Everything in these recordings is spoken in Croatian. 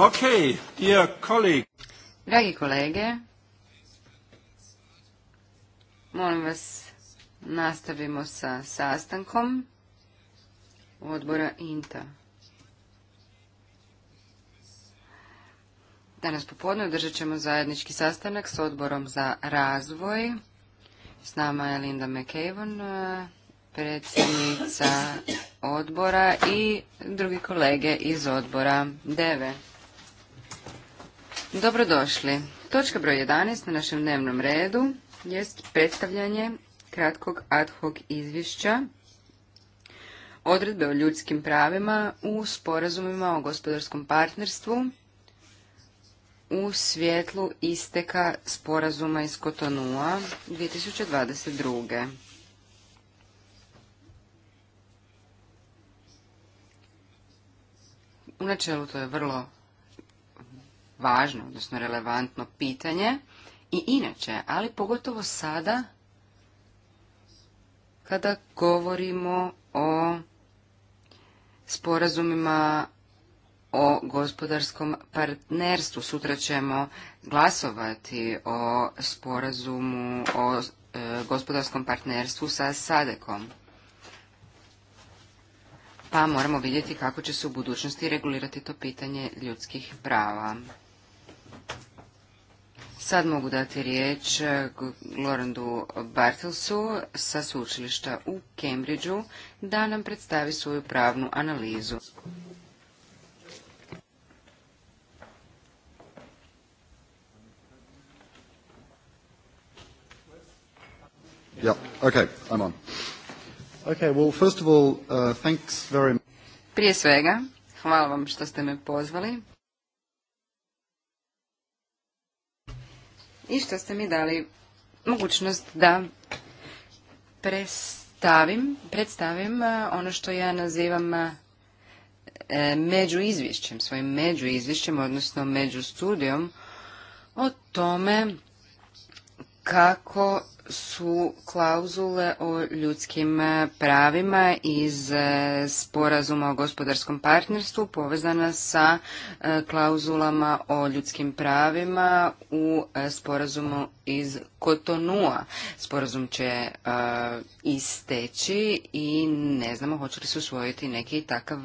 Okay, Dragi kolege, molim vas nastavimo sa sastankom odbora INTA. Danas popodne održat ćemo zajednički sastanak s odborom za razvoj. S nama je Linda McAvon, predsjednica odbora i drugi kolege iz odbora DEVE. Dobrodošli. Točka broj 11 na našem dnevnom redu jest predstavljanje kratkog ad hoc izvješća odredbe o ljudskim pravima u sporazumima o gospodarskom partnerstvu u svjetlu isteka sporazuma iz Kotonua 2022. U načelu to je vrlo važno, odnosno relevantno pitanje i inače, ali pogotovo sada kada govorimo o sporazumima o gospodarskom partnerstvu. Sutra ćemo glasovati o sporazumu o e, gospodarskom partnerstvu sa Sadekom. Pa moramo vidjeti kako će se u budućnosti regulirati to pitanje ljudskih prava. Sad mogu dati riječ eh, Lorandu Bartelsu sa sučilišta u Cambridgeu da nam predstavi svoju pravnu analizu. Prije svega, hvala vam što ste me pozvali. i što ste mi dali mogućnost da predstavim e, ono što ja nazivam e, među izvješćem, svojim među izvješćem, odnosno među studijom o tome kako su klauzule o ljudskim e, pravima iz e, sporazuma o gospodarskom partnerstvu povezana sa e, klauzulama o ljudskim pravima u sporazumu iz Kotonua. Sporazum će isteći i ne znamo hoće li se usvojiti neki takav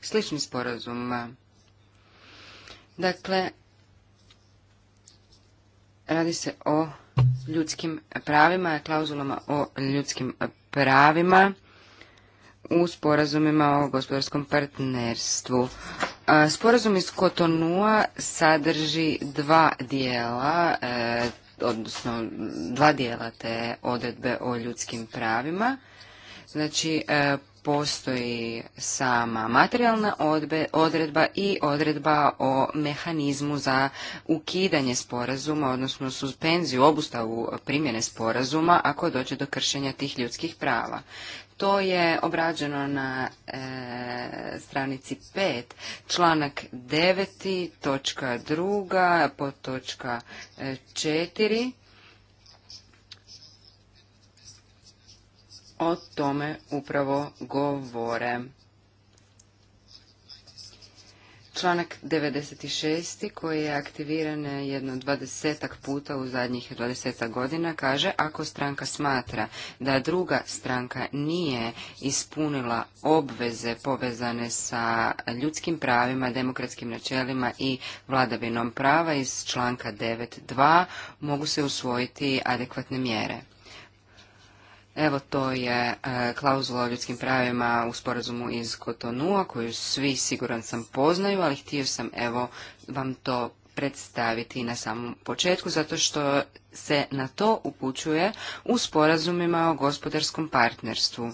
slični sporazum. Dakle, radi se o ljudskim pravima, klauzulama o ljudskim pravima u sporazumima o gospodarskom partnerstvu. Sporazum iz Kotonua sadrži dva dijela, e, odnosno dva dijela te odredbe o ljudskim pravima. Znači, e, postoji sama materijalna odredba i odredba o mehanizmu za ukidanje sporazuma, odnosno suspenziju, obustavu primjene sporazuma ako dođe do kršenja tih ljudskih prava. To je obrađeno na e, stranici 5, članak 9, točka 2, pod točka 4 e, o tome upravo govore. Članak 96. koji je aktiviran jedno dvadesetak puta u zadnjih dvadesetak godina kaže ako stranka smatra da druga stranka nije ispunila obveze povezane sa ljudskim pravima, demokratskim načelima i vladavinom prava iz članka 9.2 mogu se usvojiti adekvatne mjere. Evo to je e, klauzula o ljudskim pravima u sporazumu iz Kotonua koju svi siguran sam poznaju, ali htio sam evo vam to predstaviti na samom početku zato što se na to upućuje u sporazumima o gospodarskom partnerstvu.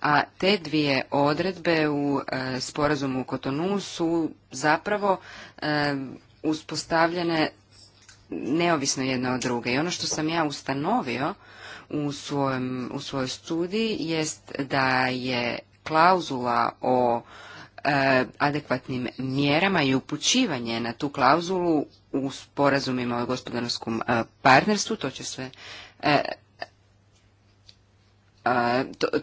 A te dvije odredbe u e, sporazumu u Kotonu su zapravo e, uspostavljene neovisno jedna od druge. I ono što sam ja ustanovio u, svojoj studiji jest da je klauzula o e, adekvatnim mjerama i upućivanje na tu klauzulu u sporazumima o gospodarskom e, partnerstvu, to će sve e,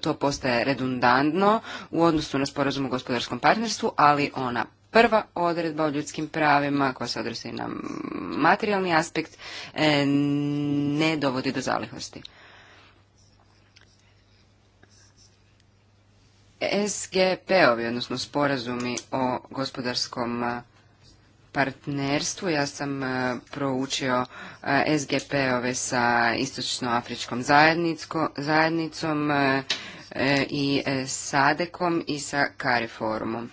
to, postaje redundantno u odnosu na sporazum o gospodarskom partnerstvu, ali ona prva odredba o ljudskim pravima koja se odnosi na materijalni aspekt ne dovodi do zalihosti. SGP-ovi, odnosno sporazumi o gospodarskom partnerstvu. Ja sam proučio SGP-ove sa Istočnoafričkom zajednicom e, i e, Sadekom i sa Cariforum.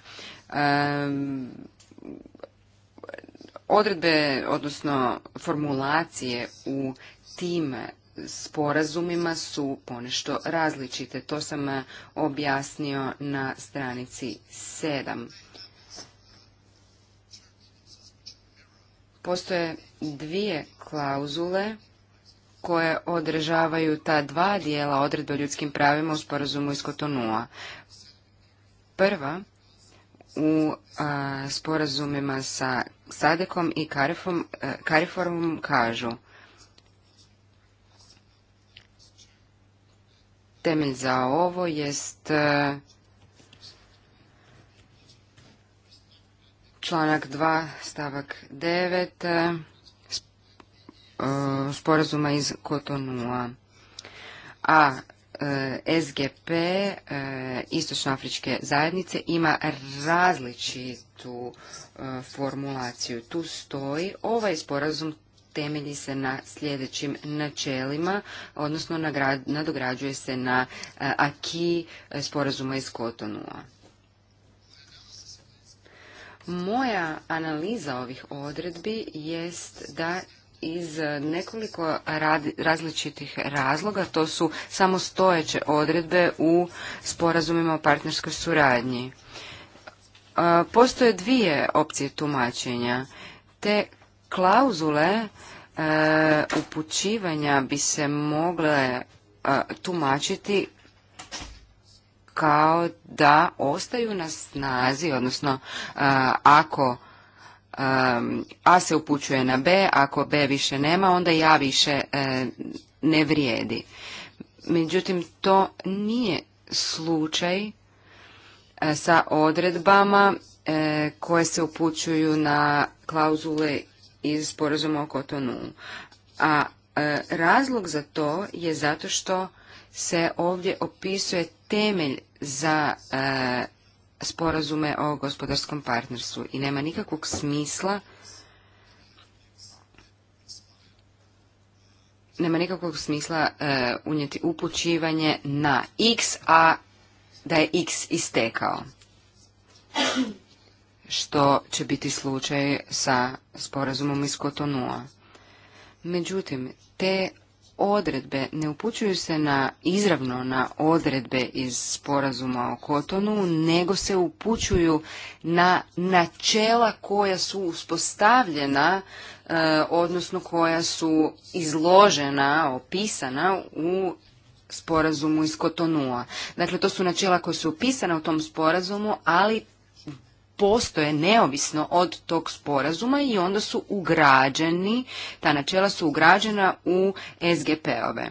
Odredbe, odnosno formulacije u tim sporazumima su ponešto različite. To sam e, objasnio na stranici 7. Postoje dvije klauzule koje održavaju ta dva dijela odredbe o ljudskim pravima u sporazumu iz Kotonua. Prva u sporazumima sa Sadekom i Kariforom e, kažu temelj za ovo jest e, članak 2 stavak 9 e, e, sporazuma iz Kotonua. A SGP Istočnoafričke zajednice ima različitu formulaciju. Tu stoji ovaj sporazum temelji se na sljedećim načelima, odnosno nadograđuje se na e, aki e, sporazuma iz Kotonua. Moja analiza ovih odredbi jest da iz nekoliko različitih razloga, to su samostojeće odredbe u sporazumima o partnerskoj suradnji. E, postoje dvije opcije tumačenja, te Klauzule e, upućivanja bi se mogle e, tumačiti kao da ostaju na snazi, odnosno e, ako A se upućuje na B, ako B više nema, onda ja više ne vrijedi. Međutim, to nije slučaj sa odredbama koje se upućuju na klauzule iz sporazuma o Kotonu. A e, razlog za to je zato što se ovdje opisuje temelj za e, sporazume o gospodarskom partnerstvu i nema nikakvog smisla nema nikakvog smisla e, unijeti upućivanje na x, a da je x istekao što će biti slučaj sa sporazumom iz Kotonua. Međutim, te odredbe ne upućuju se na izravno na odredbe iz sporazuma o Kotonu, nego se upućuju na načela koja su uspostavljena, e, odnosno koja su izložena, opisana u sporazumu iz Kotonua. Dakle, to su načela koja su opisana u tom sporazumu, ali postoje neovisno od tog sporazuma i onda su ugrađeni, ta načela su ugrađena u SGP-ove.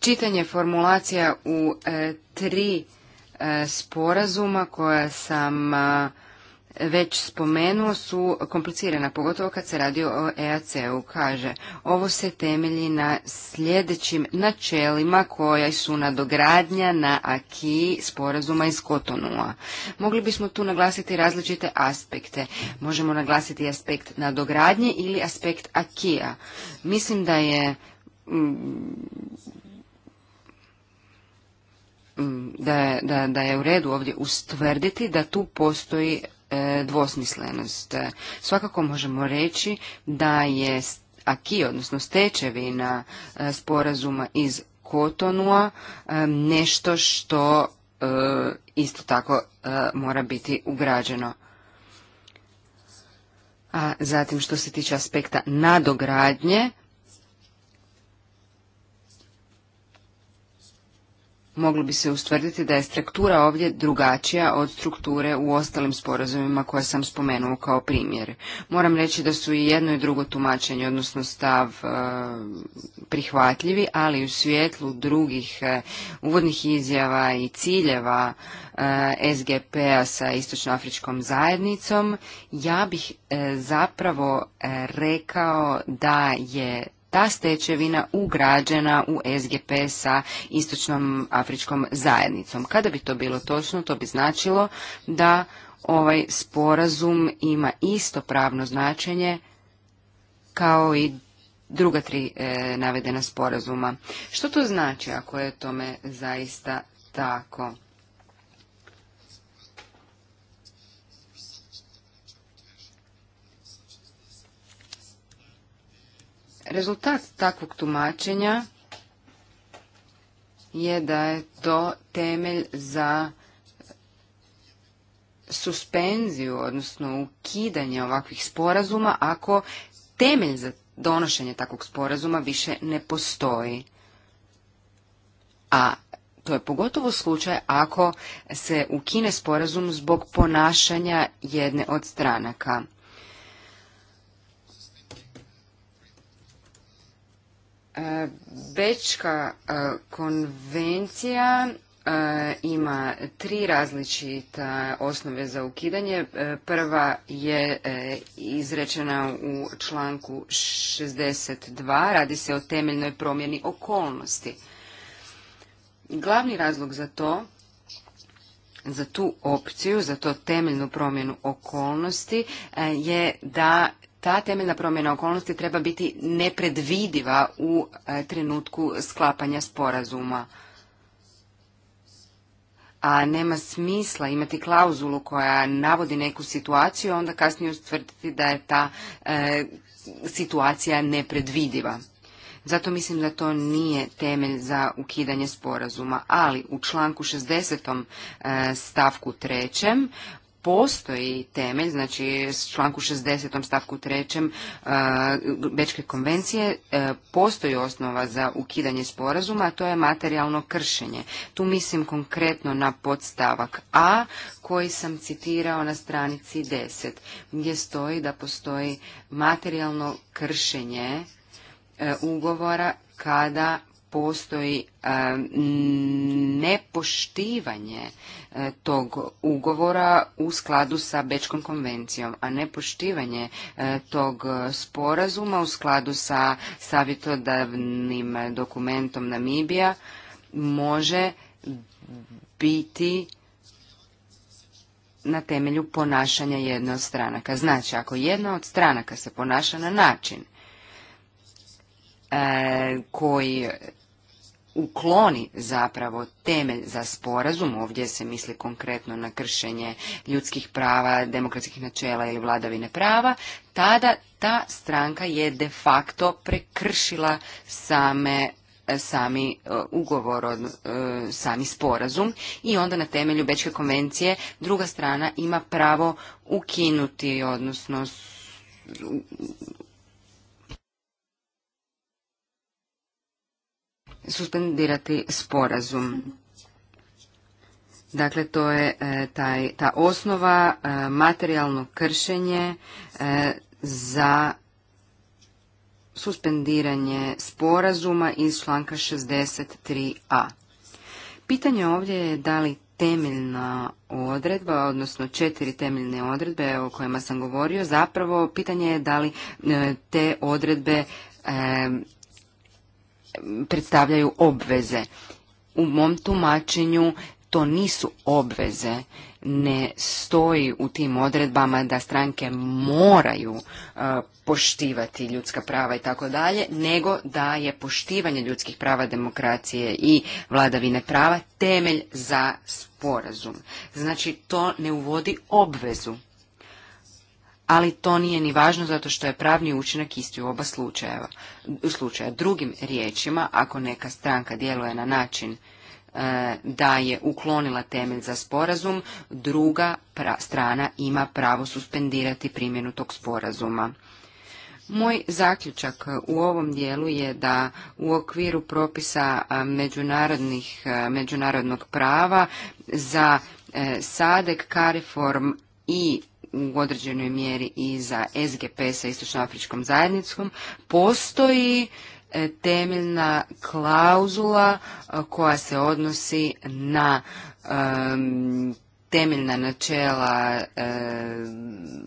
Čitanje formulacija u e, tri e, sporazuma koja sam već spomenuo su komplicirana, pogotovo kad se radi o EAC-u. Kaže, ovo se temelji na sljedećim načelima koja su nadogradnja na aki sporazuma iz Kotonua. Mogli bismo tu naglasiti različite aspekte. Možemo naglasiti aspekt nadogradnje ili aspekt akija. Mislim da je mm, mm, da, da, da je u redu ovdje ustvrditi da tu postoji E, dvosmislenost. Svakako možemo reći da je aki, odnosno stečevina e, sporazuma iz Kotonua e, nešto što isto tako mora biti ugrađeno. A zatim što se tiče aspekta nadogradnje, moglo bi se ustvrditi da je struktura ovdje drugačija od strukture u ostalim sporazumima koje sam spomenuo kao primjer. Moram reći da su i jedno i drugo tumačenje, odnosno stav e, prihvatljivi, ali u svijetlu drugih e, uvodnih izjava i ciljeva e, SGP-a sa istočnoafričkom zajednicom, ja bih zapravo rekao da je ta stečevina ugrađena u SGP sa istočnom afričkom zajednicom. Kada bi to bilo točno, to bi značilo da ovaj sporazum ima isto pravno značenje kao i druga tri e, navedena sporazuma. Što to znači ako je tome zaista tako? Rezultat takvog tumačenja je da je to temelj za suspenziju, odnosno ukidanje ovakvih sporazuma ako temelj za donošenje takvog sporazuma više ne postoji. A to je pogotovo slučaj ako se ukine sporazum zbog ponašanja jedne od stranaka. Bečka e, konvencija e, ima tri različite osnove za ukidanje. E, prva je izrečena u članku 62. Radi se o temeljnoj promjeni okolnosti. Glavni razlog za to, za tu opciju, za to temeljnu promjenu okolnosti je da ta temeljna promjena okolnosti treba biti nepredvidiva u e, trenutku sklapanja sporazuma. A nema smisla imati klauzulu koja navodi neku situaciju, onda kasnije ustvrditi da je ta e, situacija nepredvidiva. Zato mislim da to nije temelj za ukidanje sporazuma, ali u članku 60. E, stavku 3 postoji temelj, znači s članku 60. stavku 3. E, Bečke konvencije e, postoji osnova za ukidanje sporazuma, a to je materijalno kršenje. Tu mislim konkretno na podstavak A koji sam citirao na stranici 10 gdje stoji da postoji materijalno kršenje e, ugovora kada postoji e, nepoštivanje e, tog ugovora u skladu sa Bečkom konvencijom, a nepoštivanje e, tog sporazuma u skladu sa savjetodavnim dokumentom Namibija može biti na temelju ponašanja jedne od stranaka. Znači, ako jedna od stranaka se ponaša na način E, koji ukloni zapravo temelj za sporazum, ovdje se misli konkretno na kršenje ljudskih prava, demokratskih načela ili vladavine prava, tada ta stranka je de facto prekršila same e, sami e, ugovor, sami sporazum i onda na temelju Bečke konvencije druga strana ima pravo ukinuti, odnosno suspendirati sporazum. Dakle, to je e, taj, ta osnova, e, materijalno kršenje e, za suspendiranje sporazuma iz članka 63a. Pitanje ovdje je da li temeljna odredba, odnosno četiri temeljne odredbe o kojima sam govorio, zapravo pitanje je da li te odredbe predstavljaju obveze. U mom tumačenju to nisu obveze, ne stoji u tim odredbama da stranke moraju e, poštivati ljudska prava i tako dalje, nego da je poštivanje ljudskih prava, demokracije i vladavine prava temelj za sporazum. Znači to ne uvodi obvezu ali to nije ni važno zato što je pravni učinak isti u oba slučajeva. U slučaju drugim riječima, ako neka stranka djeluje na način e, da je uklonila temelj za sporazum, druga strana ima pravo suspendirati primjenu tog sporazuma. Moj zaključak u ovom dijelu je da u okviru propisa međunarodnih, međunarodnog prava za SADEC, SADEK, i u određenoj mjeri i za SGP sa Istočnoafričkom zajednicom, postoji e, temeljna klauzula e, koja se odnosi na temeljna načela e,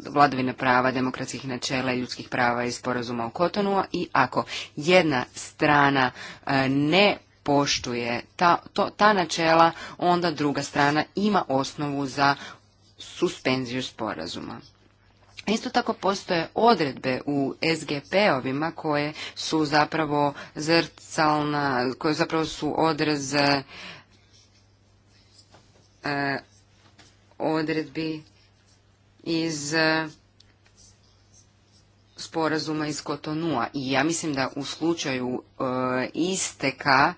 vladavine prava, demokratskih načela i ljudskih prava iz sporazuma u Kotonu i ako jedna strana ne poštuje ta, ta načela, onda druga strana ima osnovu za suspenziju sporazuma. Isto tako postoje odredbe u SGP-ovima koje su zapravo zrcalna, koje zapravo su odraz e, odredbi iz sporazuma iz Kotonua. I ja mislim da u slučaju e, isteka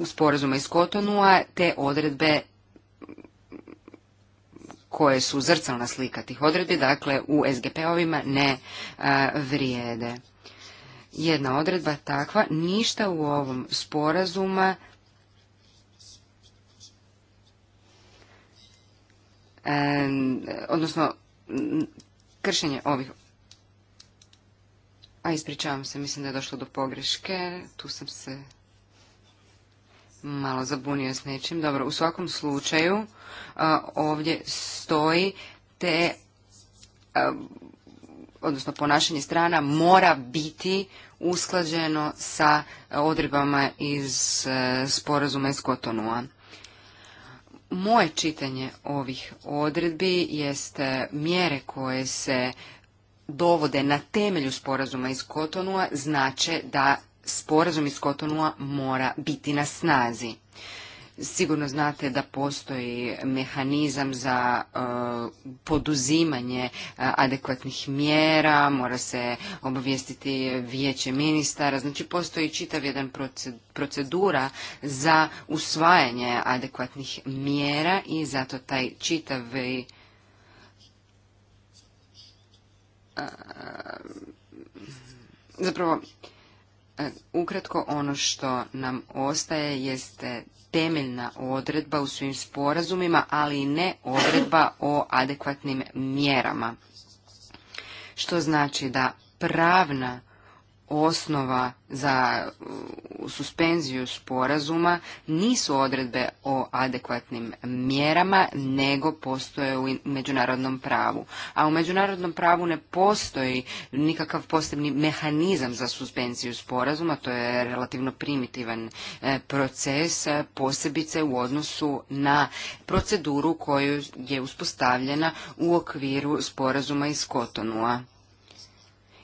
e, sporazuma iz Kotonua te odredbe koje su zrcalna slika tih odredbi, dakle u SGP-ovima ne vrijede. Jedna odredba takva, ništa u ovom sporazuma e, odnosno kršenje ovih a ispričavam se, mislim da je došlo do pogreške, tu sam se malo zabunio s nečim. Dobro, u svakom slučaju ovdje stoji te, odnosno ponašanje strana mora biti usklađeno sa odredbama iz e, sporazuma iz Kotonua. Moje čitanje ovih odredbi jeste mjere koje se dovode na temelju sporazuma iz Kotonua znače da sporazum iz Kotonua mora biti na snazi. Sigurno znate da postoji mehanizam za e, poduzimanje e, adekvatnih mjera, mora se obavijestiti vijeće ministara, znači postoji čitav jedan procedura za usvajanje adekvatnih mjera i zato taj čitav e, zapravo Ukratko ono što nam ostaje jeste temeljna odredba u svim sporazumima, ali i ne odredba o adekvatnim mjerama. Što znači da pravna osnova za suspenziju sporazuma nisu odredbe o adekvatnim mjerama, nego postoje u međunarodnom pravu. A u međunarodnom pravu ne postoji nikakav posebni mehanizam za suspenziju sporazuma, to je relativno primitivan e, proces, e, posebice u odnosu na proceduru koju je uspostavljena u okviru sporazuma iz Kotonua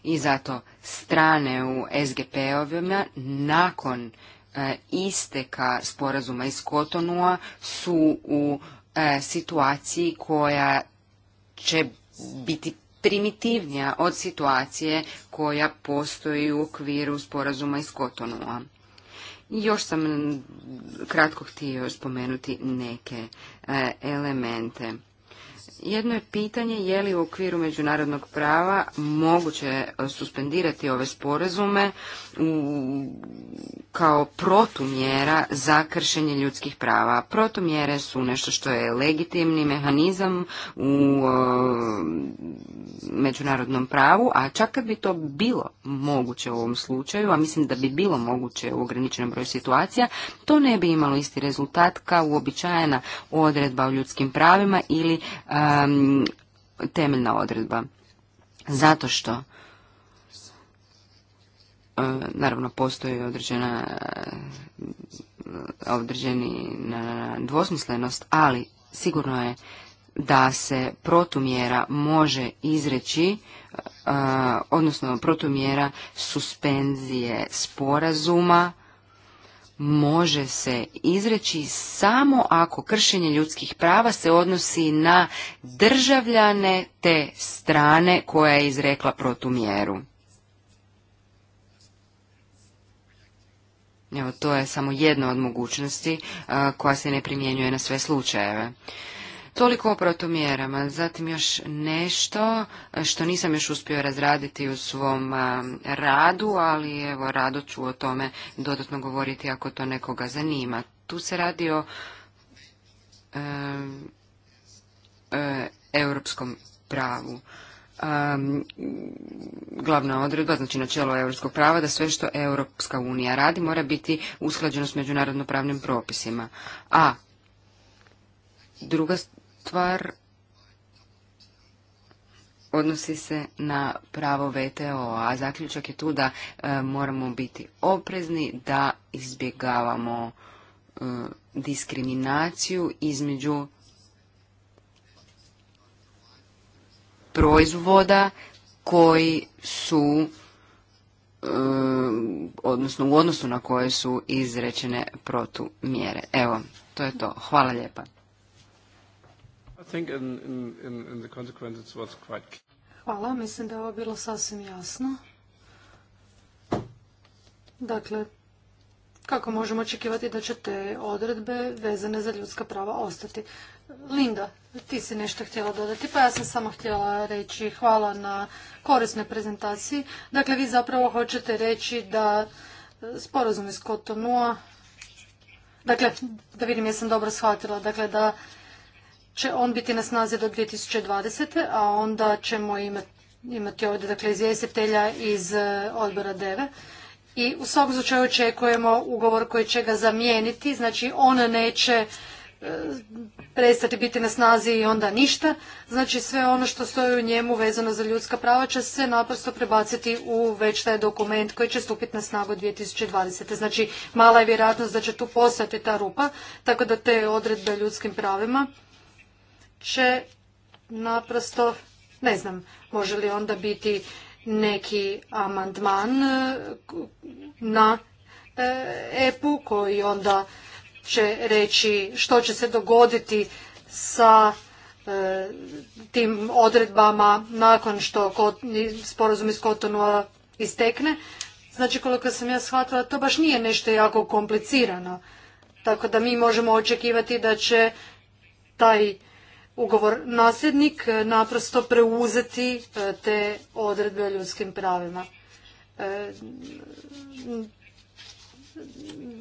i zato strane u SGP-ovima nakon e, isteka sporazuma iz Kotonua su u e, situaciji koja će biti primitivnija od situacije koja postoji u okviru sporazuma iz Kotonua. Još sam kratko htio spomenuti neke e, elemente. Jedno je pitanje je li u okviru međunarodnog prava moguće e, suspendirati ove sporazume kao protumjera za kršenje ljudskih prava. Protumjere su nešto što je legitimni mehanizam u e, međunarodnom pravu, a čak kad bi to bilo moguće u ovom slučaju, a mislim da bi bilo moguće u ograničenom broju situacija, to ne bi imalo isti rezultat kao uobičajena odredba o ljudskim pravima ili e, um, temeljna odredba. Zato što e, naravno postoji određena e, određeni dvosmislenost, ali sigurno je da se protumjera može izreći, e, odnosno protumjera suspenzije sporazuma može se izreći samo ako kršenje ljudskih prava se odnosi na državljane te strane koja je izrekla protumjeru. Evo, to je samo jedna od mogućnosti koja se ne primjenjuje na sve slučajeve. Toliko o protumjerama. Zatim još nešto e, što nisam još uspio razraditi u svom radu, ali evo rado ću o tome dodatno govoriti ako to nekoga zanima. Tu se radi o e, e, europskom pravu. glavna odredba, znači načelo europskog prava, da sve što Europska unija radi mora biti usklađeno s međunarodno pravnim propisima. A druga stvar odnosi se na pravo VTO, a zaključak je tu da e, moramo biti oprezni da izbjegavamo e, diskriminaciju između proizvoda koji su e, odnosno u odnosu na koje su izrečene protumjere. Evo, to je to. Hvala lijepa think in, the consequences was quite... Hvala, mislim da je ovo bilo sasvim jasno. Dakle, kako možemo očekivati da će te odredbe vezane za ljudska prava ostati? Linda, ti si nešto htjela dodati, pa ja sam samo htjela reći hvala na korisnoj prezentaciji. Dakle, vi zapravo hoćete reći da sporazum iz Kotonua, dakle, da vidim jesam dobro shvatila, dakle, da će on biti na snazi do 2020. a onda ćemo imati, ovdje dakle, izvjestitelja iz e, odbora DEVE. I u svakom slučaju očekujemo ugovor koji će ga zamijeniti, znači on neće e, prestati biti na snazi i onda ništa. Znači sve ono što stoji u njemu vezano za ljudska prava će se naprosto prebaciti u već taj dokument koji će stupiti na snagu 2020. Znači mala je vjerojatnost da će tu postati ta rupa, tako da te odredbe ljudskim pravima će naprosto, ne znam, može li onda biti neki amandman e, na EPU e koji onda će reći što će se dogoditi sa e, tim odredbama nakon što sporazum iz Kotonua istekne. Znači koliko sam ja shvatila, to baš nije nešto jako komplicirano. Tako da mi možemo očekivati da će taj ugovor nasljednik e, naprosto preuzeti e, te odredbe o ljudskim pravima. E,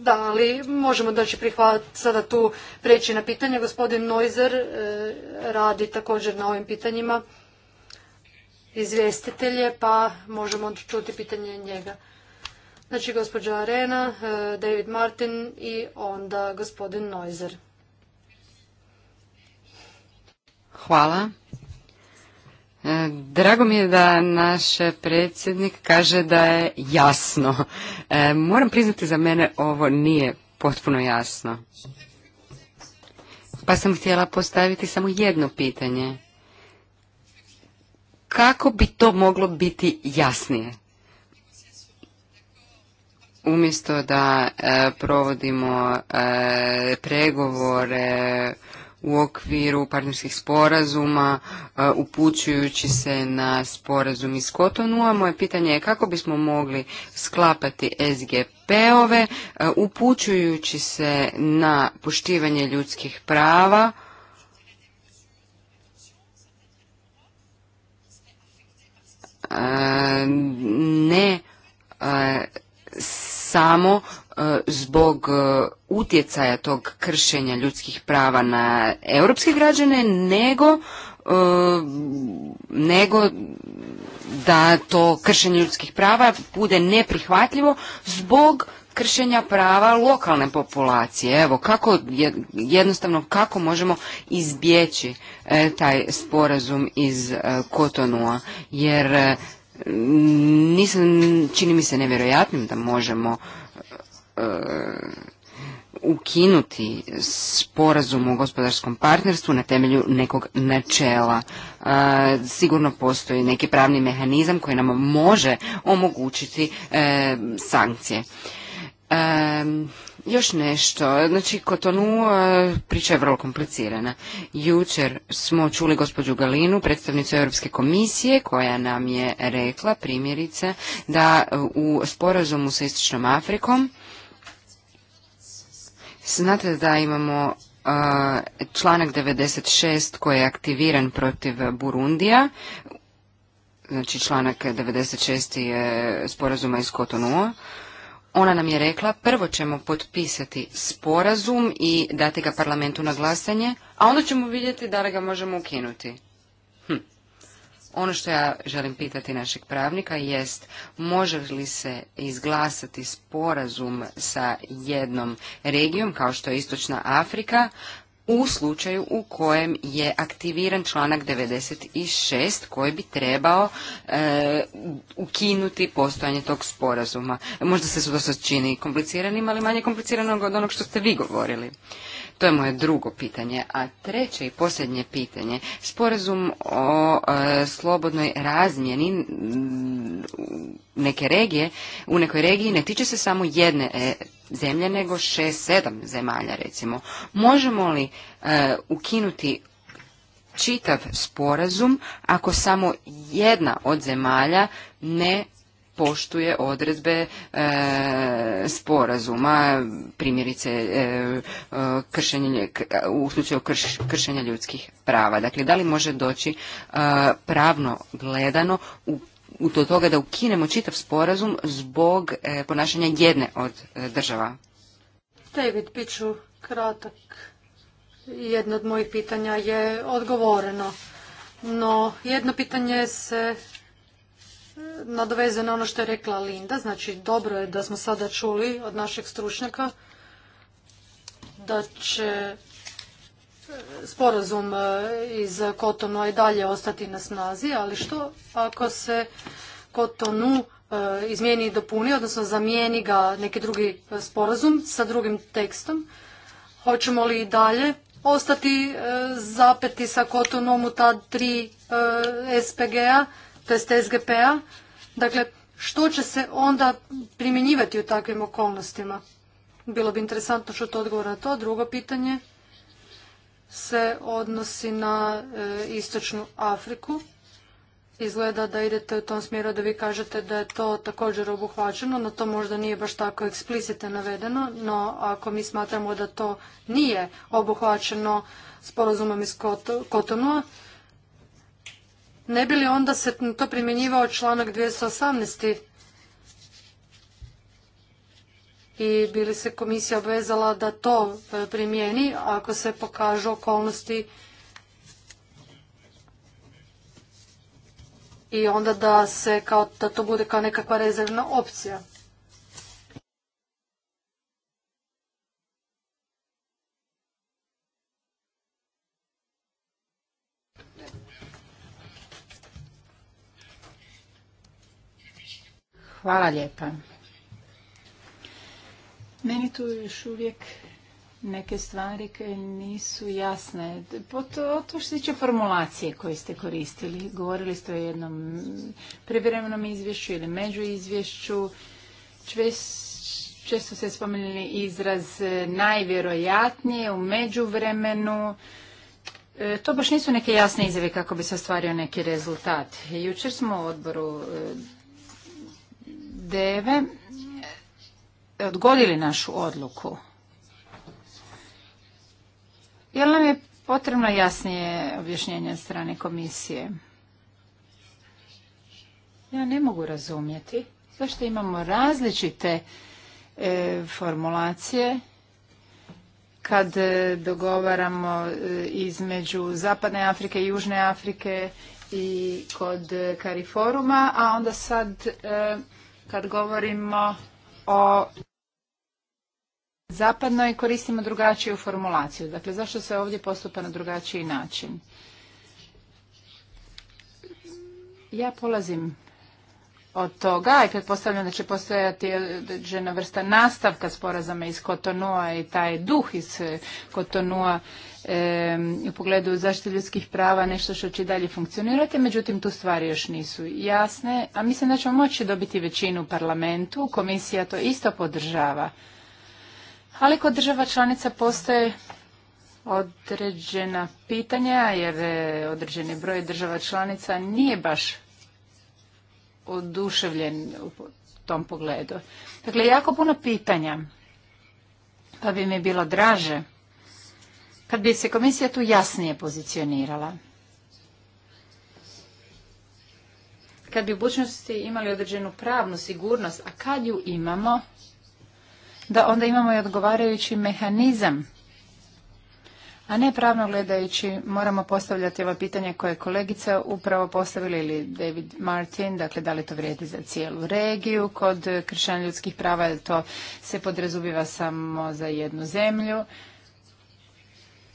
da, ali možemo da znači će prihvat sada tu preći na pitanje. Gospodin Noizer radi također na ovim pitanjima izvjestitelje, pa možemo čuti pitanje njega. Znači, gospođa Arena, David Martin i onda gospodin Noizer. Hvala. E, drago mi je da naš predsjednik kaže da je jasno. E, moram priznati za mene ovo nije potpuno jasno. Pa sam htjela postaviti samo jedno pitanje. Kako bi to moglo biti jasnije? Umjesto da e, provodimo pregovore u okviru partnerskih sporazuma e, upućujući se na sporazum iz Kotonua. Moje pitanje je kako bismo mogli sklapati SGP-ove e, upućujući se na poštivanje ljudskih prava e, ne samo E, zbog e, utjecaja tog kršenja ljudskih prava na europske građane, nego e, nego da to kršenje ljudskih prava bude neprihvatljivo zbog kršenja prava lokalne populacije. Evo, kako, jednostavno kako možemo izbjeći taj sporazum iz Kotonua, jer nisam, čini mi se nevjerojatnim da možemo E, ukinuti sporazum o gospodarskom partnerstvu na temelju nekog načela. E, sigurno postoji neki pravni mehanizam koji nam može omogućiti e, sankcije. još nešto, znači Kotonu priča je vrlo komplicirana. Jučer smo čuli gospođu Galinu, predstavnicu Europske komisije, koja nam je rekla primjerice da u sporazumu sa Istočnom Afrikom Znate da imamo članak 96 koji je aktiviran protiv Burundija, znači članak 96 je sporazuma iz Kotonua. Ona nam je rekla, prvo ćemo potpisati sporazum i dati ga parlamentu na glasanje, a onda ćemo vidjeti da li ga možemo ukinuti. Ono što ja želim pitati našeg pravnika jest može li se izglasati sporazum sa jednom regijom kao što je Istočna Afrika u slučaju u kojem je aktiviran članak 96 koji bi trebao e, ukinuti postojanje tog sporazuma. Možda se to čini kompliciranim, ali manje kompliciranog od onog što ste vi govorili. To je moje drugo pitanje. A treće i posljednje pitanje, sporazum o e, slobodnoj razmjeni neke regije, u nekoj regiji ne tiče se samo jedne e, zemlje, nego šest, sedam zemalja recimo. Možemo li e, ukinuti čitav sporazum ako samo jedna od zemalja ne poštuje odredbe e, sporazuma, primjerice e, e, u slučaju kršenja ljudskih prava. Dakle, da li može doći pravno gledano u toga da ukinemo čitav sporazum zbog ponašanja jedne od država. David, bit ću kratak. Jedno od mojih pitanja je odgovoreno. No, jedno pitanje se nadovezuje na ono što je rekla Linda. Znači, dobro je da smo sada čuli od našeg stručnjaka da će e, sporazum e, iz Kotonu i dalje ostati na snazi, ali što ako se Kotonu e, izmijeni i dopuni, odnosno zamijeni ga neki drugi sporazum sa drugim tekstom? Hoćemo li i dalje ostati zapeti sa Kotonom u ta tri SPG-a to SGP-a, dakle što će se onda primjenjivati u takvim okolnostima? Bilo bi interesantno što to odgovor na to. Drugo pitanje se odnosi na e, istočnu Afriku. Izgleda da idete u tom smjeru da vi kažete da je to također obuhvaćeno, no to možda nije baš tako eksplicite navedeno, no ako mi smatramo da to nije obuhvaćeno sporazumom iz Kotonua, ne bi li onda se to primjenjivao članak 218. i bi li se komisija obvezala da to e, primijeni ako se pokažu okolnosti i onda da se kao da to bude kao nekakva rezervna opcija. Hvala lijepa. Meni tu još uvijek neke stvari koje nisu jasne. To, to što tiče formulacije koje ste koristili, govorili ste o jednom privremenom izvješću ili izvješću. često se spomenuli izraz e, najvjerojatnije u međuvremenu. E, to baš nisu neke jasne izjave kako bi se ostvario neki rezultat. Jučer smo u odboru e, deve odgodili našu odluku. Jel nam je potrebno jasnije objašnjenje od strane komisije? Ja ne mogu razumjeti zašto imamo različite e, formulacije kad e, dogovaramo e, između Zapadne Afrike i Južne Afrike i kod Kariforuma, a onda sad kad govorimo o zapadnoj koristimo drugačiju formulaciju. Dakle, zašto se ovdje postupa na drugačiji način? Ja polazim od toga i pretpostavljam da će postojati određena vrsta nastavka sporazama iz Kotonua i taj duh iz eh, Kotonua u pogledu zaštite ljudskih prava nešto što će dalje funkcionirati, međutim tu stvari još nisu jasne, a mislim da ćemo moći dobiti većinu u parlamentu, komisija to isto podržava. Ali kod država članica postoje određena pitanja jer eh, određeni broj država članica nije baš oduševljen u tom pogledu. Dakle, jako puno pitanja, pa bi mi bilo draže kad bi se komisija tu jasnije pozicionirala. Kad bi u budućnosti imali određenu pravnu sigurnost, a kad ju imamo, da onda imamo i odgovarajući mehanizam a ne pravno gledajući moramo postavljati ova pitanja koje je kolegica upravo postavila ili David Martin, dakle da li to vrijedi za cijelu regiju, kod kršenja ljudskih prava je to se podrazumiva samo za jednu zemlju.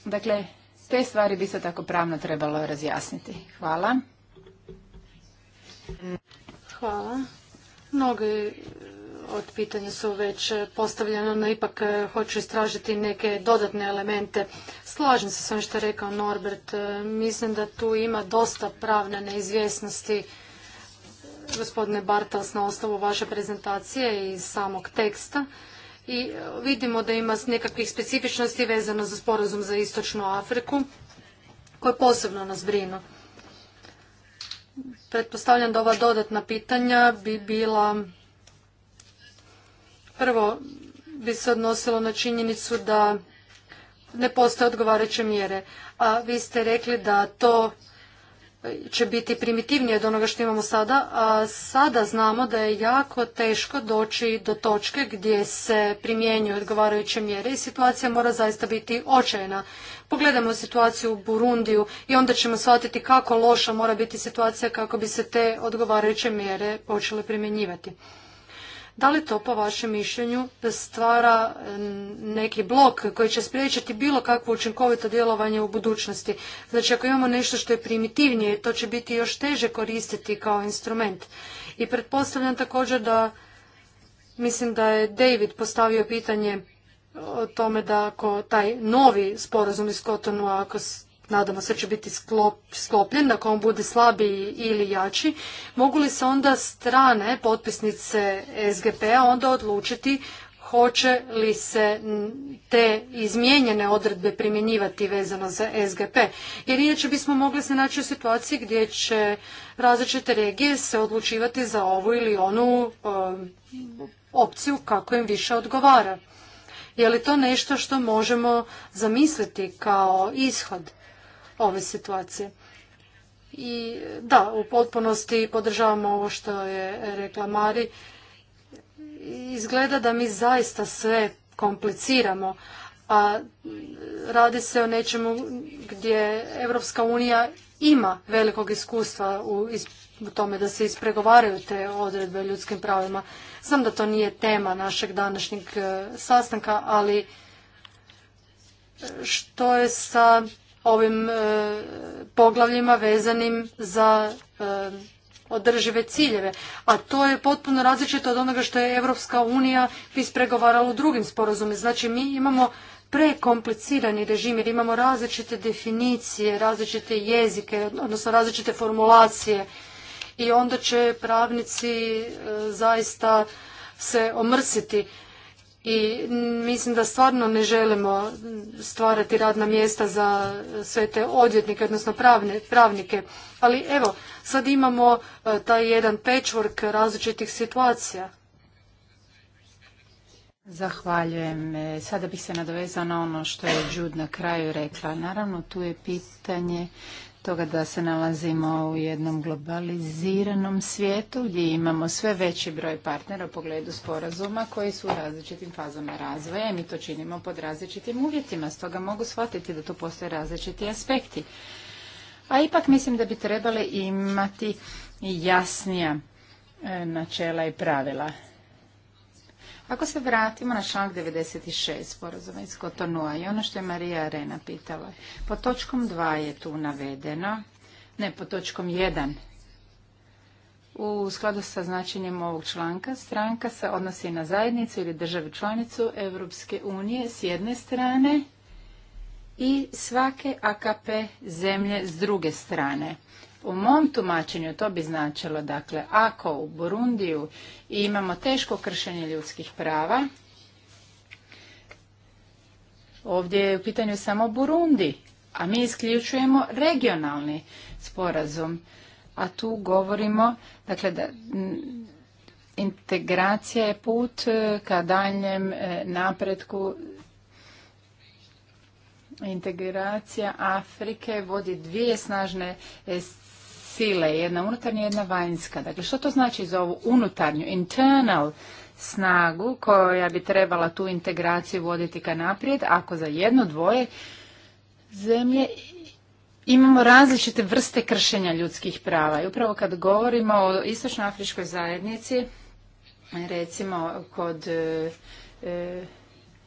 Dakle, te stvari bi se tako pravno trebalo razjasniti. Hvala. Hvala od pitanja su već postavljena, no ipak e, hoću istražiti neke dodatne elemente. Slažem se s onim što je rekao Norbert. E, mislim da tu ima dosta pravne neizvjesnosti e, gospodine Bartels na osnovu vaše prezentacije i samog teksta i vidimo da ima nekakvih specifičnosti vezano za sporazum za Istočnu Afriku koje posebno nas brinu. Pretpostavljam da ova dodatna pitanja bi bila Prvo bi se odnosilo na činjenicu da ne postoje odgovarajuće mjere. A vi ste rekli da to će biti primitivnije od onoga što imamo sada, a sada znamo da je jako teško doći do točke gdje se primjenjuju odgovarajuće mjere i situacija mora zaista biti očajna. Pogledamo situaciju u Burundiju i onda ćemo shvatiti kako loša mora biti situacija kako bi se te odgovarajuće mjere počele primjenjivati. Da li to po vašem mišljenju stvara e, neki blok koji će spriječiti bilo kakvo učinkovito djelovanje u budućnosti? Znači ako imamo nešto što je primitivnije, to će biti još teže koristiti kao instrument. I pretpostavljam također da, mislim da je David postavio pitanje o tome da ako taj novi sporazum iz Kotonu, ako nadamo se će biti sklopljen, ako on bude slabiji ili jači, mogu li se onda strane potpisnice SGP-a onda odlučiti hoće li se te izmijenjene odredbe primjenjivati vezano za SGP. Jer inače bismo mogli se naći u situaciji gdje će različite regije se odlučivati za ovu ili onu um, opciju kako im više odgovara. Je li to nešto što možemo zamisliti kao ishod? ove situacije. I da, u potpunosti podržavamo ovo što je rekla Mari. Izgleda da mi zaista sve kompliciramo, a radi se o nečemu gdje Europska unija ima velikog iskustva u tome da se ispregovaraju te odredbe o ljudskim pravima. Znam da to nije tema našeg današnjeg e, sastanka, ali što je sa ovim e, poglavljima vezanim za e, održive ciljeve. A to je potpuno različito od onoga što je Europska unija ispregovarala u drugim sporazumima. Znači mi imamo prekomplicirani režim jer imamo različite definicije, različite jezike, odnosno različite formulacije i onda će pravnici e, zaista se omrsiti i mislim da stvarno ne želimo stvarati radna mjesta za sve te odvjetnike, odnosno pravne, pravnike. Ali evo, sad imamo e, taj jedan patchwork različitih situacija. Zahvaljujem. E, sada bih se nadovezala na ono što je Đud na kraju rekla. Naravno, tu je pitanje toga da se nalazimo u jednom globaliziranom svijetu gdje imamo sve veći broj partnera u pogledu sporazuma koji su u različitim fazama razvoja i mi to činimo pod različitim uvjetima. Stoga mogu shvatiti da tu postoje različiti aspekti. A ipak mislim da bi trebali imati jasnija e, načela i pravila. Ako se vratimo na članak 96 sporazuma iz Kotonua i ono što je Marija Arena pitala, po točkom 2 je tu navedeno, ne po točkom 1, u skladu sa značenjem ovog članka, stranka se odnosi na zajednicu ili državu članicu Europske unije s jedne strane i svake AKP zemlje s druge strane. U mom tumačenju to bi značilo, dakle, ako u Burundiju imamo teško kršenje ljudskih prava, ovdje je u pitanju samo Burundi, a mi isključujemo regionalni sporazum. A tu govorimo, dakle, da integracija je put e, ka daljem e, napretku integracija Afrike vodi dvije snažne e, sile, jedna unutarnja, jedna vanjska. Dakle, što to znači za ovu unutarnju, internal snagu koja bi trebala tu integraciju voditi ka naprijed, ako za jedno, dvoje zemlje imamo različite vrste kršenja ljudskih prava. I upravo kad govorimo o istočnoafričkoj zajednici, recimo kod e, e,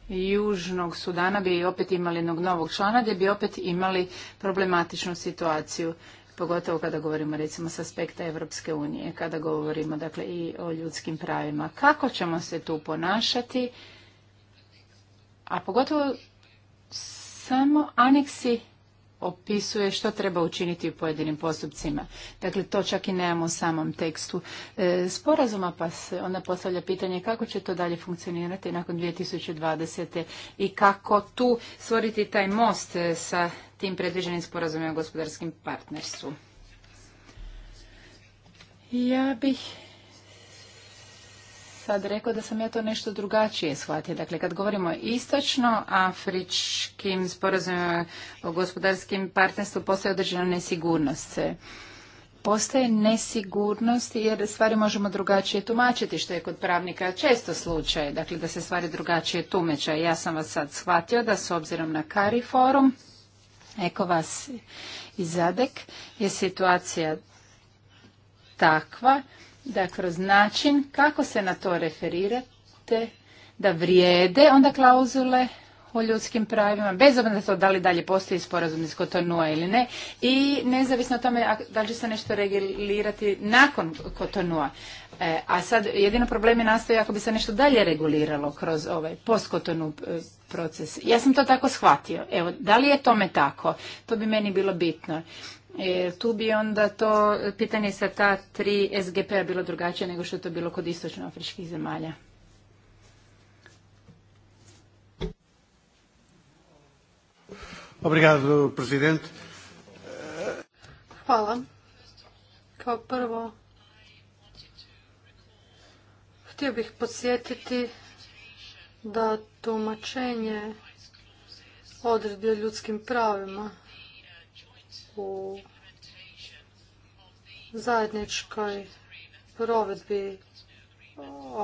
Južnog Sudana bi opet imali jednog novog člana gdje bi opet imali problematičnu situaciju pogotovo kada govorimo recimo s aspekta Europske unije, kada govorimo dakle i o ljudskim pravima. Kako ćemo se tu ponašati, a pogotovo samo aneksi opisuje što treba učiniti u pojedinim postupcima. Dakle, to čak i nemamo u samom tekstu e, sporazuma, pa se onda postavlja pitanje kako će to dalje funkcionirati nakon 2020. i kako tu stvoriti taj most e, sa tim predviđenim sporazumima o gospodarskim partnerstvu. Ja bih sad rekao da sam ja to nešto drugačije shvatio. Dakle, kad govorimo o istočno-afričkim sporazumima o gospodarskim partnerstvu, postoje određena nesigurnost. Postoje nesigurnost jer stvari možemo drugačije tumačiti, što je kod pravnika često slučaj, dakle da se stvari drugačije tumeća. Ja sam vas sad shvatio da s obzirom na Kari forum, Eko vas i Zadek, je situacija takva da kroz način kako se na to referirate, da vrijede onda klauzule o ljudskim pravima, bez obzira to da li dalje postoji sporazum iz Kotonua ili ne, i nezavisno o tome da li će se nešto regulirati nakon Kotonua. E, a sad jedino problem je nastoji ako bi se nešto dalje reguliralo kroz ovaj postkotonu e, proces. Ja sam to tako shvatio. Evo, da li je tome tako? To bi meni bilo bitno. E, tu bi onda to pitanje sa ta tri SGP-a bilo drugačije nego što je to bilo kod istočnoafričkih zemalja. Obrigado, presidente. Hvala. Kao prvo, htio bih podsjetiti da tumačenje odredbi o ljudskim pravima u zajedničkoj provedbi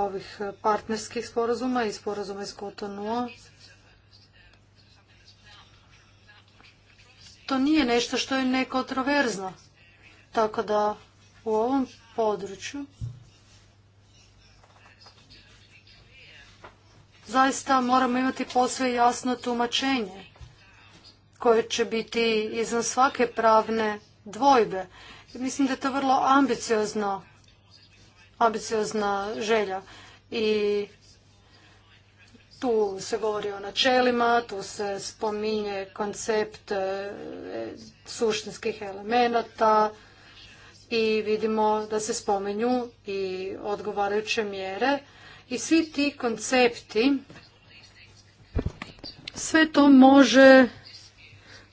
ovih partnerskih sporazuma i sporazuma iz Kotonua. To nije nešto što je nekontroverzno. Tako da u ovom području zaista moramo imati posve jasno tumačenje koje će biti izvan svake pravne dvojbe. Mislim da je to vrlo ambiciozno, ambiciozna želja i tu se govori o načelima, tu se spominje koncept e, suštinskih elemenata i vidimo da se spominju i odgovarajuće mjere i svi ti koncepti sve to može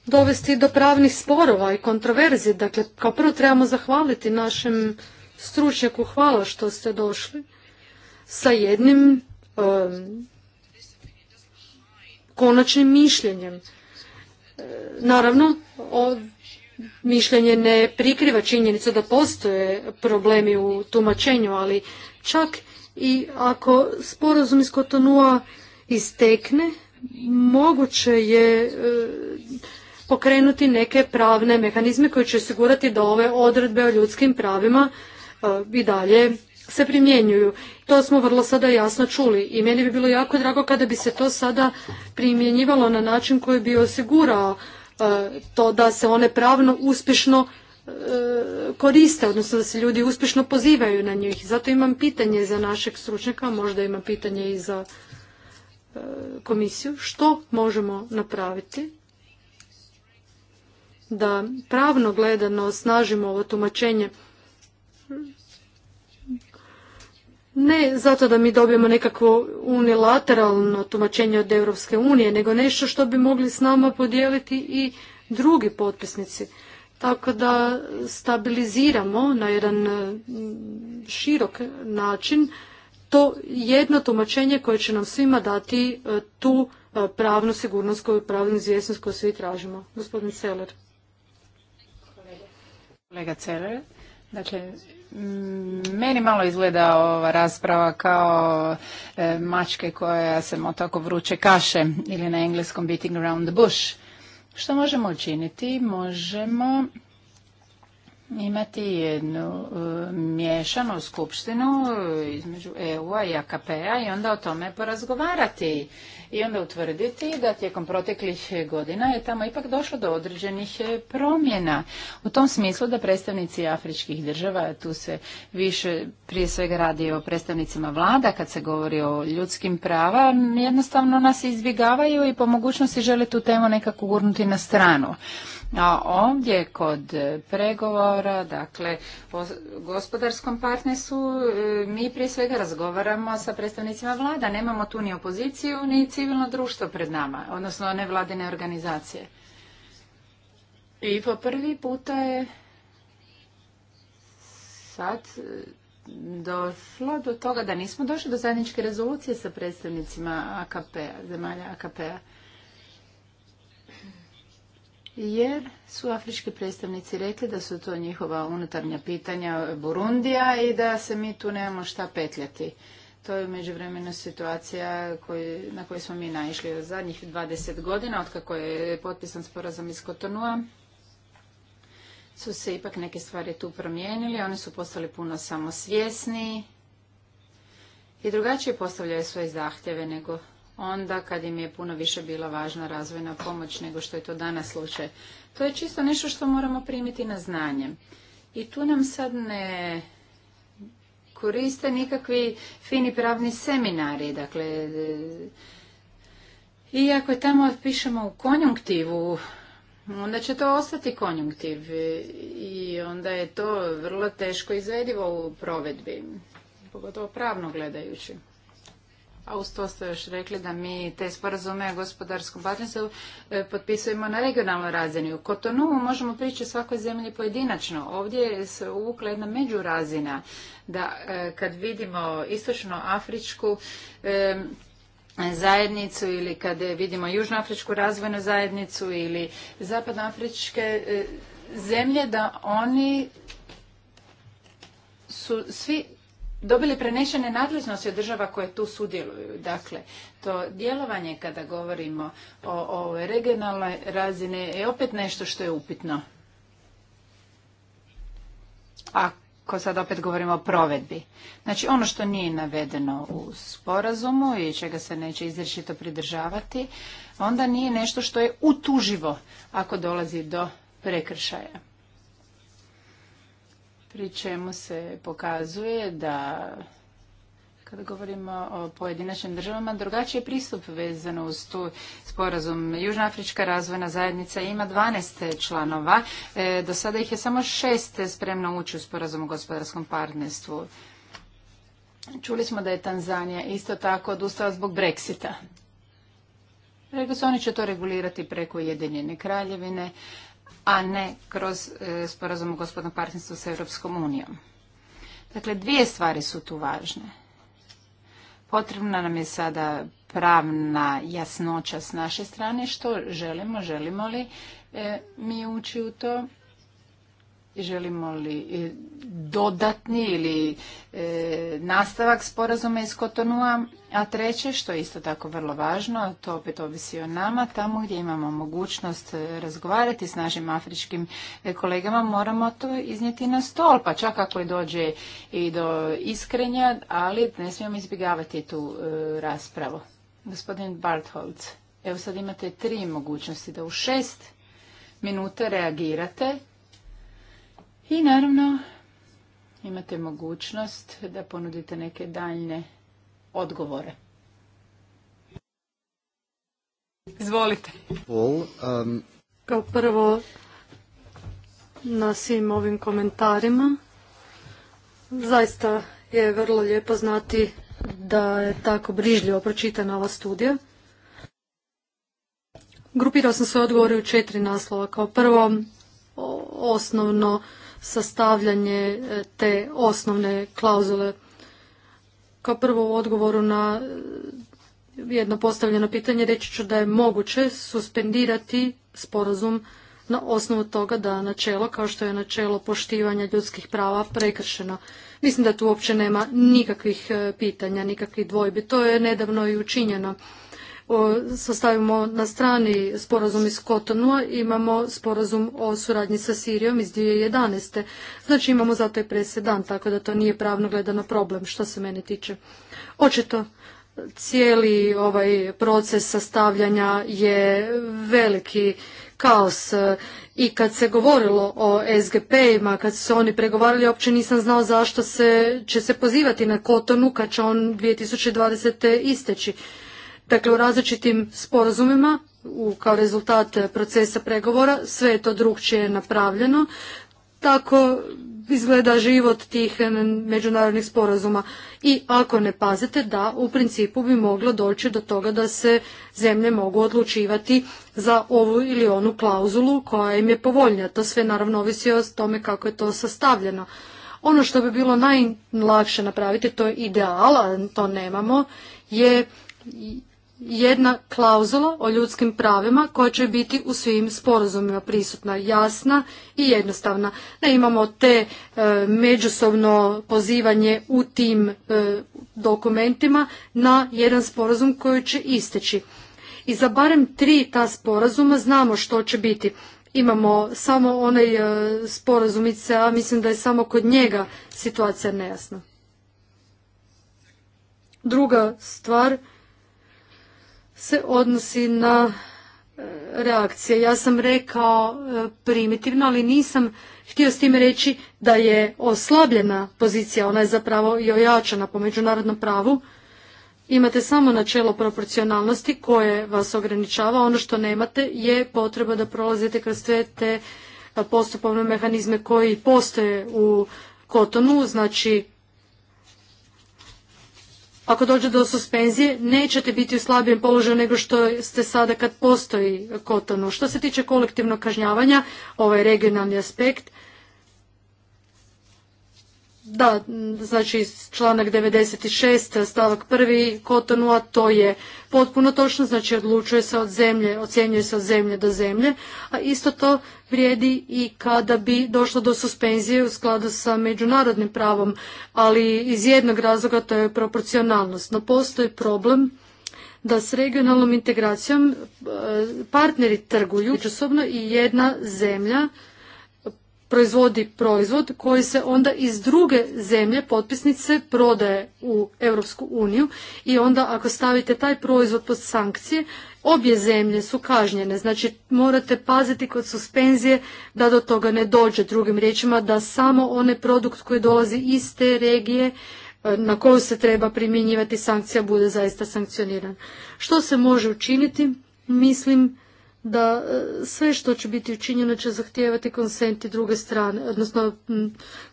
dovesti do pravnih sporova i kontroverzi. Dakle, kao prvo trebamo zahvaliti našem stručnjaku hvala što ste došli sa jednim konačnim mišljenjem. Naravno, o, mišljenje ne prikriva činjenicu da postoje problemi u tumačenju, ali čak i ako sporazum iz Kotonua istekne, moguće je pokrenuti neke pravne mehanizme koji će osigurati da ove odredbe o ljudskim pravima e, i dalje se primjenjuju. To smo vrlo sada jasno čuli i meni bi bilo jako drago kada bi se to sada primjenjivalo na način koji bi osigurao e, to da se one pravno uspješno e, koriste, odnosno da se ljudi uspješno pozivaju na njih. Zato imam pitanje za našeg stručnjaka, možda imam pitanje i za komisiju. Što možemo napraviti da pravno gledano snažimo ovo tumačenje. Ne zato da mi dobijemo nekakvo unilateralno tumačenje od Europske unije, nego nešto što bi mogli s nama podijeliti i drugi potpisnici. Tako da stabiliziramo na jedan mm, širok način to jedno tumačenje koje će nam svima dati e, tu e, pravnu sigurnost koju pravnu izvjesnost koju svi tražimo. Gospodin Seler. Kolega Celer, dakle, meni malo izgleda ova rasprava kao e, mačke koja se tako vruće kaše ili na engleskom beating around the bush. Što možemo učiniti? Možemo imati jednu e, miješanu skupštinu između EU-a i AKP-a i onda o tome porazgovarati i onda utvrditi da tijekom proteklih godina je tamo ipak došlo do određenih e, promjena. U tom smislu da predstavnici afričkih država, tu se više prije svega radi o predstavnicima vlada kad se govori o ljudskim prava, jednostavno nas izbjegavaju i po mogućnosti žele tu temu nekako gurnuti na stranu. A ovdje kod e, pregovora, dakle, o gospodarskom partnersu e, mi prije svega razgovaramo sa predstavnicima vlada. Nemamo tu ni opoziciju, ni civilno društvo pred nama, odnosno nevladine organizacije. I po prvi puta je sad e, došlo do toga da nismo došli do zajedničke rezolucije sa predstavnicima AKP-a, zemalja AKP-a jer su afrički predstavnici rekli da su to njihova unutarnja pitanja Burundija i da se mi tu nemamo šta petljati. To je u vremenu situacija koji, na koju smo mi naišli od zadnjih 20 godina, otkako je potpisan sporazum iz Kotonua, su se ipak neke stvari tu promijenili, oni su postali puno samosvjesniji i drugačije postavljaju svoje zahtjeve nego onda kad im je puno više bila važna razvojna pomoć nego što je to danas slučaj. To je čisto nešto što moramo primiti na znanje. I tu nam sad ne koriste nikakvi fini pravni seminari, dakle e, i je tamo pišemo u konjunktivu, onda će to ostati konjunktiv e, i onda je to vrlo teško izvedivo u provedbi, pogotovo pravno gledajući. A uz to ste još rekli da mi te sporazume o gospodarskom partnerstvu e, potpisujemo na regionalnoj razini. U Kotonu možemo prići svakoj zemlji pojedinačno. Ovdje se uvukla jedna međurazina da e, kad vidimo istočnoafričku e, zajednicu ili kad vidimo južnoafričku razvojnu zajednicu ili zapadnoafričke zemlje da oni su svi dobili prenešene nadležnosti od država koje tu sudjeluju. Dakle, to djelovanje kada govorimo o ovoj regionalnoj razini je opet nešto što je upitno. Ako sad opet govorimo o provedbi. Znači, ono što nije navedeno u sporazumu i čega se neće izrečito pridržavati, onda nije nešto što je utuživo ako dolazi do prekršaja pri čemu se pokazuje da kada govorimo o pojedinačnim državama, drugačiji je pristup vezano uz tu sporazum. Južnoafrička razvojna zajednica ima 12 članova, e, do sada ih je samo šest spremno ući u sporazum o gospodarskom partnerstvu. Čuli smo da je Tanzanija isto tako odustala zbog Brexita. Rekli su oni će to regulirati preko Jedinjene kraljevine, a ne kroz e, sporazum o gospodnom partnerstvu sa Europskom unijom. Dakle, dvije stvari su tu važne. Potrebna nam je sada pravna jasnoća s naše strane. Što želimo? Želimo li e, mi ući u to? Želimo li e, dodatni ili e, nastavak sporazuma iz Kotonua? A treće, što je isto tako vrlo važno, to opet ovisi o nama, tamo gdje imamo mogućnost e, razgovarati s našim afričkim kolegama, moramo to iznijeti na stol, pa čak ako je dođe i do iskrenja, ali ne smijemo izbjegavati tu raspravu. Gospodin Bartholz, evo sad imate tri mogućnosti da u šest minuta reagirate i naravno imate mogućnost da ponudite neke daljne odgovore. Izvolite. Um, Kao prvo na svim ovim komentarima. Zaista je vrlo lijepo znati da je tako brižljivo pročitana ova studija. Grupirao sam svoje odgovore u četiri naslova. Kao prvo, osnovno sastavljanje e, te osnovne klauzule. Kao prvo u odgovoru na e, jedno postavljeno pitanje reći ću da je moguće suspendirati sporazum na osnovu toga da načelo, kao što je načelo poštivanja ljudskih prava, prekršeno. Mislim da tu uopće nema nikakvih e, pitanja, nikakvih dvojbi. To je nedavno i učinjeno sastavimo na strani sporazum iz Kotonua, imamo sporazum o suradnji sa Sirijom iz 2011. Znači imamo zato i presedan, tako da to nije pravno gledano problem što se mene tiče. Očito cijeli ovaj proces sastavljanja je veliki kaos i kad se govorilo o SGP-ima, kad su se oni pregovarali, uopće nisam znao zašto se, će se pozivati na Kotonu kad će on 2020. isteći. Dakle, u različitim sporazumima u, kao rezultat e, procesa pregovora, sve je to drugčije napravljeno. Tako izgleda život tih e, međunarodnih sporazuma. I ako ne pazite, da, u principu bi moglo doći do toga da se zemlje mogu odlučivati za ovu ili onu klauzulu koja im je povoljnija. To sve naravno ovisi o tome kako je to sastavljeno. Ono što bi bilo najlakše napraviti, to je ideal, a to nemamo, je jedna klauzula o ljudskim pravima koja će biti u svim sporazumima prisutna, jasna i jednostavna. Da imamo te e, međusobno pozivanje u tim e, dokumentima na jedan sporazum koji će isteći. I za barem tri ta sporazuma znamo što će biti. Imamo samo onaj e, sporazumice, a mislim da je samo kod njega situacija nejasna. Druga stvar, se odnosi na e, reakcije. Ja sam rekao e, primitivno, ali nisam htio s time reći da je oslabljena pozicija, ona je zapravo i ojačana po međunarodnom pravu. Imate samo načelo proporcionalnosti koje vas ograničava. Ono što nemate je potreba da prolazite kroz sve te e, postupovne mehanizme koji postoje u kotonu, znači ako dođe do suspenzije, nećete biti u slabijem položaju nego što ste sada kad postoji kotonu. Što se tiče kolektivnog kažnjavanja, ovaj regionalni aspekt, da, znači članak 96. stavak 1. Kotonua, to je potpuno točno, znači odlučuje se od zemlje, ocjenjuje se od zemlje do zemlje, a isto to vrijedi i kada bi došlo do suspenzije u skladu sa međunarodnim pravom, ali iz jednog razloga to je proporcionalnost. No postoji problem da s regionalnom integracijom e, partneri trguju međusobno i jedna zemlja proizvodi proizvod koji se onda iz druge zemlje potpisnice prodaje u Europsku uniju i onda ako stavite taj proizvod pod sankcije, obje zemlje su kažnjene. Znači morate paziti kod suspenzije da do toga ne dođe. Drugim riječima da samo onaj produkt koji dolazi iz te regije e, na koju se treba primjenjivati sankcija bude zaista sankcioniran. Što se može učiniti? Mislim da e, sve što će biti učinjeno će zahtijevati konsent druge strane, odnosno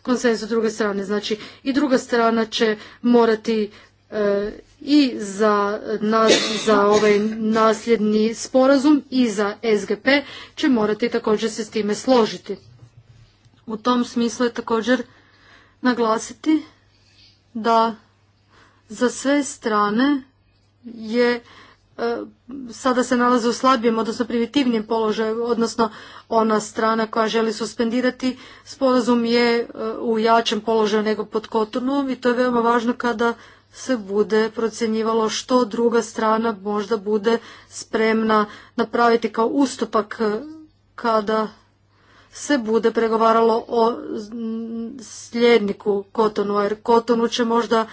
konsenzus druge strane. Znači i druga strana će morati e, i za, nas, za ovaj nasljedni sporazum i za SGP će morati također se s time složiti. U tom smislu je također naglasiti da za sve strane je e, sada se nalaze u slabijem, odnosno primitivnijem položaju, odnosno ona strana koja želi suspendirati sporazum je e, u jačem položaju nego pod Kotonom i to je veoma važno kada se bude procjenjivalo što druga strana možda bude spremna napraviti kao ustupak e, kada se bude pregovaralo o sljedniku Kotonu, jer Kotonu će možda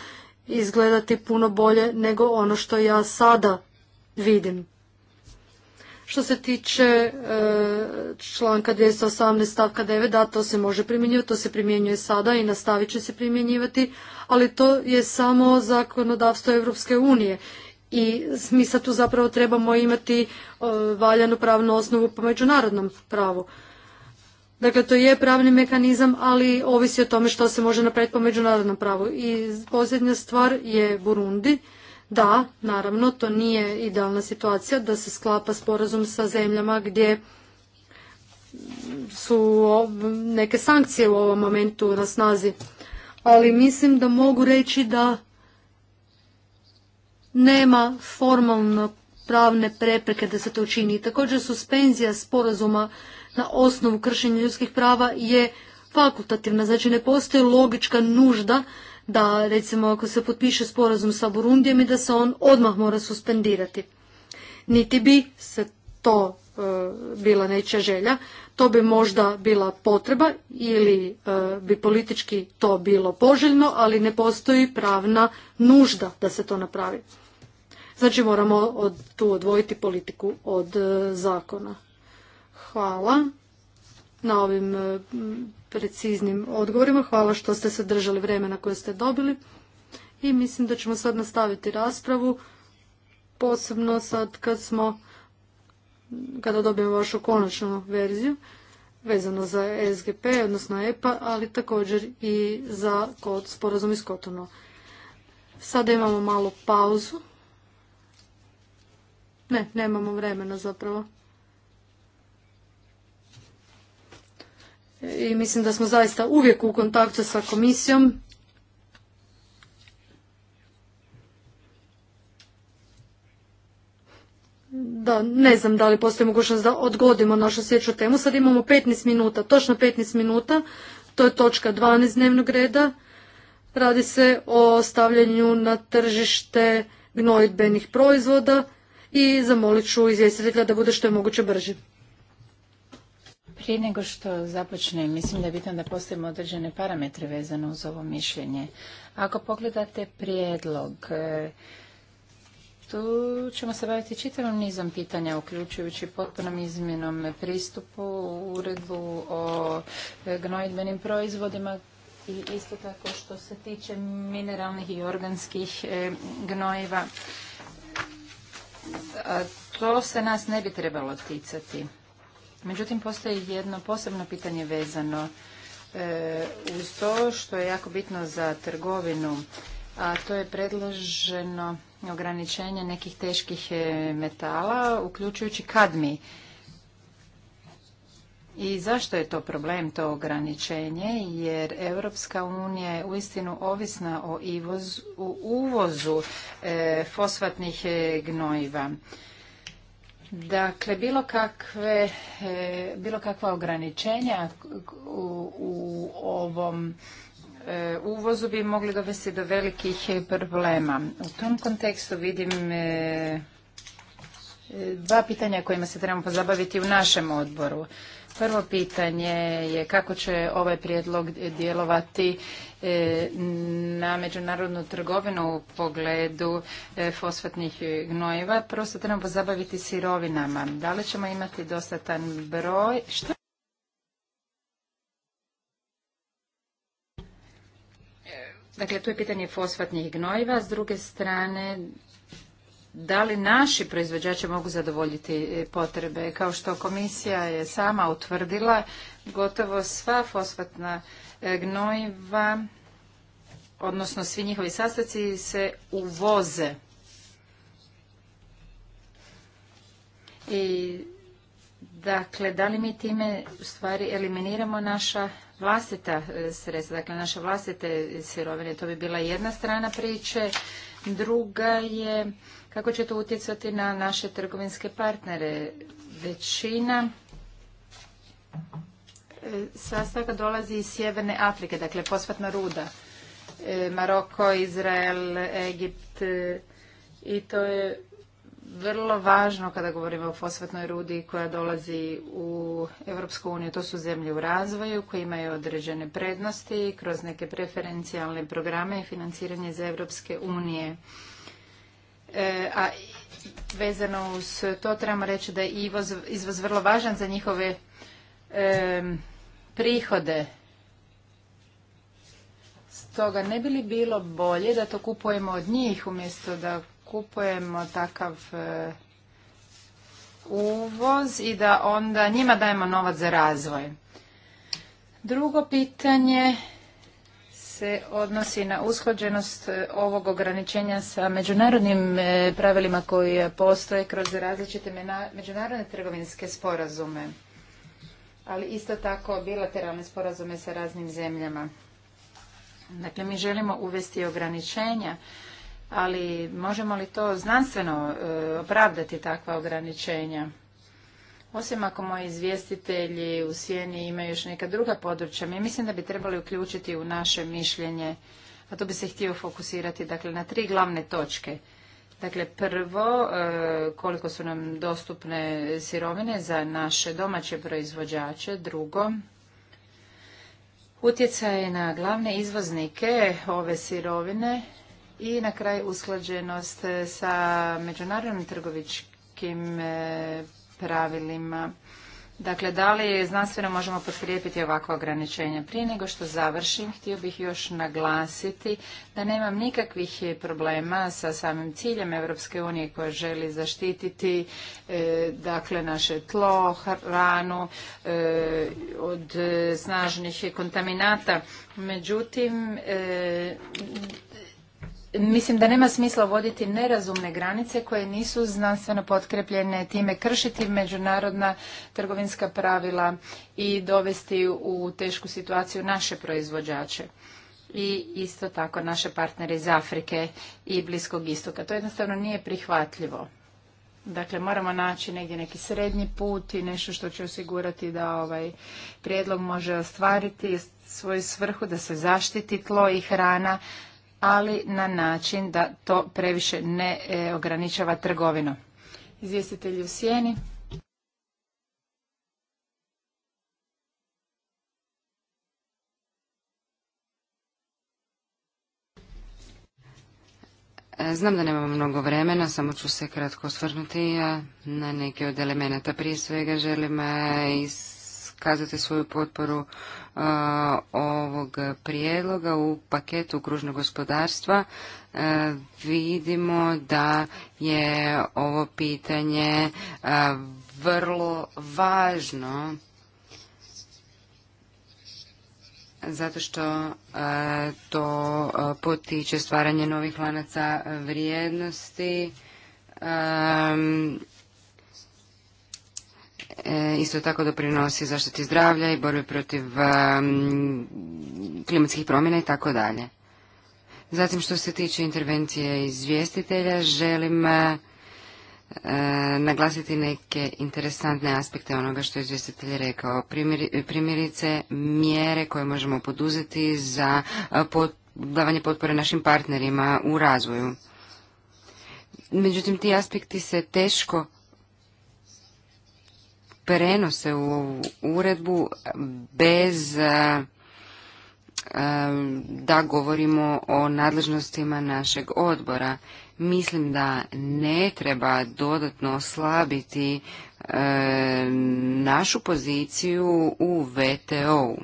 izgledati puno bolje nego ono što ja sada vidim. Što se tiče e, članka 218 stavka 9, da, to se može primjenjivati, to se primjenjuje sada i nastavit će se primjenjivati, ali to je samo zakonodavstvo Europske unije i mi sad tu zapravo trebamo imati e, valjanu pravnu osnovu po međunarodnom pravu. Dakle, to je pravni mehanizam, ali ovisi o tome što se može napraviti po međunarodnom pravu. I posljednja stvar je Burundi. Da, naravno, to nije idealna situacija da se sklapa sporazum sa zemljama gdje su neke sankcije u ovom momentu na snazi. Ali mislim da mogu reći da nema formalno pravne prepreke da se to učini. Također suspenzija sporazuma na osnovu kršenja ljudskih prava je fakultativna, znači ne postoji logička nužda da recimo ako se potpiše sporazum sa Burundijem i da se on odmah mora suspendirati. Niti bi se to e, bila neća želja, to bi možda bila potreba ili e, bi politički to bilo poželjno, ali ne postoji pravna nužda da se to napravi. Znači moramo od, tu odvojiti politiku od e, zakona. Hvala na ovim e, preciznim odgovorima. Hvala što ste se držali vremena koje ste dobili. I mislim da ćemo sad nastaviti raspravu, posebno sad kad smo, kada dobijemo vašu konačnu verziju vezano za SGP, odnosno EPA, ali također i za kod sporazum iz Kotono. Sada imamo malu pauzu. Ne, nemamo vremena zapravo. i mislim da smo zaista uvijek u kontaktu sa komisijom. Da, ne znam da li postoji mogućnost da odgodimo našu sljedeću temu. Sad imamo 15 minuta, točno 15 minuta. To je točka 12 dnevnog reda. Radi se o stavljanju na tržište gnojidbenih proizvoda i zamolit ću izvjestitelja da bude što je moguće brži. Prije nego što započnem, mislim da je bitno da postavimo određene parametre vezano uz ovo mišljenje. Ako pogledate prijedlog, e, tu ćemo se baviti čitavom nizom pitanja, uključujući potpunom izmjenom pristupu, uredbu o e, gnojidbenim proizvodima i isto tako što se tiče mineralnih i organskih e, gnojiva. To se nas ne bi trebalo ticati. Međutim, postoji jedno posebno pitanje vezano e, uz to što je jako bitno za trgovinu, a to je predloženo ograničenje nekih teških e, metala, uključujući kadmi. I zašto je to problem, to ograničenje? Jer Europska unija je uistinu ovisna o u uvozu e, fosfatnih gnojiva. Dakle, bilo, kakve, e, bilo kakva ograničenja u, u ovom e, uvozu bi mogli dovesti do velikih problema. U tom kontekstu vidim e, dva pitanja kojima se trebamo pozabaviti u našem odboru. Prvo pitanje je kako će ovaj prijedlog djelovati e, na međunarodnu trgovinu u pogledu e, fosfatnih gnojiva. Prvo se trebamo pozabaviti sirovinama. Da li ćemo imati dostatan broj? Dakle, tu je pitanje fosfatnih gnojiva. S druge strane, da li naši proizvođači mogu zadovoljiti e, potrebe. Kao što komisija je sama utvrdila, gotovo sva fosfatna e, gnojiva, odnosno svi njihovi sastojci se uvoze. I Dakle, da li mi time u stvari eliminiramo naša vlastita e, sredstva, dakle naše vlastite sirovine, to bi bila jedna strana priče. Druga je kako će to utjecati na naše trgovinske partnere. Većina e, sastaka dolazi iz Sjeverne Afrike, dakle posvatna ruda. E, Maroko, Izrael, Egipt e, i to je vrlo važno kada govorimo o fosfatnoj rudi koja dolazi u Europsku uniju. To su zemlje u razvoju koje imaju određene prednosti kroz neke preferencijalne programe i financiranje za Europske unije. E, a vezano uz to trebamo reći da je izvoz, izvoz vrlo važan za njihove e, prihode. Stoga ne bi li bilo bolje da to kupujemo od njih umjesto da kupujemo takav e, uvoz i da onda njima dajemo novac za razvoj. Drugo pitanje se odnosi na usklađenost e, ovog ograničenja sa međunarodnim e, pravilima koji postoje kroz različite međunarodne trgovinske sporazume, ali isto tako bilateralne sporazume sa raznim zemljama. Dakle, mi želimo uvesti ograničenja, ali možemo li to znanstveno e, opravdati takva ograničenja? Osim ako moji izvjestitelji u Sjeni imaju još neka druga područja, mi mislim da bi trebali uključiti u naše mišljenje, a to bi se htio fokusirati dakle, na tri glavne točke. Dakle, prvo, e, koliko su nam dostupne sirovine za naše domaće proizvođače. Drugo, utjecaj na glavne izvoznike ove sirovine i na kraj usklađenost sa međunarodnim trgovičkim e, pravilima. Dakle, da li znanstveno možemo potkrijepiti ovakva ograničenja? Prije nego što završim, htio bih još naglasiti da nemam nikakvih problema sa samim ciljem Europske unije koja želi zaštititi e, dakle, naše tlo, hranu e, od snažnih kontaminata. Međutim, e, Mislim da nema smisla voditi nerazumne granice koje nisu znanstveno potkrepljene, time kršiti međunarodna trgovinska pravila i dovesti u tešku situaciju naše proizvođače i isto tako naše partnere iz Afrike i Bliskog istoka. To jednostavno nije prihvatljivo. Dakle, moramo naći negdje neki srednji put i nešto što će osigurati da ovaj prijedlog može ostvariti svoju svrhu, da se zaštiti tlo i hrana, ali na način da to previše ne e, ograničava trgovinu. Izvjestitelji u sjeni. E, znam da nemamo mnogo vremena, samo ću se kratko osvrnuti e, na neke od elemenata. Prije svega želim iz iskazati svoju potporu e, ovog prijedloga u paketu kružnog gospodarstva. E, vidimo da je ovo pitanje e, vrlo važno zato što to potiče stvaranje novih lanaca vrijednosti E, isto tako doprinosi zaštiti zdravlja i borbi protiv klimatskih promjena i tako dalje. Zatim što se tiče intervencije izvjestitelja, želim e, e, naglasiti neke interesantne aspekte onoga što je izvjestitelj rekao. primjerice mjere koje možemo poduzeti za davanje potpore našim partnerima u razvoju. Međutim, ti aspekti se teško prenose u ovu uredbu bez e, e, da govorimo o nadležnostima našeg odbora. Mislim da ne treba dodatno oslabiti e, našu poziciju u VTO-u.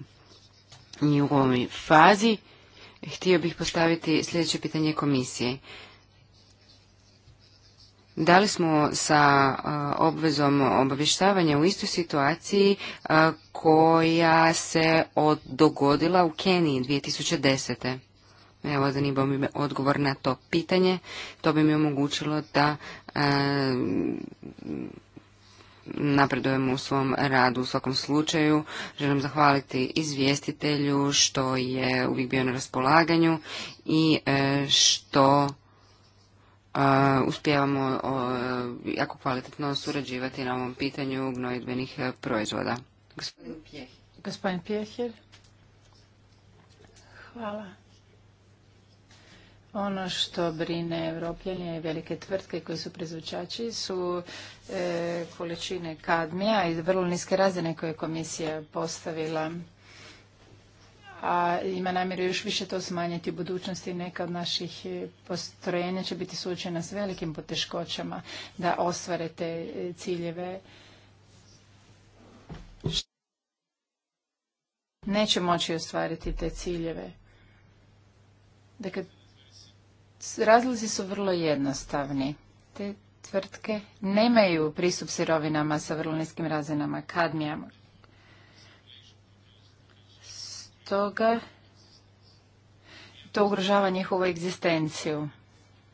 I u ovoj fazi htio bih postaviti sljedeće pitanje komisije da li smo sa obvezom obavještavanja u istoj situaciji koja se dogodila u Keniji 2010. Evo, zanimljivo bi me odgovor na to pitanje. To bi mi omogućilo da napredujemo u svom radu. U svakom slučaju želim zahvaliti izvjestitelju što je uvijek bio na raspolaganju i e, što uspijevamo jako kvalitetno surađivati na ovom pitanju gnojidbenih e, proizvoda. Gospodin Pjehir. Hvala. Ono što brine Evropljanje i velike tvrtke koji su proizvođači su e, količine kadmija i vrlo niske razine koje je komisija postavila a ima namjeru još više to smanjiti u budućnosti. Neka od naših e, postrojenja će biti suočena s velikim poteškoćama da ostvare te e, ciljeve. Neće moći ostvariti te ciljeve. Dakle, razlozi su vrlo jednostavni. Te tvrtke nemaju pristup sirovinama sa vrlo niskim razinama kadmijama toga to ugrožava njihovu egzistenciju.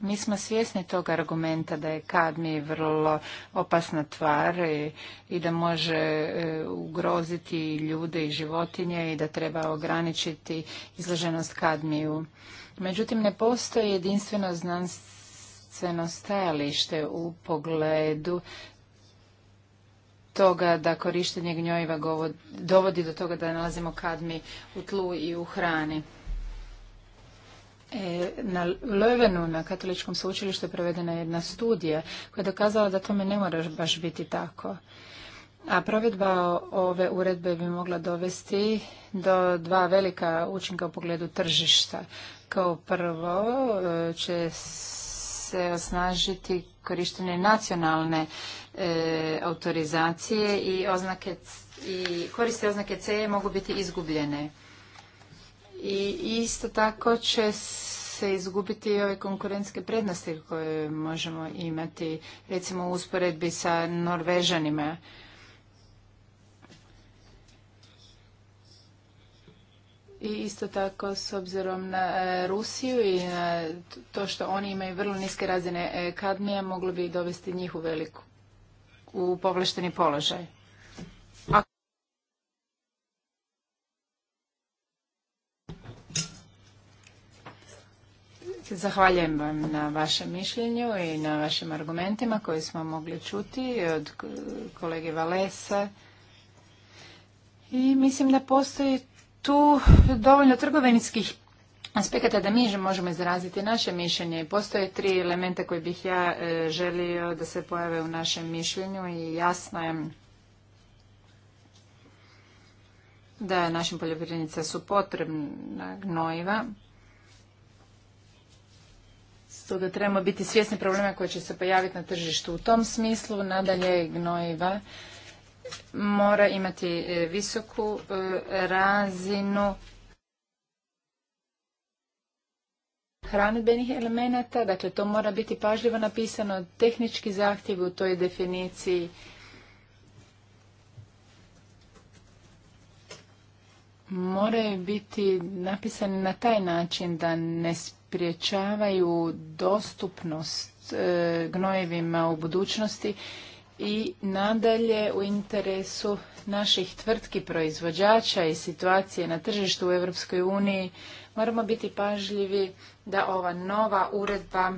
Mi smo svjesni tog argumenta da je kadmi vrlo opasna tvar i, da može e, ugroziti ljude i životinje i da treba ograničiti izloženost kadmiju. Međutim, ne postoji jedinstveno znanstveno stajalište u pogledu toga da korištenje gnjojiva dovodi do toga da nalazimo kadmi u tlu i u hrani. E, na Lövenu, na katoličkom sveučilištu je provedena jedna studija koja je dokazala da tome ne mora baš biti tako. A provedba ove uredbe bi mogla dovesti do dva velika učinka u pogledu tržišta. Kao prvo e, će se osnažiti korištene nacionalne e, autorizacije i, oznake, i koriste oznake CE mogu biti izgubljene. I isto tako će se izgubiti i ove konkurentske prednosti koje možemo imati, recimo u usporedbi sa Norvežanima I isto tako s obzirom na e, Rusiju i na to što oni imaju vrlo niske razine e, kadmija moglo bi dovesti njih u veliku u povlašteni položaj. Zahvaljujem vam na vašem mišljenju i na vašim argumentima koje smo mogli čuti od kolege Valesa. I mislim da postoji tu dovoljno trgovinskih aspekata da mi možemo izraziti naše mišljenje. Postoje tri elementa koje bih ja e, želio da se pojave u našem mišljenju i jasno je da našim poljoprivrednicima su potrebna gnojiva. Stoga trebamo biti svjesni problema koji će se pojaviti na tržištu u tom smislu. Nadalje gnojiva mora imati e, visoku e, razinu hranidbenih elemenata, dakle to mora biti pažljivo napisano, tehnički zahtjev u toj definiciji. Moraju biti napisani na taj način da ne spriječavaju dostupnost e, gnojevima u budućnosti i nadalje u interesu naših tvrtki proizvođača i situacije na tržištu u Europskoj uniji moramo biti pažljivi da ova nova uredba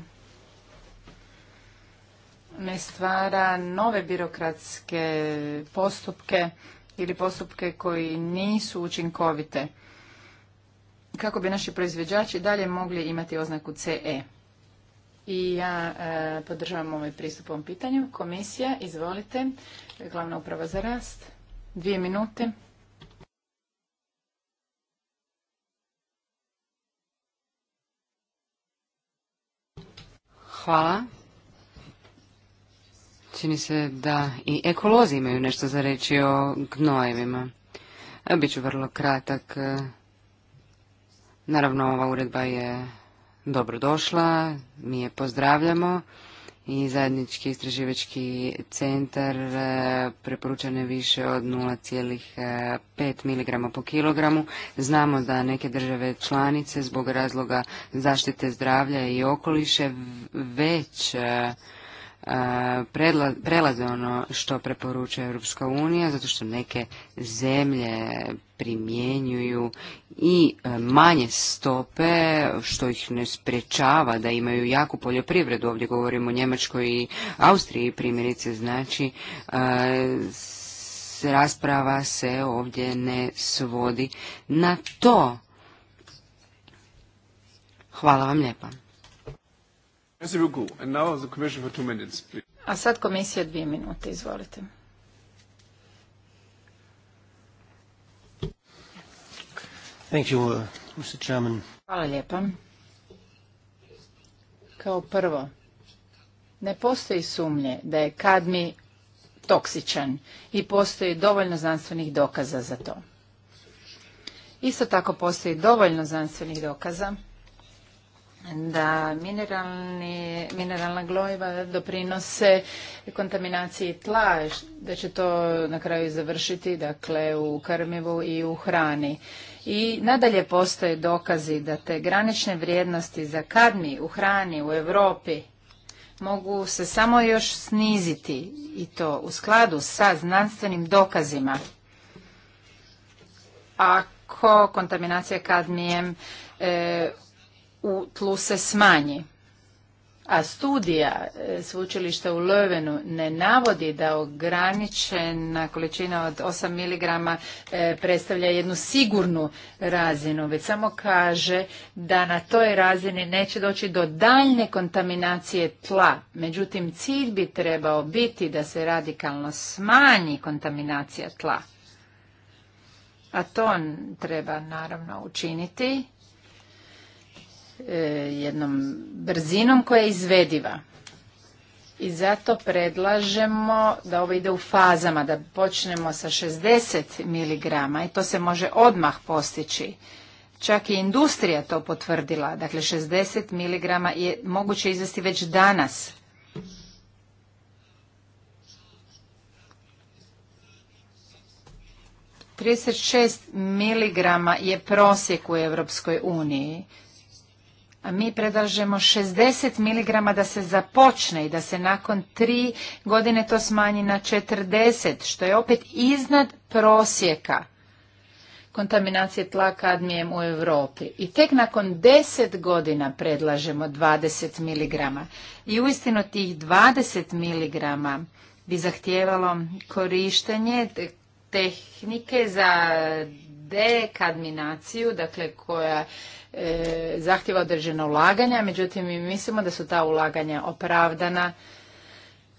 ne stvara nove birokratske postupke ili postupke koji nisu učinkovite kako bi naši proizvođači dalje mogli imati oznaku CE i ja e, podržavam ovaj pristup ovom pitanju. Komisija, izvolite. Glavna uprava za rast. Dvije minute. Hvala. Čini se da i ekolozi imaju nešto za reći o gnojevima. Biću vrlo kratak. Naravno, ova uredba je dobrodošla, mi je pozdravljamo i zajednički istraživački centar e, je više od 0,5 mg po kilogramu. Znamo da neke države članice zbog razloga zaštite zdravlja i okoliše već e, E, prelaze ono što preporučuje Europska unija, zato što neke zemlje primjenjuju i e, manje stope, što ih ne sprečava da imaju jaku poljoprivredu. Ovdje govorimo o Njemačkoj i Austriji primjerice, znači e, rasprava se ovdje ne svodi na to. Hvala vam lijepa. A sad komisija dvije minute, izvolite. Uh, Hvala lijepa. Kao prvo, ne postoji sumnje da je kadmi toksičan i postoji dovoljno znanstvenih dokaza za to. Isto tako postoji dovoljno znanstvenih dokaza da mineralna glojiva doprinose kontaminaciji tla, da će to na kraju završiti dakle, u krmivu i u hrani. I nadalje postoje dokazi da te granične vrijednosti za kadmi u hrani u Europi mogu se samo još sniziti i to u skladu sa znanstvenim dokazima. Ako kontaminacija kadmijem e, u tlu se smanji. A studija e, sveučilišta u Lovenu ne navodi da ograničena količina od 8 mg e, predstavlja jednu sigurnu razinu, već samo kaže da na toj razini neće doći do daljne kontaminacije tla. Međutim, cilj bi trebao biti da se radikalno smanji kontaminacija tla. A to treba naravno učiniti E, jednom brzinom koja je izvediva. I zato predlažemo da ovo ide u fazama, da počnemo sa 60 mg i to se može odmah postići. Čak i industrija to potvrdila, dakle 60 mg je moguće izvesti već danas. Trideset šest miligrama je prosjek u Europskoj uniji a mi predlažemo 60 mg da se započne i da se nakon 3 godine to smanji na 40, što je opet iznad prosjeka kontaminacije tla kadmijem u Europi. I tek nakon 10 godina predlažemo 20 mg. I uistinu tih 20 mg bi zahtijevalo korištenje tehnike za dekadminaciju, dakle koja e, zahtjeva određena ulaganja, međutim mi mislimo da su ta ulaganja opravdana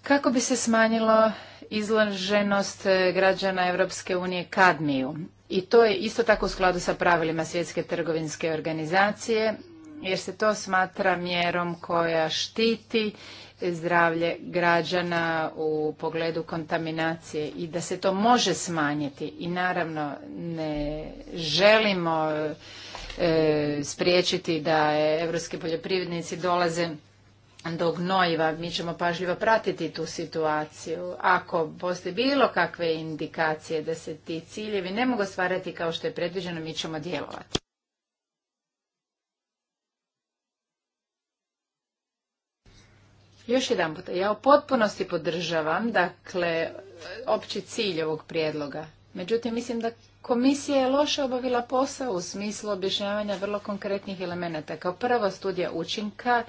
kako bi se smanjilo izloženost e, građana Europske unije kadmiju. I to je isto tako u skladu sa pravilima Svjetske trgovinske organizacije, jer se to smatra mjerom koja štiti zdravlje građana u pogledu kontaminacije i da se to može smanjiti i naravno ne želimo e, spriječiti da evropski poljoprivrednici dolaze do gnojiva, mi ćemo pažljivo pratiti tu situaciju. Ako postoji bilo kakve indikacije da se ti ciljevi ne mogu stvarati kao što je predviđeno, mi ćemo djelovati. Još jedan put. ja u potpunosti podržavam, dakle, opći cilj ovog prijedloga. Međutim, mislim da komisija je loše obavila posao u smislu objašnjavanja vrlo konkretnih elemenata. Kao prvo, studija učinka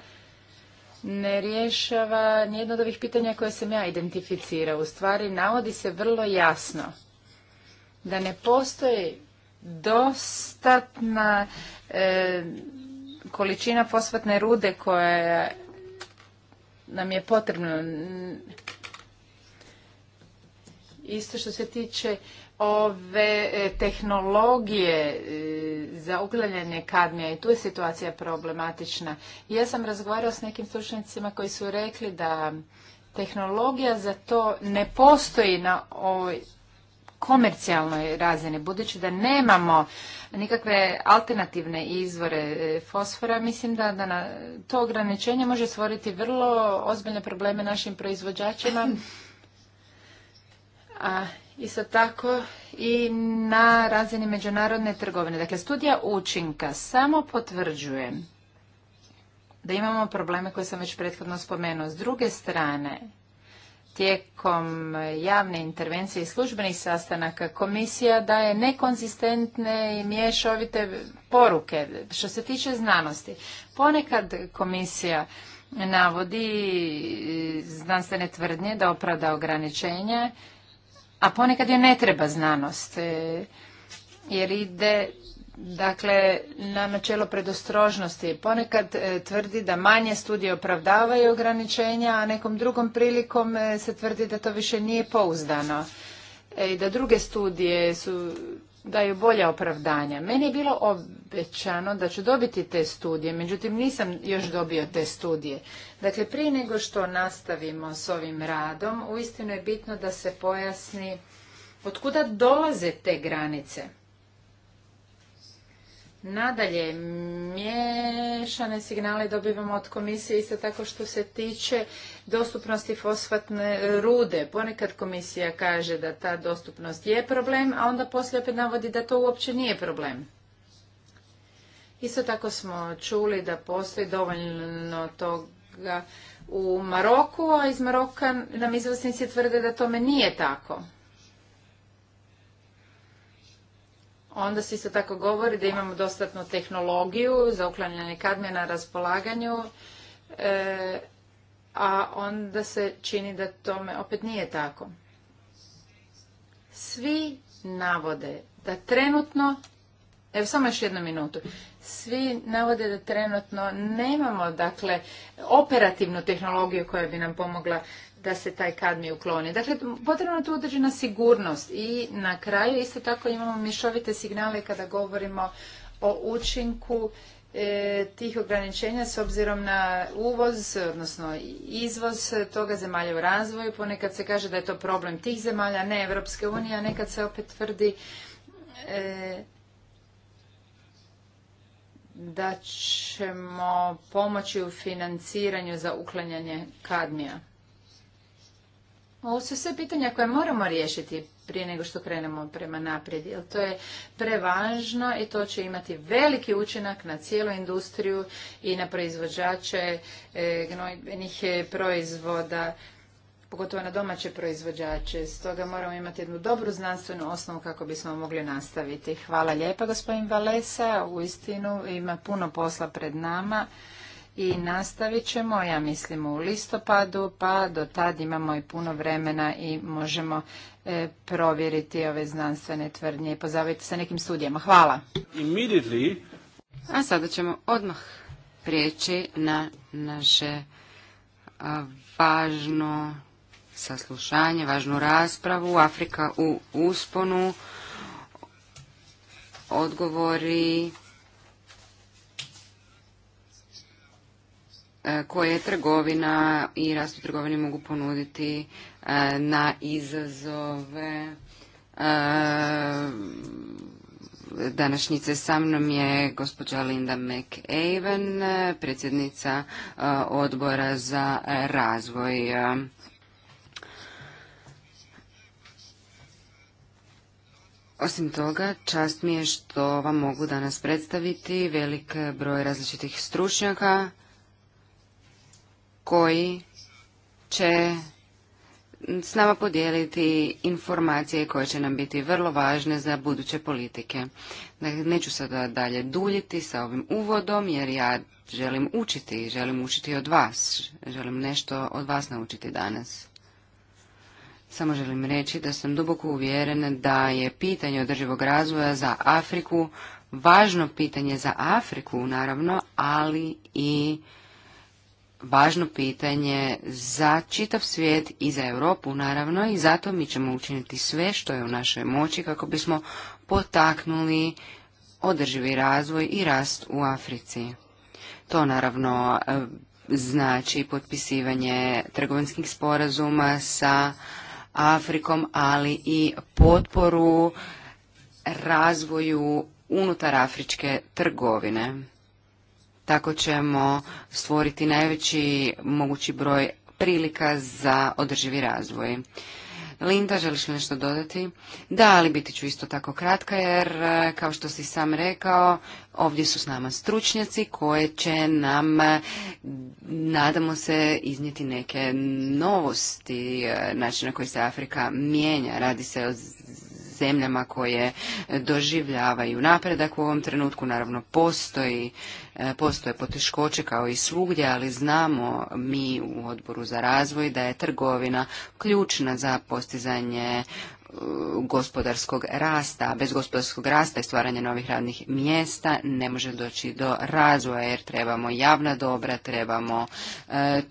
ne rješava nijedno od ovih pitanja koje sam ja identificira. U stvari, navodi se vrlo jasno da ne postoji dostatna e, količina fosfatne rude koja nam je potrebno. Isto što se tiče ove e, tehnologije e, za uklanjanje kadmija i tu je situacija problematična. Ja sam razgovarala s nekim stručnjacima koji su rekli da tehnologija za to ne postoji na ovoj komercijalnoj razini, budući da nemamo nikakve alternativne izvore e, fosfora, mislim da, da to ograničenje može stvoriti vrlo ozbiljne probleme našim proizvođačima, a isto tako i na razini međunarodne trgovine. Dakle, studija učinka samo potvrđuje da imamo probleme koje sam već prethodno spomenuo. S druge strane, tijekom javne intervencije i službenih sastanaka komisija daje nekonzistentne i mješovite poruke što se tiče znanosti. Ponekad komisija navodi znanstvene tvrdnje da opravda ograničenje, a ponekad joj ne treba znanost e, jer ide dakle na načelo predostrožnosti. Ponekad e, tvrdi da manje studije opravdavaju ograničenja, a nekom drugom prilikom e, se tvrdi da to više nije pouzdano e, i da druge studije su daju bolja opravdanja. Meni je bilo obećano da ću dobiti te studije, međutim nisam još dobio te studije. Dakle, prije nego što nastavimo s ovim radom, uistinu je bitno da se pojasni kuda dolaze te granice. Nadalje, mješane signale dobivamo od komisije isto tako što se tiče dostupnosti fosfatne rude. Ponekad komisija kaže da ta dostupnost je problem, a onda poslije opet navodi da to uopće nije problem. Isto tako smo čuli da postoji dovoljno toga u Maroku, a iz Maroka nam izvrsnici tvrde da tome nije tako. onda se isto tako govori da imamo dostatnu tehnologiju za uklanjanje kadmija na raspolaganju, e, a onda se čini da tome opet nije tako. Svi navode da trenutno, evo samo još jednu minutu, svi navode da trenutno nemamo dakle operativnu tehnologiju koja bi nam pomogla da se taj kadmij ukloni. Dakle, potrebna je tu određena sigurnost i na kraju isto tako imamo mišovite signale kada govorimo o učinku e, tih ograničenja s obzirom na uvoz, odnosno izvoz toga zemalja u razvoju. Ponekad se kaže da je to problem tih zemalja, ne Evropske unije, a nekad se opet tvrdi e, da ćemo pomoći u financiranju za uklanjanje kadmija. Ovo su sve pitanja koje moramo riješiti prije nego što krenemo prema naprijed, jer to je prevažno i to će imati veliki učinak na cijelu industriju i na proizvođače e, gnojbenih e, proizvoda, pogotovo na domaće proizvođače. Stoga moramo imati jednu dobru znanstvenu osnovu kako bismo mogli nastaviti. Hvala lijepa gospodin Valesa, uistinu ima puno posla pred nama i nastavit ćemo, ja mislim, u listopadu, pa do tad imamo i puno vremena i možemo e, provjeriti ove znanstvene tvrdnje i pozaviti se nekim studijama. Hvala. A sada ćemo odmah prijeći na naše važno saslušanje, važnu raspravu. Afrika u usponu, odgovori E, koje trgovina i rastu trgovini mogu ponuditi e, na izazove e, današnjice. Sa mnom je gospođa Linda McAven, predsjednica odbora za razvoj. Osim toga, čast mi je što vam mogu danas predstaviti velik broj različitih stručnjaka koji će s nama podijeliti informacije koje će nam biti vrlo važne za buduće politike. Dakle, neću sada dalje duljiti sa ovim uvodom jer ja želim učiti želim učiti od vas. Želim nešto od vas naučiti danas. Samo želim reći da sam duboko uvjeren da je pitanje održivog razvoja za Afriku važno pitanje za Afriku naravno, ali i važno pitanje za čitav svijet i za Europu naravno i zato mi ćemo učiniti sve što je u našoj moći kako bismo potaknuli održivi razvoj i rast u Africi. To naravno eh, znači potpisivanje trgovinskih sporazuma sa Afrikom, ali i potporu razvoju unutar afričke trgovine. Tako ćemo stvoriti najveći mogući broj prilika za održivi razvoj. Linda, želiš li nešto dodati? Da, ali biti ću isto tako kratka jer, e, kao što si sam rekao, ovdje su s nama stručnjaci koje će nam, e, nadamo se, iznijeti neke novosti e, načina na koji se Afrika mijenja. Radi se o zemljama koje doživljavaju napredak u ovom trenutku. Naravno postoji, e, postoje poteškoće kao i svugdje, ali znamo mi u odboru za razvoj da je trgovina ključna za postizanje e, gospodarskog rasta. Bez gospodarskog rasta i stvaranja novih radnih mjesta ne može doći do razvoja jer trebamo javna dobra, trebamo e,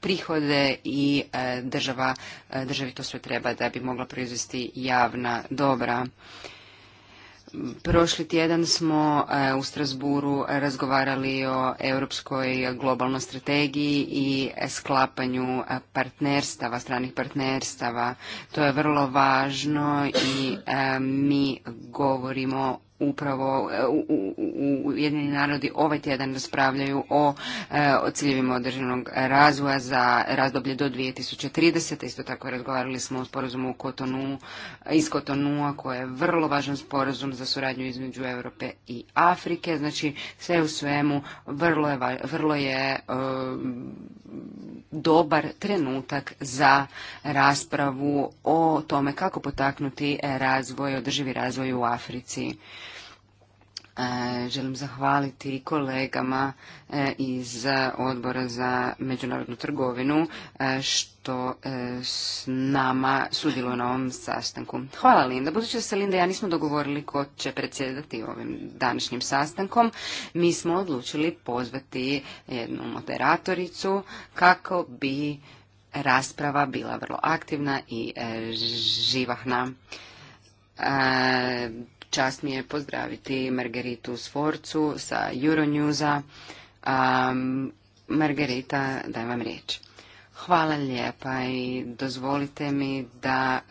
prihode i e, država, e, državi to sve treba da bi mogla proizvesti javna dobra. Prošli tjedan smo e, u Strasburu razgovarali o europskoj globalnoj strategiji i sklapanju partnerstava, stranih partnerstava. To je vrlo važno i mi govorimo upravo e, u Jedini narodi ovaj tjedan raspravljaju o, e, ciljevima održivog razvoja za razdoblje do 2030. Isto tako razgovarali smo o sporazumu u Kotonu, iz Kotonua koji je vrlo važan sporazum za suradnju između Europe i Afrike. Znači sve u svemu vrlo je, vrlo je e, dobar trenutak za raspravu o tome kako potaknuti razvoj, održivi razvoj u Africi. E, želim zahvaliti kolegama e, iz odbora za međunarodnu trgovinu e, što s nama sudjeluju na ovom sastanku. Hvala Linda. Budući da se Linda ja nismo dogovorili ko će predsjedati ovim današnjim sastankom, mi smo odlučili pozvati jednu moderatoricu kako bi rasprava bila vrlo aktivna i živahna. Čast mi je pozdraviti Margeritu Sforcu sa Euronewsa. a Margerita, daj vam riječ. Hvala lijepa i dozvolite mi da e,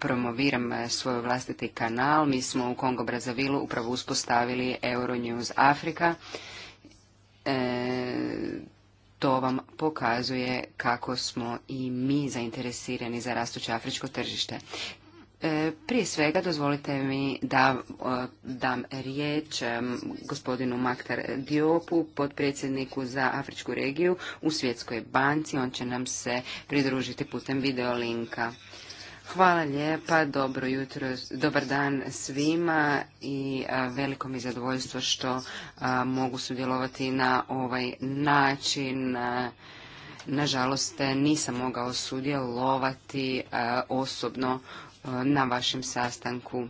promoviram svoj vlastiti kanal. Mi smo u Kongo Brazavilu upravo uspostavili Euronews Afrika. E, to vam pokazuje kako smo i mi zainteresirani za rastuće afričko tržište. E, prije svega dozvolite mi da e, dam riječ e, gospodinu Maktar Diopu, podpredsjedniku za Afričku regiju u Svjetskoj banci. On će nam se pridružiti putem videolinka. Hvala lijepa, dobro jutro, dobar dan svima i veliko mi zadovoljstvo što mogu sudjelovati na ovaj način. Nažalost, nisam mogao sudjelovati osobno na vašem sastanku.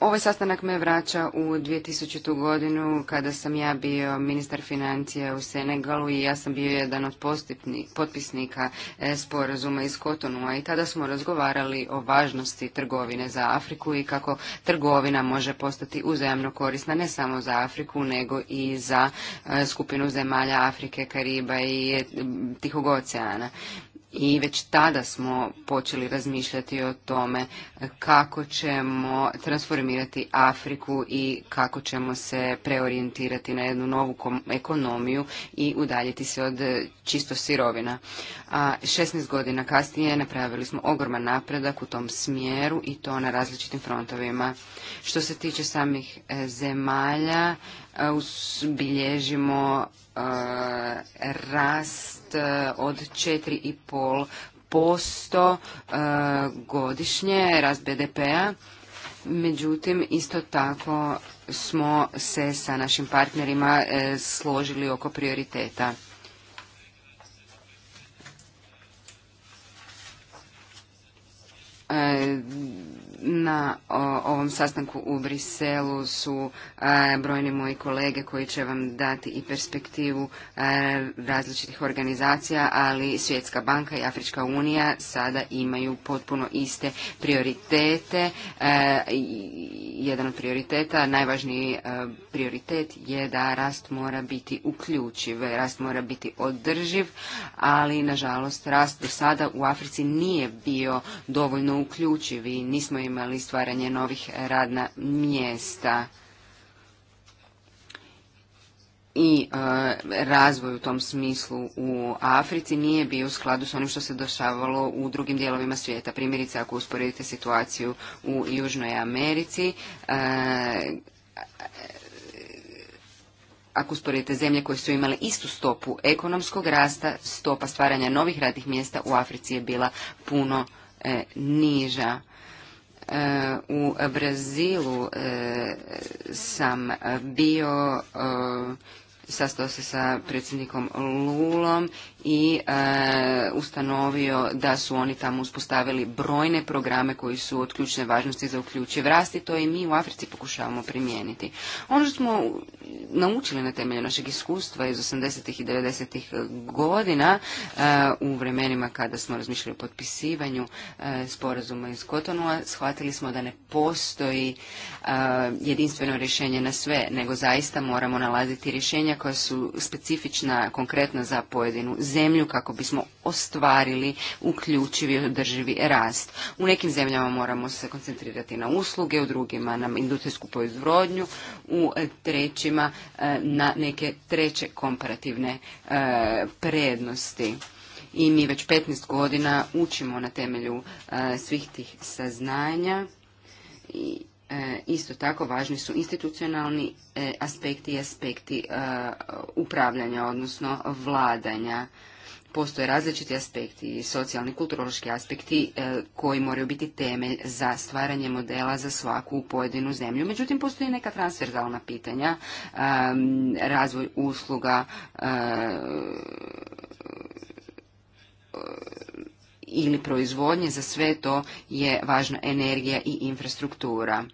Ovaj sastanak me vraća u 2000. godinu kada sam ja bio ministar financija u Senegalu i ja sam bio jedan od potpisnika e, sporazuma iz Kotonua i tada smo razgovarali o važnosti trgovine za Afriku i kako trgovina može postati uzajamno korisna ne samo za Afriku nego i za e, skupinu zemalja Afrike, Kariba i e, Tihog oceana i već tada smo počeli razmišljati o tome kako ćemo transformirati Afriku i kako ćemo se preorijentirati na jednu novu ekonomiju i udaljiti se od čisto sirovina. A 16 godina kasnije napravili smo ogroman napredak u tom smjeru i to na različitim frontovima. Što se tiče samih e, zemalja, e, bilježimo e, rast E, od 4,5% posto e, godišnje rast BDP-a. Međutim, isto tako smo se sa našim partnerima e, složili oko prioriteta na ovom sastanku u Briselu su e, brojni moji kolege koji će vam dati i perspektivu e, različitih organizacija, ali Svjetska banka i Afrička unija sada imaju potpuno iste prioritete. E, jedan od prioriteta, najvažniji prioritet je da rast mora biti uključiv, rast mora biti održiv, ali nažalost rast do sada u Africi nije bio dovoljno uključiv i nismo imali imali stvaranje novih radna mjesta i e, razvoj u tom smislu u Africi nije bio u skladu s onim što se dešavalo u drugim dijelovima svijeta. Primjerice, ako usporedite situaciju u Južnoj Americi, e, ako usporedite zemlje koje su imale istu stopu ekonomskog rasta, stopa stvaranja novih radnih mjesta u Africi je bila puno e, niža. U Brazilu e, sam bio, e, sastao se sa predsjednikom Lulom i e, ustanovio da su oni tamo uspostavili brojne programe koji su od ključne važnosti za uključiv rast i to i mi u Africi pokušavamo primijeniti. Ono što smo naučili na temelju našeg iskustva iz 80. i 90. godina e, u vremenima kada smo razmišljali o potpisivanju e, sporazuma iz Kotonua, shvatili smo da ne postoji e, jedinstveno rješenje na sve, nego zaista moramo nalaziti rješenja koja su specifična konkretna za pojedinu zemlju kako bismo ostvarili uključivi i održivi rast. U nekim zemljama moramo se koncentrirati na usluge, u drugima na industrijsku proizvodnju, u trećima E, na neke treće komparativne e, prednosti i mi već 15 godina učimo na temelju e, svih tih saznanja i isto tako važni su institucionalni aspekti i aspekti upravljanja odnosno vladanja postoje različiti aspekti i socijalni, kulturološki aspekti e, koji moraju biti temelj za stvaranje modela za svaku pojedinu zemlju. Međutim, postoji neka transverzalna pitanja, e, razvoj usluga, e, ili proizvodnje, za sve to je važna energija i infrastruktura.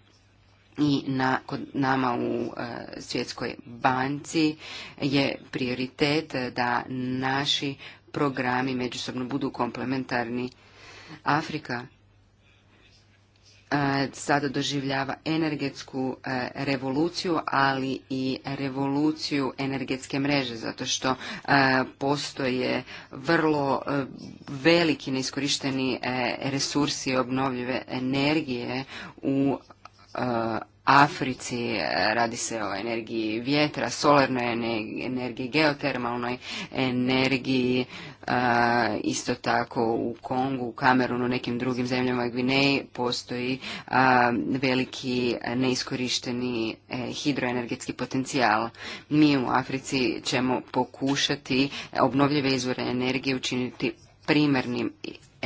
I na, kod nama u Svjetskoj banci je prioritet da naši programi međusobno budu komplementarni. Afrika e, sada doživljava energetsku e, revoluciju, ali i revoluciju energetske mreže, zato što e, postoje vrlo veliki neiskorišteni resursi obnovljive energije u Africi, radi se o energiji vjetra, solarnoj energiji, geotermalnoj energiji, isto tako u Kongu, u Kamerunu, nekim drugim zemljama Gvineji postoji veliki neiskorišteni e, hidroenergetski potencijal. Mi u Africi ćemo pokušati obnovljive izvore energije učiniti primarnim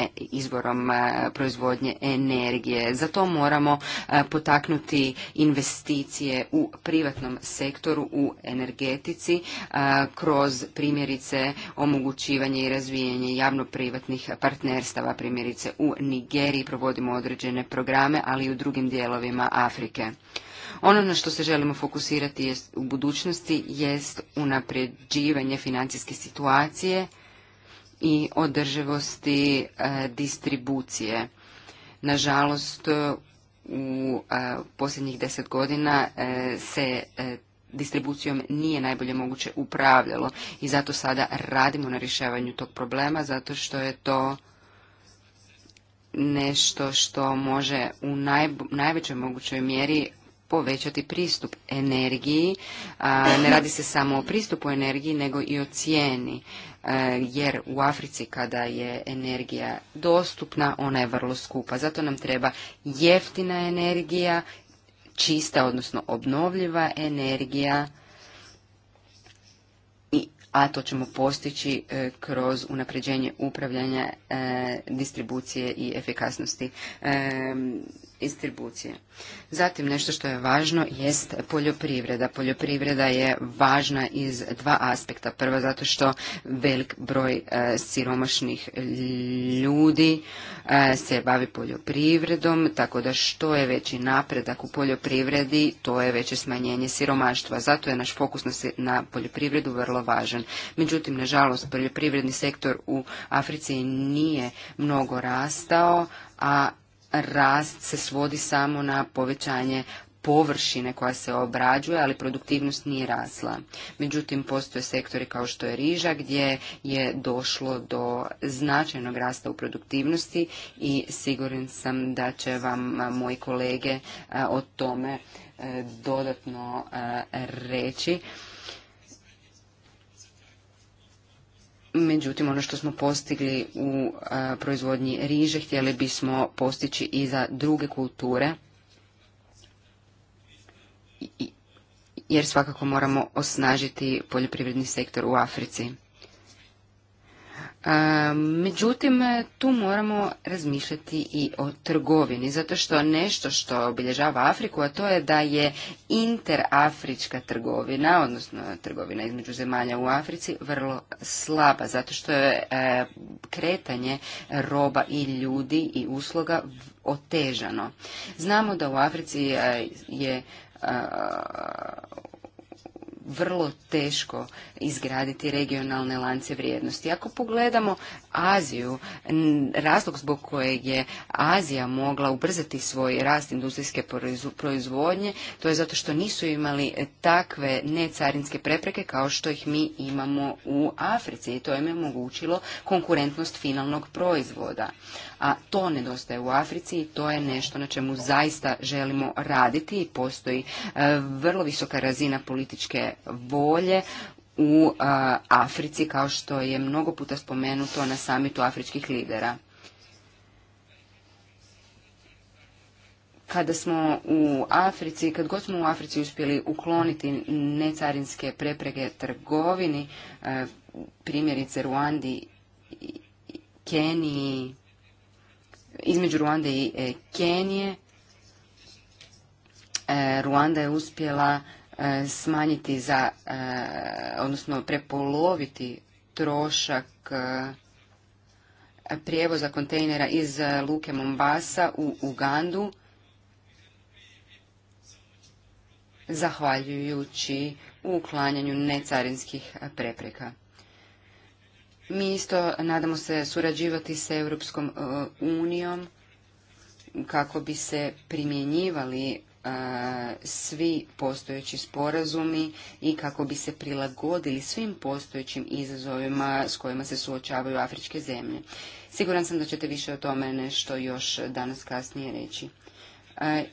E, izvorom e, proizvodnje energije. Za to moramo e, potaknuti investicije u privatnom sektoru u energetici kroz primjerice omogućivanje i razvijanje javno-privatnih partnerstava. Primjerice u Nigeriji provodimo određene programe, ali i u drugim dijelovima Afrike. Ono na što se želimo fokusirati u budućnosti jest unapređivanje financijske situacije i održivosti e, distribucije. Nažalost, e, u e, posljednjih deset godina se distribucijom nije najbolje moguće upravljalo i zato sada radimo na rješavanju tog problema zato što je to nešto što može u najvećoj mogućoj mjeri povećati pristup energiji. ne radi se samo o pristupu energiji, nego i o cijeni. E, jer u Africi kada je energija dostupna, ona je vrlo skupa. Zato nam treba jeftina energija, čista, odnosno obnovljiva energija, a to ćemo postići e, kroz unapređenje upravljanja e, distribucije i efikasnosti distribucije. Zatim nešto što je važno jest poljoprivreda. Poljoprivreda je važna iz dva aspekta. Prvo zato što velik broj e, siromašnih ljudi e, se bavi poljoprivredom, tako da što je veći napredak u poljoprivredi, to je veće smanjenje siromaštva. Zato je naš fokus na, na poljoprivredu vrlo važan. Međutim, nažalost, poljoprivredni sektor u Africi nije mnogo rastao, a rast se svodi samo na povećanje površine koja se obrađuje, ali produktivnost nije rasla. Međutim, postoje sektori kao što je riža gdje je došlo do značajnog rasta u produktivnosti i siguran sam da će vam moji kolege o tome e, dodatno reći Međutim, ono što smo postigli u proizvodnji riže, htjeli bismo postići i za druge kulture, jer svakako moramo osnažiti poljoprivredni sektor u Africi. Međutim, tu moramo razmišljati i o trgovini, zato što nešto što obilježava Afriku, a to je da je interafrička trgovina, odnosno trgovina između zemalja u Africi, vrlo slaba, zato što je e, kretanje roba i ljudi i usloga otežano. Znamo da u Africi e, je vrlo teško izgraditi regionalne lance vrijednosti. Ako pogledamo Aziju. Razlog zbog kojeg je Azija mogla ubrzati svoj rast industrijske proizvodnje, to je zato što nisu imali takve necarinske prepreke kao što ih mi imamo u Africi i to im je omogućilo konkurentnost finalnog proizvoda. A to nedostaje u Africi i to je nešto na čemu zaista želimo raditi i postoji e, vrlo visoka razina političke volje u Africi, kao što je mnogo puta spomenuto na samitu afričkih lidera. Kada smo u Africi, kad god smo u Africi uspjeli ukloniti necarinske preprege trgovini, e, primjerice Ruandi, Keniji, između Ruande i e, Kenije, e, Ruanda je uspjela E, smanjiti za, e, odnosno prepoloviti trošak e, prijevoza kontejnera iz Luke Mombasa u Ugandu, zahvaljujući u uklanjanju necarinskih prepreka. Mi isto nadamo se surađivati s Europskom unijom kako bi se primjenjivali svi postojeći sporazumi i kako bi se prilagodili svim postojećim izazovima s kojima se suočavaju afričke zemlje. Siguran sam da ćete više o tome nešto još danas kasnije reći.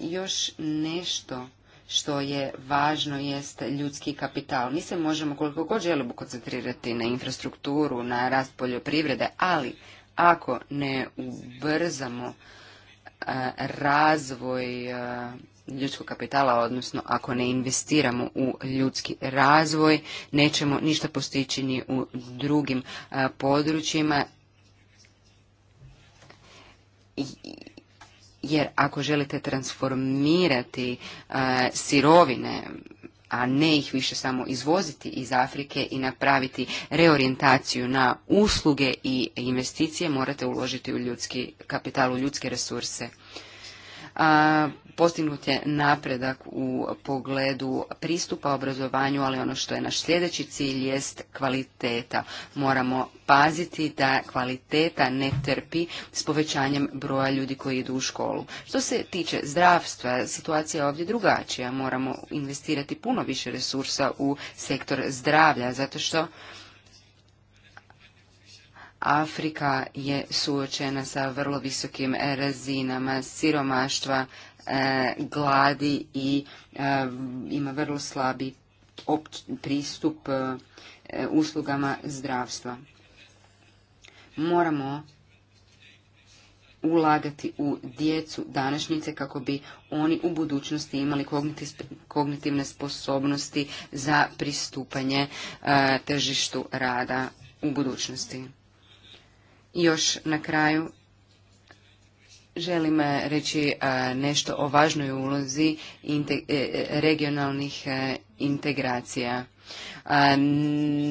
Još nešto što je važno jest ljudski kapital. Mi se možemo koliko god želimo koncentrirati na infrastrukturu, na rast poljoprivrede, ali ako ne ubrzamo razvoj ljudskog kapitala, odnosno ako ne investiramo u ljudski razvoj, nećemo ništa postići ni u drugim područjima. jer ako želite transformirati sirovine, a ne ih više samo izvoziti iz Afrike i napraviti reorientaciju na usluge i investicije, morate uložiti u ljudski kapital, u ljudske resurse. Postignut je napredak u pogledu pristupa obrazovanju, ali ono što je naš sljedeći cilj jest kvaliteta. Moramo paziti da kvaliteta ne trpi s povećanjem broja ljudi koji idu u školu. Što se tiče zdravstva, situacija je ovdje drugačija. Moramo investirati puno više resursa u sektor zdravlja, zato što Afrika je suočena sa vrlo visokim razinama siromaštva, gladi i eh, ima vrlo slabi pristup eh, uslugama zdravstva. Moramo ulagati u djecu današnjice kako bi oni u budućnosti imali kognitivne sposobnosti za pristupanje eh, tržištu rada u budućnosti. I još na kraju Želim eh, reći eh, nešto o važnoj ulozi eh, regionalnih integracija.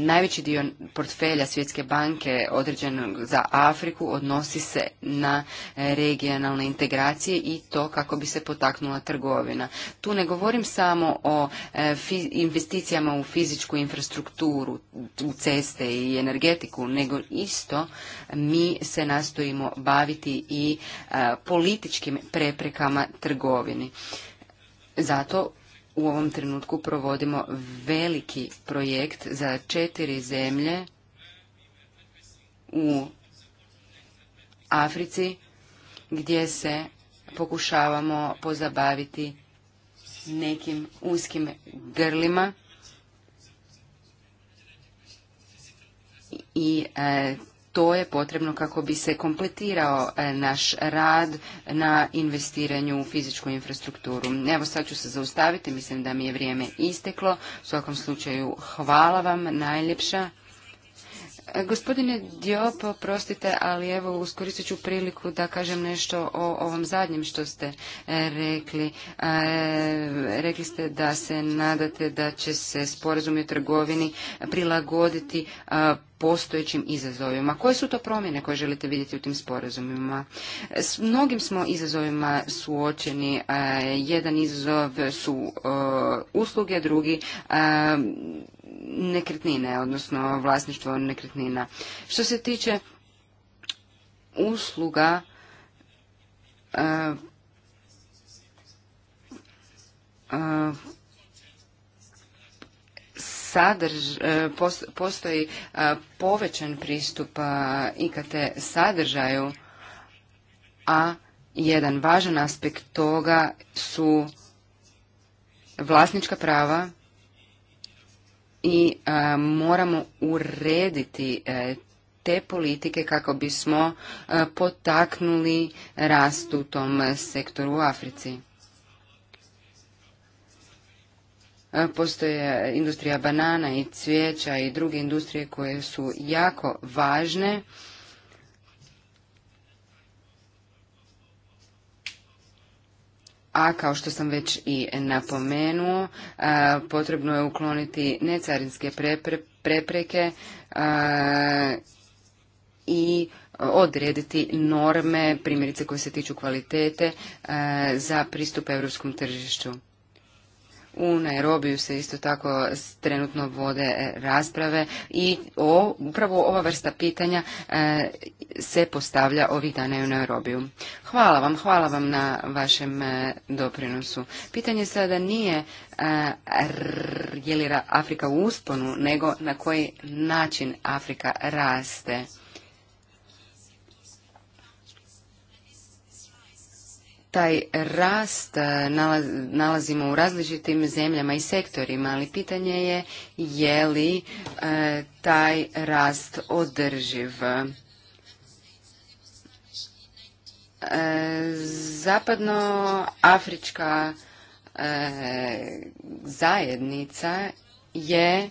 Najveći dio portfelja Svjetske banke određenog za Afriku odnosi se na regionalne integracije i to kako bi se potaknula trgovina. Tu ne govorim samo o e, investicijama u fizičku infrastrukturu, u ceste i energetiku, nego isto mi se nastojimo baviti i e, političkim preprekama trgovini. Zato u ovom trenutku provodimo veliki projekt za četiri zemlje u Africi gdje se pokušavamo pozabaviti nekim uskim grlima i e, to je potrebno kako bi se kompletirao e, naš rad na investiranju u fizičku infrastrukturu. Evo sad ću se zaustaviti, mislim da mi je vrijeme isteklo. U svakom slučaju hvala vam najljepša. Gospodine Diop, oprostite, ali evo uskoristit ću priliku da kažem nešto o ovom zadnjem što ste e, rekli. E, rekli ste da se nadate da će se sporazum o trgovini prilagoditi postojećim izazovima. Koje su to promjene koje želite vidjeti u tim sporazumima? S mnogim smo izazovima suočeni. jedan izazov su usluge, drugi nekretnine, odnosno vlasništvo nekretnina. Što se tiče usluga, e, e, sadrž, e, postoji povećan pristup IKT sadržaju, a jedan važan aspekt toga su vlasnička prava i e, moramo urediti e, te politike kako bismo e, potaknuli rast u tom sektoru u Africi. Postoje industrija banana i cvijeća i druge industrije koje su jako važne a kao što sam već i napomenuo, potrebno je ukloniti necarinske prepreke i odrediti norme, primjerice koje se tiču kvalitete, za pristup europskom tržištu. U Nairobiju se isto tako trenutno vode e, rasprave i o, upravo ova vrsta pitanja e, se postavlja ovih dana i u Nairobiju. Hvala vam, hvala vam na vašem e, doprinosu. Pitanje sada nije e, li Afrika u usponu, nego na koji način Afrika raste. taj rast eh, nalazimo u različitim zemljama i sektorima, ali pitanje je je li eh, taj rast održiv. Eh, zapadnoafrička zajednica je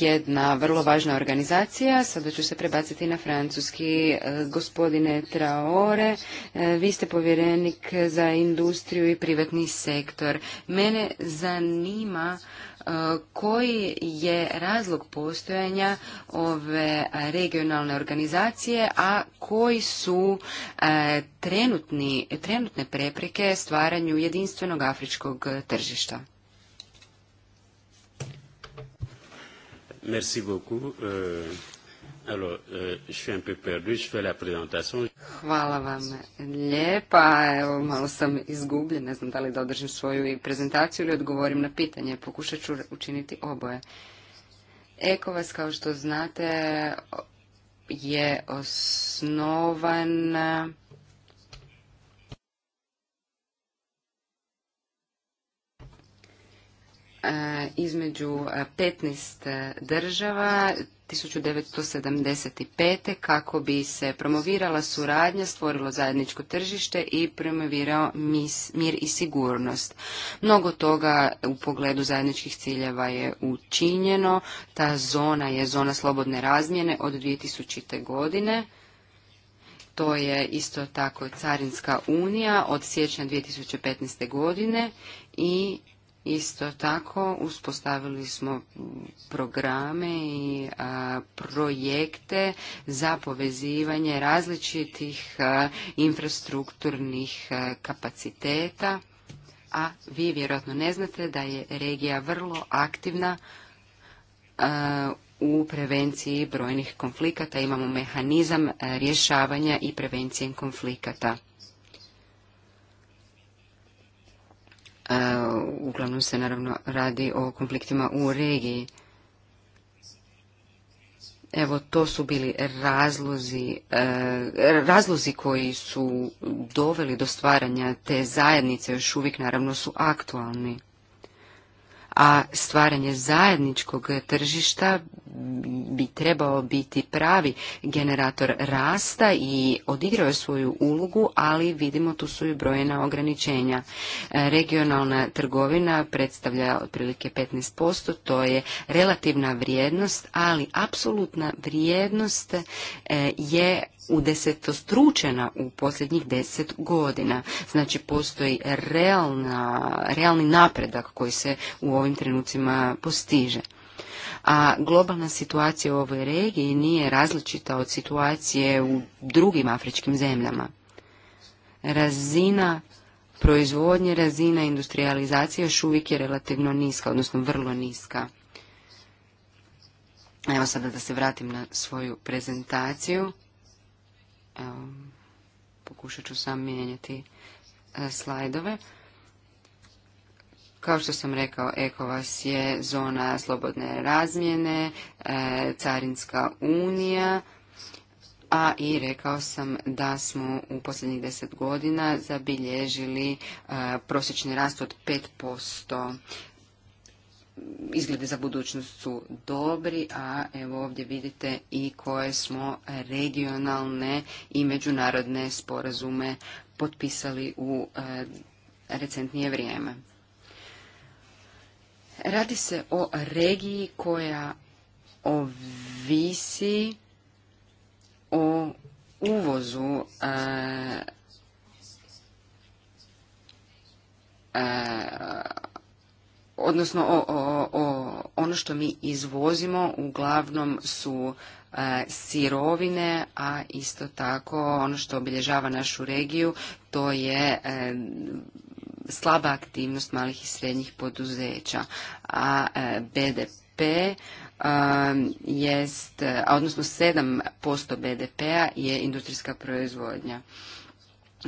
jedna vrlo važna organizacija. Sada ću se prebaciti na francuski. E, gospodine Traore, e, vi ste povjerenik za industriju i privatni sektor. Mene zanima e, koji je razlog postojanja ove regionalne organizacije, a koji su trenutne prepreke stvaranju jedinstvenog afričkog tržišta? Merci beaucoup. Euh, alors, euh, je suis un peu perdu, je fais la présentation. Hvala vam lijepa. Evo, malo sam izgubljen, ne znam da li da održim svoju prezentaciju ili odgovorim na pitanje. Pokušat ću učiniti oboje. Ekovas, kao što znate, je osnovan E, između 15 e, e, država 1975. kako bi se promovirala suradnja, stvorilo zajedničko tržište i promovirao mir i sigurnost. Mnogo toga u pogledu zajedničkih ciljeva je učinjeno. Ta zona je zona slobodne razmjene od 2000. godine. To je isto tako Carinska unija od siječnja 2015. godine i Isto tako uspostavili smo programe i projekte za povezivanje različitih infrastrukturnih kapaciteta, a vi vjerojatno ne znate da je regija vrlo aktivna u prevenciji brojnih konflikata. Imamo mehanizam rješavanja i prevencije konflikata. Uglavnom se naravno radi o konfliktima u regiji. Evo, to su bili razlozi, e, razlozi koji su doveli do stvaranja te zajednice, još uvijek naravno su aktualni. A stvaranje zajedničkog tržišta bi trebao biti pravi generator rasta i odigrao je svoju ulogu, ali vidimo tu su i brojena ograničenja. Regionalna trgovina predstavlja otprilike 15%, to je relativna vrijednost, ali apsolutna vrijednost e, je desetostručena u posljednjih deset godina. Znači postoji realna, realni napredak koji se u ovim trenucima postiže a globalna situacija u ovoj regiji nije različita od situacije u drugim afričkim zemljama. Razina proizvodnje, razina industrializacije još uvijek je relativno niska, odnosno vrlo niska. Evo sada da se vratim na svoju prezentaciju. Evo, pokušat ću sam mijenjati e, slajdove. Kao što sam rekao, EKOVAS je zona slobodne razmjene, e, carinska unija, a i rekao sam da smo u posljednjih deset godina zabilježili e, prosječni rast od 5%. Izglede za budućnost su dobri, a evo ovdje vidite i koje smo regionalne i međunarodne sporazume potpisali u e, recentnije vrijeme. Radi se o regiji koja ovisi o uvozu e, e, odnosno o, ono što mi izvozimo uglavnom su e, sirovine, a isto tako ono što obilježava našu regiju to je slaba aktivnost malih i srednjih poduzeća, a e, BDP e, jest, odnosno 7% BDP-a je industrijska proizvodnja.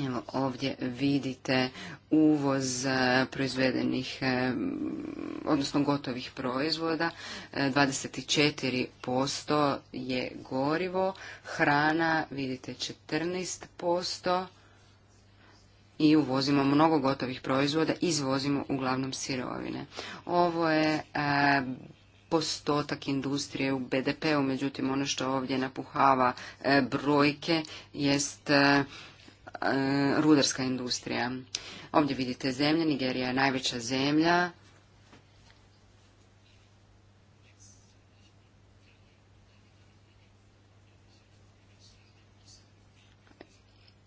Evo ovdje vidite uvoz e, proizvedenih, odnosno gotovih proizvoda. 24% je gorivo, hrana vidite 14%, i uvozimo mnogo gotovih proizvoda, izvozimo uglavnom sirovine. Ovo je e, postotak industrije u BDP-u, međutim ono što ovdje napuhava e, brojke jest e, rudarska industrija. Ovdje vidite zemlje, Nigerija je najveća zemlja,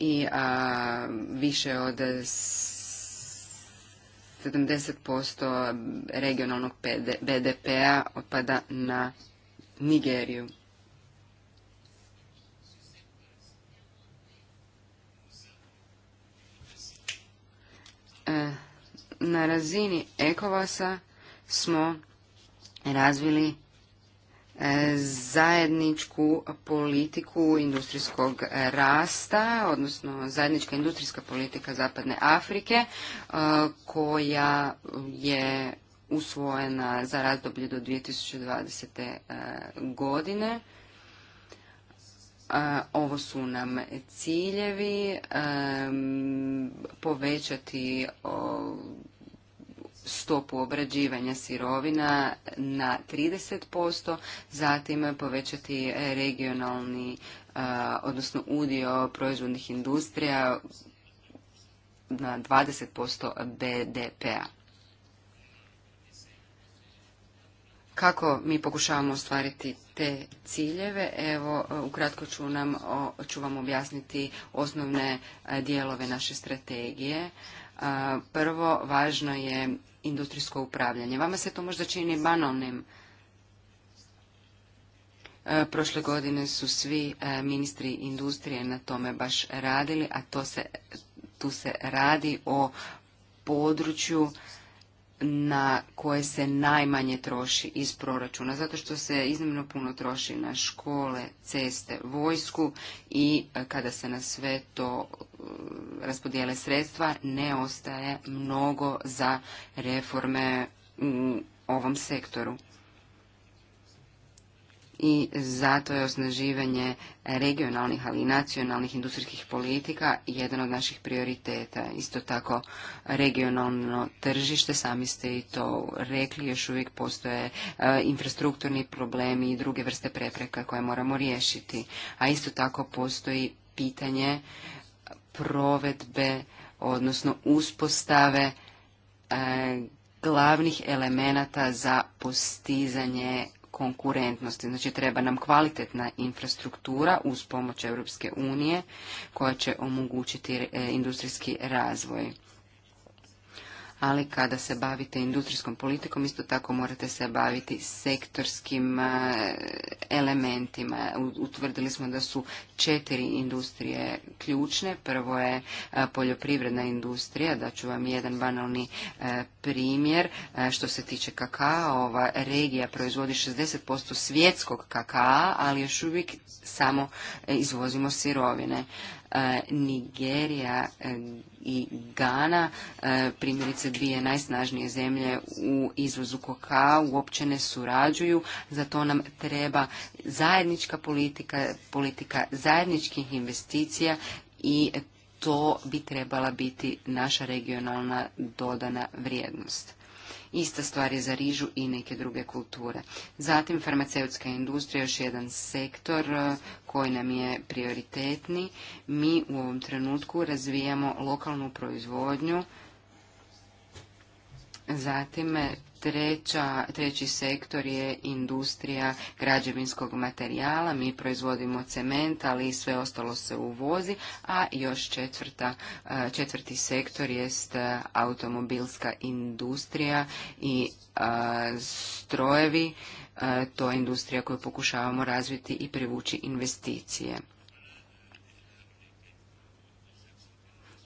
i više od 70% regionalnog BDP-a opada na Nigeriju. E, na razini ekovasa smo razvili zajedničku politiku industrijskog rasta, odnosno zajednička industrijska politika Zapadne Afrike, e, koja je usvojena za razdoblje do 2020. E, godine. E, ovo su nam ciljevi povećati stopu obrađivanja sirovina na 30%, zatim povećati regionalni, odnosno udio proizvodnih industrija na 20% BDP-a. Kako mi pokušavamo ostvariti te ciljeve, evo ukratko ću, nam, ću vam objasniti osnovne dijelove naše strategije. Prvo, važno je industrijsko upravljanje. Vama se to možda čini banalnim. E, prošle godine su svi e, ministri industrije na tome baš radili, a to se, tu se radi o području na koje se najmanje troši iz proračuna, zato što se iznimno puno troši na škole, ceste, vojsku i e, kada se na sve to e, raspodijele sredstva ne ostaje mnogo za reforme u ovom sektoru i zato je osnaživanje regionalnih, ali i nacionalnih industrijskih politika jedan od naših prioriteta. Isto tako regionalno tržište, sami ste i to rekli, još uvijek postoje e, infrastrukturni problemi i druge vrste prepreka koje moramo riješiti. A isto tako postoji pitanje provedbe, odnosno uspostave e, glavnih elemenata za postizanje konkurentnosti. Znači treba nam kvalitetna infrastruktura uz pomoć Europske unije koja će omogućiti e, industrijski razvoj ali kada se bavite industrijskom politikom isto tako morate se baviti sektorskim e, elementima. Utvrdili smo da su četiri industrije ključne. Prvo je e, poljoprivredna industrija, da ću vam jedan banalni e, primjer što se tiče kakaa. Ova regija proizvodi 60% svjetskog kakaa, ali još uvijek samo izvozimo sirovine. E, Nigerija e, i Ghana, e, primjerice dvije najsnažnije zemlje u izvozu koka, uopće ne surađuju, za to nam treba zajednička politika, politika zajedničkih investicija i to bi trebala biti naša regionalna dodana vrijednost. Ista stvar je za rižu i neke druge kulture. Zatim farmaceutska industrija, još jedan sektor e, koji nam je prioritetni. Mi u ovom trenutku razvijamo lokalnu proizvodnju, zatim e, Treća, treći sektor je industrija građevinskog materijala. Mi proizvodimo cement, ali sve ostalo se uvozi. A još četvrta, e, četvrti sektor jest e, automobilska industrija i e, strojevi. To je industrija koju pokušavamo razviti i privući investicije.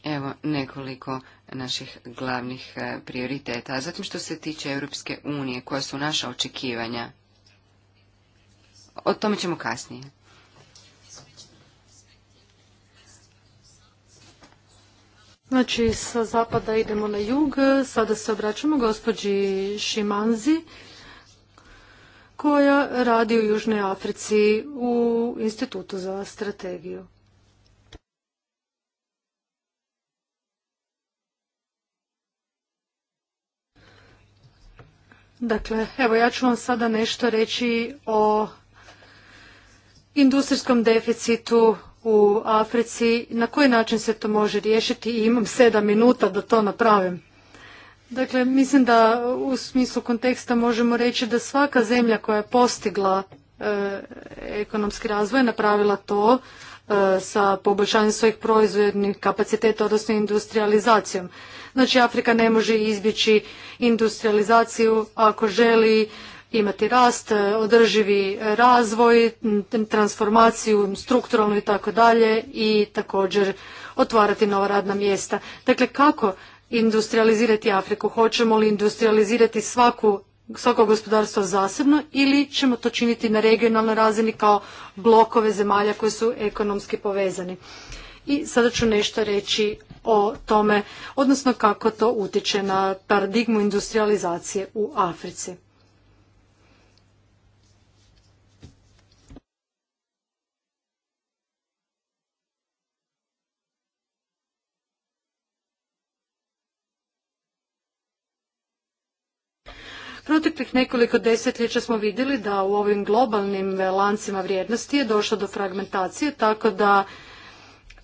Evo nekoliko naših glavnih e, prioriteta. A zatim što se tiče Europske unije, koja su naša očekivanja? O tome ćemo kasnije. Znači, sa zapada idemo na jug. Sada se obraćamo gospođi Šimanzi, koja radi u Južnoj Africi u Institutu za strategiju. Dakle, evo ja ću vam sada nešto reći o industrijskom deficitu u Africi, na koji način se to može riješiti i imam sedam minuta da to napravim. Dakle, mislim da u smislu konteksta možemo reći da svaka zemlja koja je postigla e, ekonomski razvoj je napravila to e, sa poboljšanjem svojih proizvodnih kapaciteta, odnosno industrializacijom. Znači Afrika ne može izbjeći industrializaciju ako želi imati rast, e, održivi razvoj, transformaciju strukturalnu i tako dalje i također otvarati nova radna mjesta. Dakle, kako industrializirati Afriku? Hoćemo li industrializirati svaku svako gospodarstvo zasebno ili ćemo to činiti na regionalnoj razini kao blokove zemalja koje su ekonomski povezani. I sada ću nešto reći o tome, odnosno kako to utječe na paradigmu industrializacije u Africi. Proteklih nekoliko desetljeća smo vidjeli da u ovim globalnim lancima vrijednosti je došlo do fragmentacije, tako da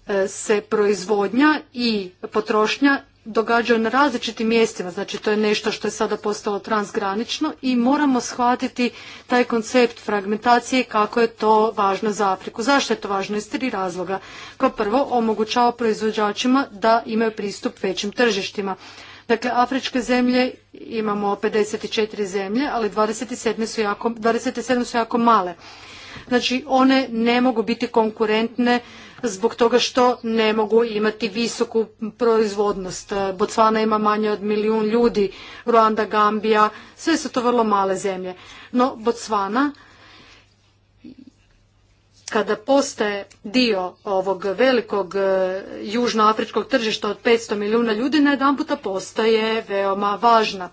E, se proizvodnja i potrošnja događaju na različitim mjestima, znači to je nešto što je sada postalo transgranično i moramo shvatiti taj koncept fragmentacije kako je to važno za Afriku. Zašto je to važno? Iz tri razloga. Kao prvo, omogućava proizvođačima da imaju pristup većim tržištima. Dakle, afričke zemlje imamo 54 zemlje, ali 27 su jako, 27 su jako male. Znači, one ne mogu biti konkurentne zbog toga što ne mogu imati visoku proizvodnost. Botswana ima manje od milijun ljudi, Ruanda, Gambija, sve su to vrlo male zemlje. No Botswana kada postaje dio ovog velikog e, južnoafričkog tržišta od 500 milijuna ljudi, na jedan puta postaje veoma važna.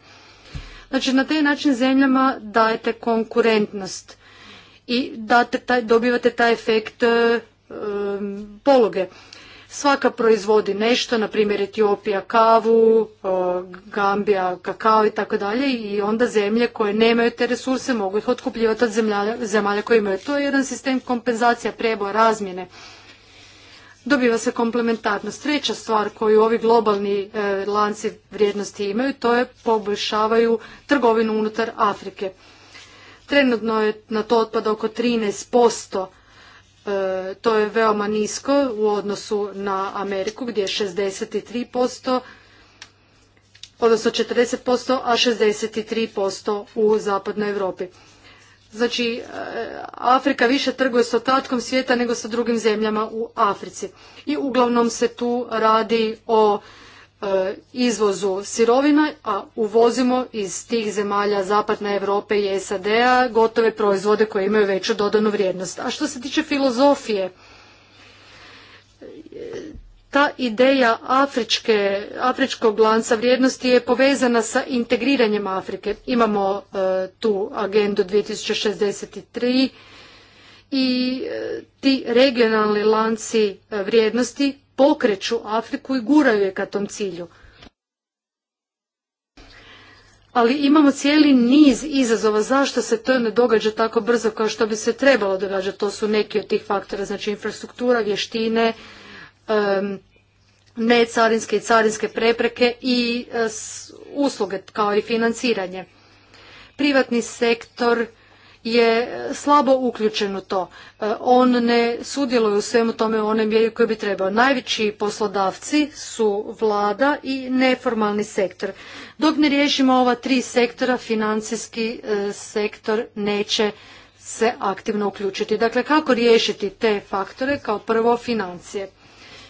Znači, na taj način zemljama dajete konkurentnost i date taj, dobivate taj efekt e, pologe. Svaka proizvodi nešto, na primjer Etiopija kavu, Gambija kakao i tako dalje i onda zemlje koje nemaju te resurse mogu ih otkupljivati od zemalja koje imaju. To je jedan sistem kompenzacija, preboja razmjene. Dobiva se komplementarnost. Treća stvar koju ovi globalni e, lanci vrijednosti imaju, to je poboljšavaju trgovinu unutar Afrike. Trenutno je na to otpada oko 13% E, to je veoma nisko u odnosu na Ameriku gdje je 63%, odnosno 40%, a 63% u zapadnoj Europi. Znači, e, Afrika više trguje s ostatkom svijeta nego sa drugim zemljama u Africi. I uglavnom se tu radi o E, izvozu sirovina, a uvozimo iz tih zemalja Zapadne Europe i SAD-a gotove proizvode koje imaju veću dodanu vrijednost. A što se tiče filozofije, e, ta ideja afričke, afričkog lanca vrijednosti je povezana sa integriranjem Afrike. Imamo e, tu agendu 2063 i ti regionalni lanci vrijednosti pokreću Afriku i guraju je ka tom cilju. Ali imamo cijeli niz izazova zašto se to ne događa tako brzo kao što bi se trebalo događati. To su neki od tih faktora, znači infrastruktura, vještine, necarinske i carinske prepreke i e, usluge kao i financiranje. Privatni sektor je slabo uključen u to. E, on ne sudjeluje u svemu tome u onoj mjeri koji bi trebao. Najveći poslodavci su vlada i neformalni sektor. Dok ne riješimo ova tri sektora, financijski e, sektor neće se aktivno uključiti. Dakle, kako riješiti te faktore? Kao prvo, financije.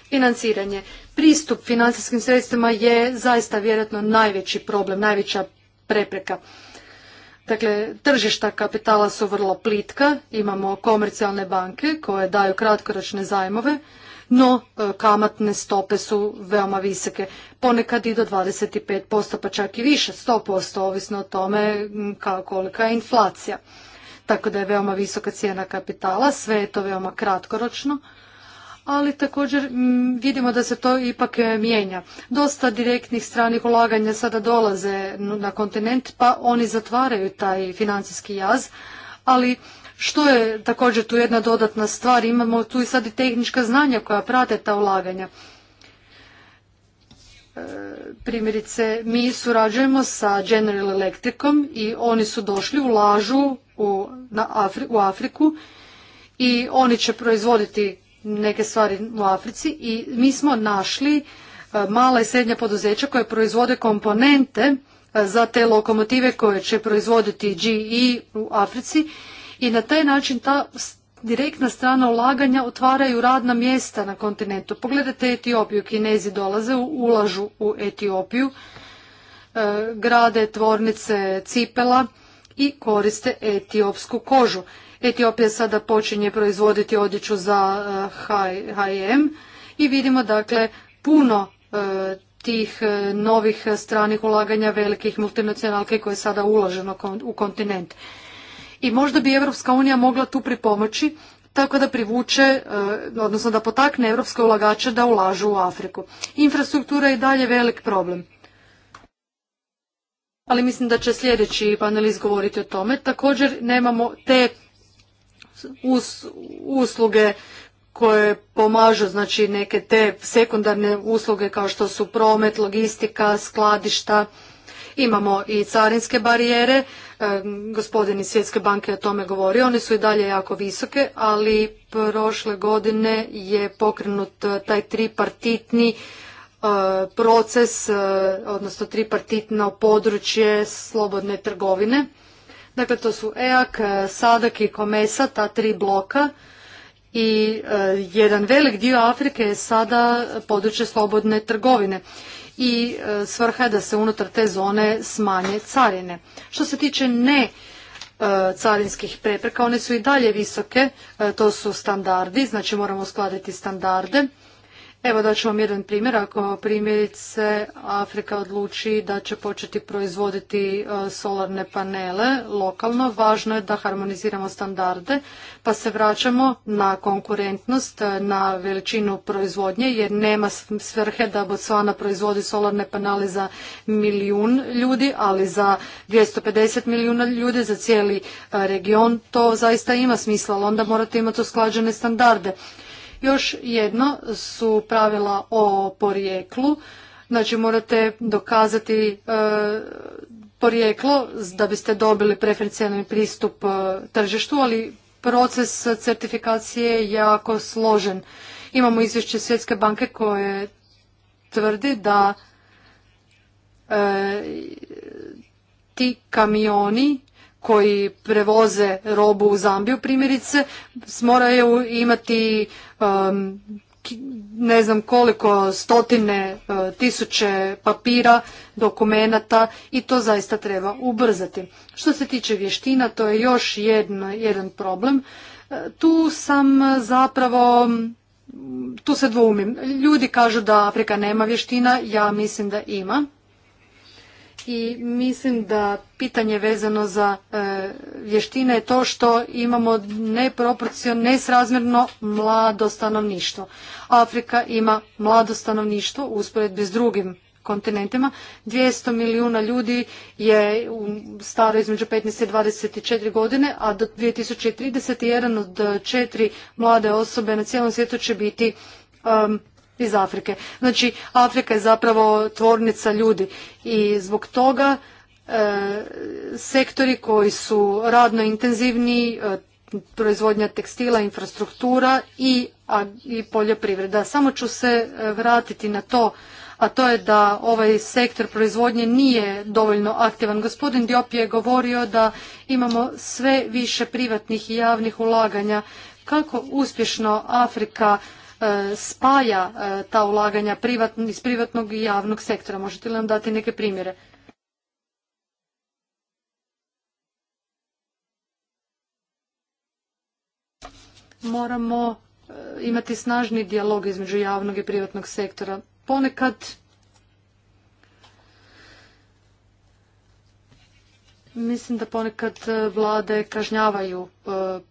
Financiranje. Pristup financijskim sredstvima je zaista vjerojatno najveći problem, najveća prepreka. Dakle, tržišta kapitala su vrlo plitka, imamo komercijalne banke koje daju kratkoročne zajmove, no e, kamatne stope su veoma visoke, ponekad i do 25%, pa čak i više, 100%, ovisno o tome kolika je inflacija. Tako da je veoma visoka cijena kapitala, sve je to veoma kratkoročno, ali također vidimo da se to ipak e, mijenja. Dosta direktnih stranih ulaganja sada dolaze na kontinent, pa oni zatvaraju taj financijski jaz, ali što je također tu jedna dodatna stvar, imamo tu i sad i tehnička znanja koja prate ta ulaganja. E, primjerice, mi surađujemo sa General Electricom i oni su došli, ulažu u, na u Afriku i oni će proizvoditi neke stvari u Africi i mi smo našli e, mala i srednja poduzeća koje proizvode komponente e, za te lokomotive koje će proizvoditi GE u Africi i na taj način ta direktna strana ulaganja otvaraju radna mjesta na kontinentu. Pogledajte Etiopiju, Kinezi dolaze, ulažu u Etiopiju, e, grade tvornice cipela i koriste etiopsku kožu. Etiopija sada počinje proizvoditi odjeću za H&M i vidimo dakle puno eh, tih eh, novih stranih ulaganja velikih multinacionalke koje je sada uloženo u kontinent. I možda bi Europska unija mogla tu pripomoći tako da privuče, odnosno da potakne europske ulagače da ulažu u Afriku. Infrastruktura je i dalje velik problem. Ali mislim da će sljedeći panelist govoriti o tome. Također nemamo te usluge koje pomažu znači neke te sekundarne usluge kao što su promet, logistika, skladišta. Imamo i carinske barijere, e, gospodin iz Svjetske banke o tome govori, one su i dalje jako visoke, ali prošle godine je pokrenut e, taj tripartitni e, proces, odnosno tripartitno područje slobodne trgovine Dakle, to su EAK, e, Sadak i Komesa, ta tri bloka i e, jedan velik dio Afrike je sada područje slobodne trgovine i e, svrha je da se unutar te zone smanje carine. Što se tiče ne carinskih prepreka, one su i dalje visoke, to su standardi, znači moramo uskladiti standarde Evo da ću vam jedan primjer. Ako primjerice Afrika odluči da će početi proizvoditi e, solarne panele lokalno, važno je da harmoniziramo standarde, pa se vraćamo na konkurentnost, e, na veličinu proizvodnje, jer nema svrhe da Botswana proizvodi solarne panele za milijun ljudi, ali za 250 milijuna ljudi, za cijeli e, region, to zaista ima smisla, ali onda morate imati usklađene standarde. Još jedno su pravila o porijeklu, znači morate dokazati e, porijeklo da biste dobili preferencijalni pristup e, tržištu, ali proces certifikacije je jako složen. Imamo izvješće Svjetske banke koje tvrdi da e, ti kamioni koji prevoze robu u Zambiju primjerice moraju imati ne znam koliko stotine e, tisuće papira, dokumenata i to zaista treba ubrzati. Što se tiče vještina, to je još jedan, jedan problem. E, tu sam zapravo, tu se dvoumim. Ljudi kažu da Afrika nema vještina, ja mislim da ima i mislim da pitanje vezano za e, vještine je to što imamo neproporcion, nesrazmjerno mlado stanovništvo. Afrika ima mlado stanovništvo u usporedbi s drugim kontinentima. 200 milijuna ljudi je staro između 15 i 24 godine, a do 2031 od četiri mlade osobe na cijelom svijetu će biti iz Afrike. Znači, Afrika je zapravo tvornica ljudi i zbog toga e, sektori koji su radno intenzivni, e, proizvodnja tekstila, infrastruktura i, i poljoprivreda. Samo ću se e, vratiti na to, a to je da ovaj sektor proizvodnje nije dovoljno aktivan. Gospodin Diop je govorio da imamo sve više privatnih i javnih ulaganja. Kako uspješno Afrika E, spaja e, ta ulaganja iz privatnog i javnog sektora. Možete li nam dati neke primjere? Moramo e, imati snažni dijalog između javnog i privatnog sektora. Ponekad Mislim da ponekad e, vlade kažnjavaju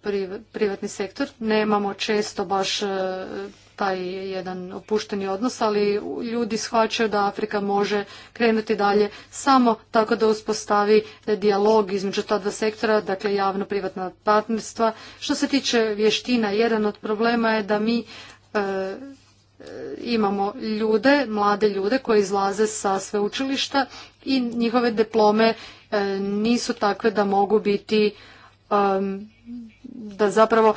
e, privatni sektor. Nemamo često baš e, taj jedan opušteni odnos, ali ljudi shvaćaju da Afrika može krenuti dalje samo tako da uspostavi dijalog između ta dva sektora, dakle javno-privatna partnerstva. Što se tiče vještina, jedan od problema je da mi imamo ljude, mlade ljude koji izlaze sa sveučilišta i njihove diplome E, nisu takve da mogu biti da zapravo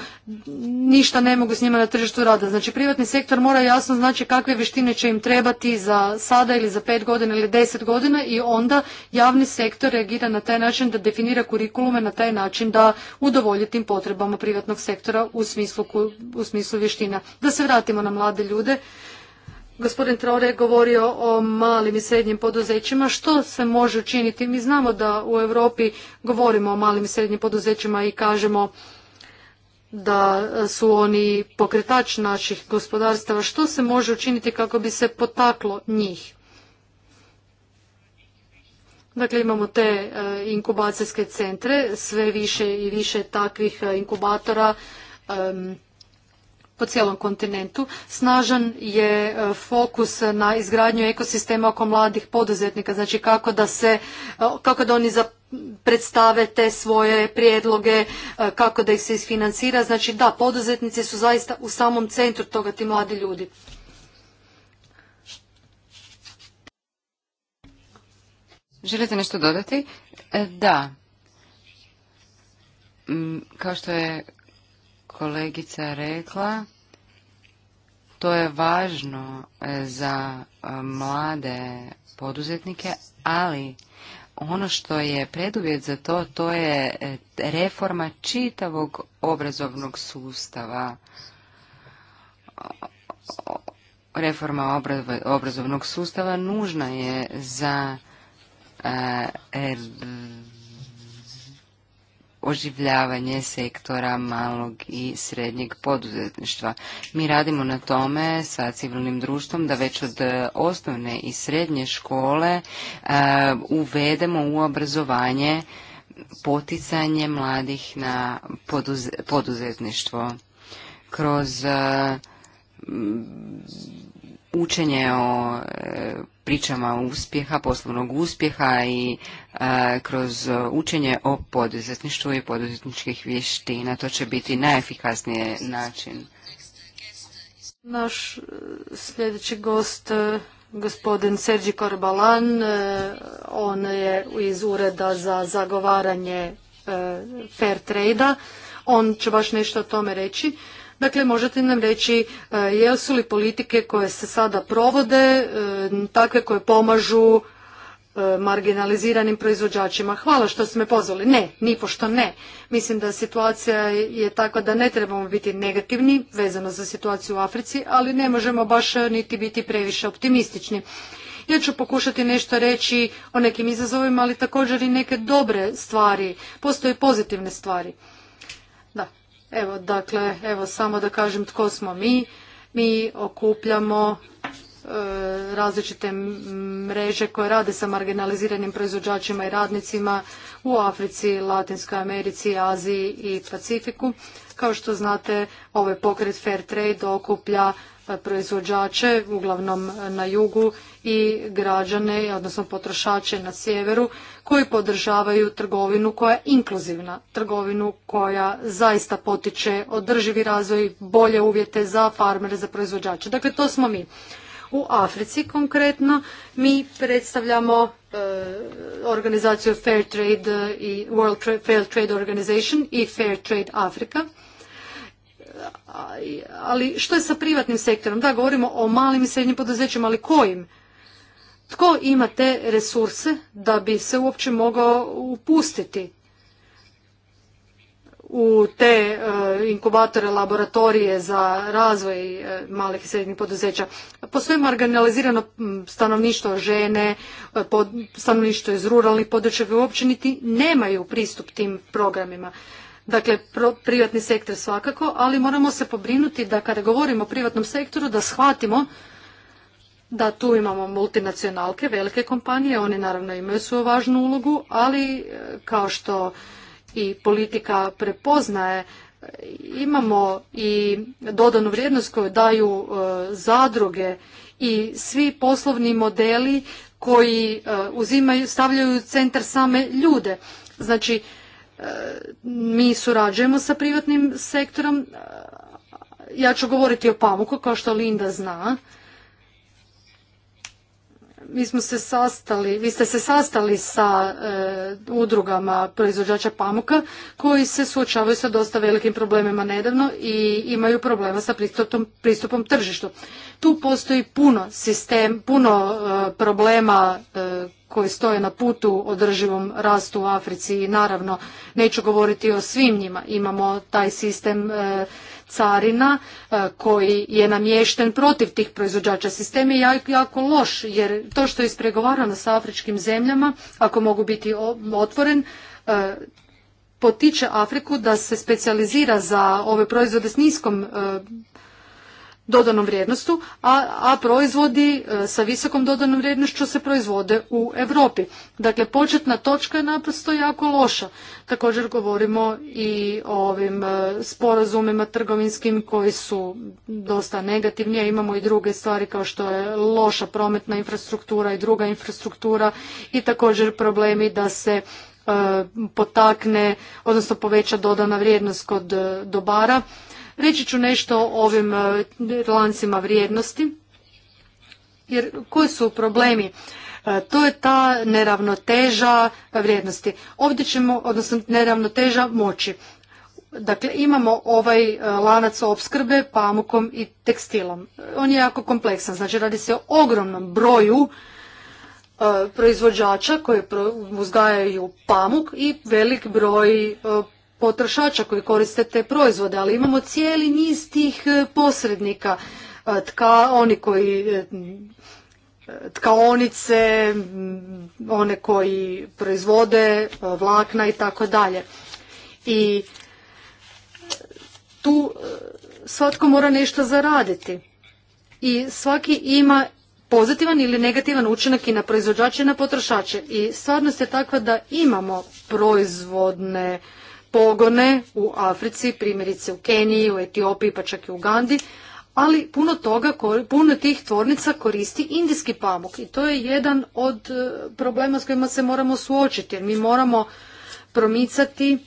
ništa ne mogu s njima na tržištu rada. Znači privatni sektor mora jasno znači kakve vještine će im trebati za sada ili za pet godina ili deset godina i onda javni sektor reagira na taj način da definira kurikulume na taj način da udovolji tim potrebama privatnog sektora u smislu, u smislu vještina. Da se vratimo na mlade ljude. Gospodin Traore je govorio o malim i srednjim poduzećima. Što se može učiniti? Mi znamo da u Europi govorimo o malim i srednjim poduzećima i kažemo da su oni pokretač naših gospodarstava. Što se može učiniti kako bi se potaklo njih? Dakle, imamo te e, inkubacijske centre, sve više i više takvih e, inkubatora, po cijelom kontinentu. Snažan je e, fokus na izgradnju ekosistema oko mladih poduzetnika, znači kako da se, e, kako da oni predstave te svoje prijedloge, e, kako da ih se isfinancira. Znači da, poduzetnici su zaista u samom centru toga ti mladi ljudi. Želite nešto dodati? Da. Mm, kao što je kolegica rekla, to je važno e, za e, mlade poduzetnike, ali ono što je preduvjet za to, to je e, reforma čitavog obrazovnog sustava. Reforma obrazovnog sustava nužna je za oživljavanje sektora malog i srednjeg poduzetništva. Mi radimo na tome sa civilnim društvom da već od e, osnovne i srednje škole e, uvedemo u obrazovanje poticanje mladih na poduzetništvo kroz e, učenje o pričama uspjeha, poslovnog uspjeha i e, kroz učenje o poduzetništvu i poduzetničkih vještina. To će biti najefikasniji način. Naš e, sljedeći gost, e, gospodin Serđi Korbalan, on je iz Ureda za zagovaranje fair trade-a. On će baš nešto o tome reći. Dakle, možete nam reći e, jesu li politike koje se sada provode e, takve koje pomažu e, marginaliziranim proizvođačima. Hvala što ste me pozvali. Ne, nipošto ne. Mislim da situacija je takva da ne trebamo biti negativni vezano za situaciju u Africi, ali ne možemo baš niti biti previše optimistični. Ja ću pokušati nešto reći o nekim izazovima, ali također i neke dobre stvari. Postoje pozitivne stvari. Evo, dakle, evo samo da kažem tko smo mi. Mi okupljamo e, različite mreže koje rade sa marginaliziranim proizvođačima i radnicima u Africi, Latinskoj Americi, Aziji i Pacifiku. Kao što znate, ovaj pokret Fair Trade okuplja proizvođače, uglavnom na jugu, i građane, odnosno potrošače na sjeveru, koji podržavaju trgovinu koja je inkluzivna, trgovinu koja zaista potiče održivi razvoj, bolje uvjete za farmere, za proizvođače. Dakle, to smo mi. U Africi konkretno mi predstavljamo e, organizaciju Fair Trade i World Fair Trade Organization i Fair Trade Africa – ali što je sa privatnim sektorom? Da, govorimo o malim i srednjim poduzećima, ali kojim? Tko ima te resurse da bi se uopće mogao upustiti u te e, inkubatore, laboratorije za razvoj e, malih i srednjih poduzeća. Postoji marginalizirano stanovništvo žene, e, stanovništvo iz ruralnih područja koje uopće niti nemaju pristup tim programima. Dakle, privatni sektor svakako, ali moramo se pobrinuti da kada govorimo o privatnom sektoru, da shvatimo da tu imamo multinacionalke, velike kompanije, one naravno imaju svoju važnu ulogu, ali e, kao što i politika prepoznaje, imamo i dodanu vrijednost koju daju e, zadruge i svi poslovni modeli koji e, uzimaju, stavljaju u centar same ljude. Znači, mi surađujemo sa privatnim sektorom. Ja ću govoriti o pamuku, kao što Linda zna mi smo se sastali, vi ste se sastali sa e, udrugama proizvođača pamuka koji se suočavaju sa dosta velikim problemima nedavno i imaju problema sa pristupom, pristupom tržištu. Tu postoji puno sistem, puno e, problema e, koji stoje na putu održivom rastu u Africi i naravno neću govoriti o svim njima. Imamo taj sistem carina e, koji je namješten protiv tih proizvođača. Sistem je jako loš jer to što je ispregovarano sa afričkim zemljama, ako mogu biti otvoren, e, potiče Afriku da se specijalizira za ove proizvode s niskom e, dodanom vrijednostu, a, a proizvodi e, sa visokom dodanom vrijednošću se proizvode u Europi. Dakle, početna točka je naprosto jako loša. Također govorimo i o ovim e, sporazumima trgovinskim koji su dosta negativni, a imamo i druge stvari kao što je loša prometna infrastruktura i druga infrastruktura i također problemi da se e, potakne, odnosno poveća dodana vrijednost kod dobara Reći ću nešto o ovim e, lancima vrijednosti, jer koji su problemi? E, to je ta neravnoteža vrijednosti. Ovdje ćemo, odnosno neravnoteža moći. Dakle, imamo ovaj e, lanac opskrbe pamukom i tekstilom. On je jako kompleksan, znači radi se o ogromnom broju proizvođača koji uzgajaju pamuk i velik broj potrošača koji koriste te proizvode, ali imamo cijeli niz tih e, posrednika, e, tka, oni koji e, tkaonice, one koji proizvode vlakna i tako dalje. I tu svatko mora nešto zaraditi. I svaki ima pozitivan ili negativan učinak i na proizvođače i na potrošače. I stvarnost je takva da imamo proizvodne pogone u Africi, primjerice u Keniji, u Etiopiji pa čak i u Gandiji, ali puno toga, puno tih tvornica koristi indijski pamuk i to je jedan od e, problema s kojima se moramo suočiti jer mi moramo promicati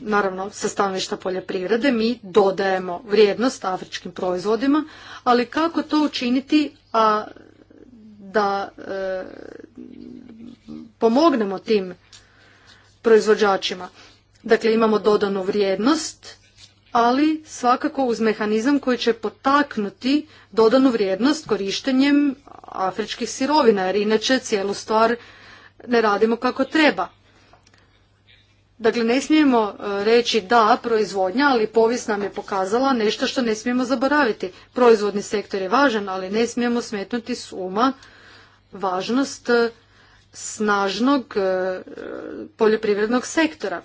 naravno sa stanovišta poljoprivrede mi dodajemo vrijednost afričkim proizvodima, ali kako to učiniti a da e, pomognemo tim proizvođačima. Dakle, imamo dodanu vrijednost, ali svakako uz mehanizam koji će potaknuti dodanu vrijednost korištenjem afričkih sirovina, jer inače cijelu stvar ne radimo kako treba. Dakle, ne smijemo e, reći da proizvodnja, ali povijest nam je pokazala nešto što ne smijemo zaboraviti. Proizvodni sektor je važan, ali ne smijemo smetnuti s uma važnost e, snažnog e, poljoprivrednog sektora.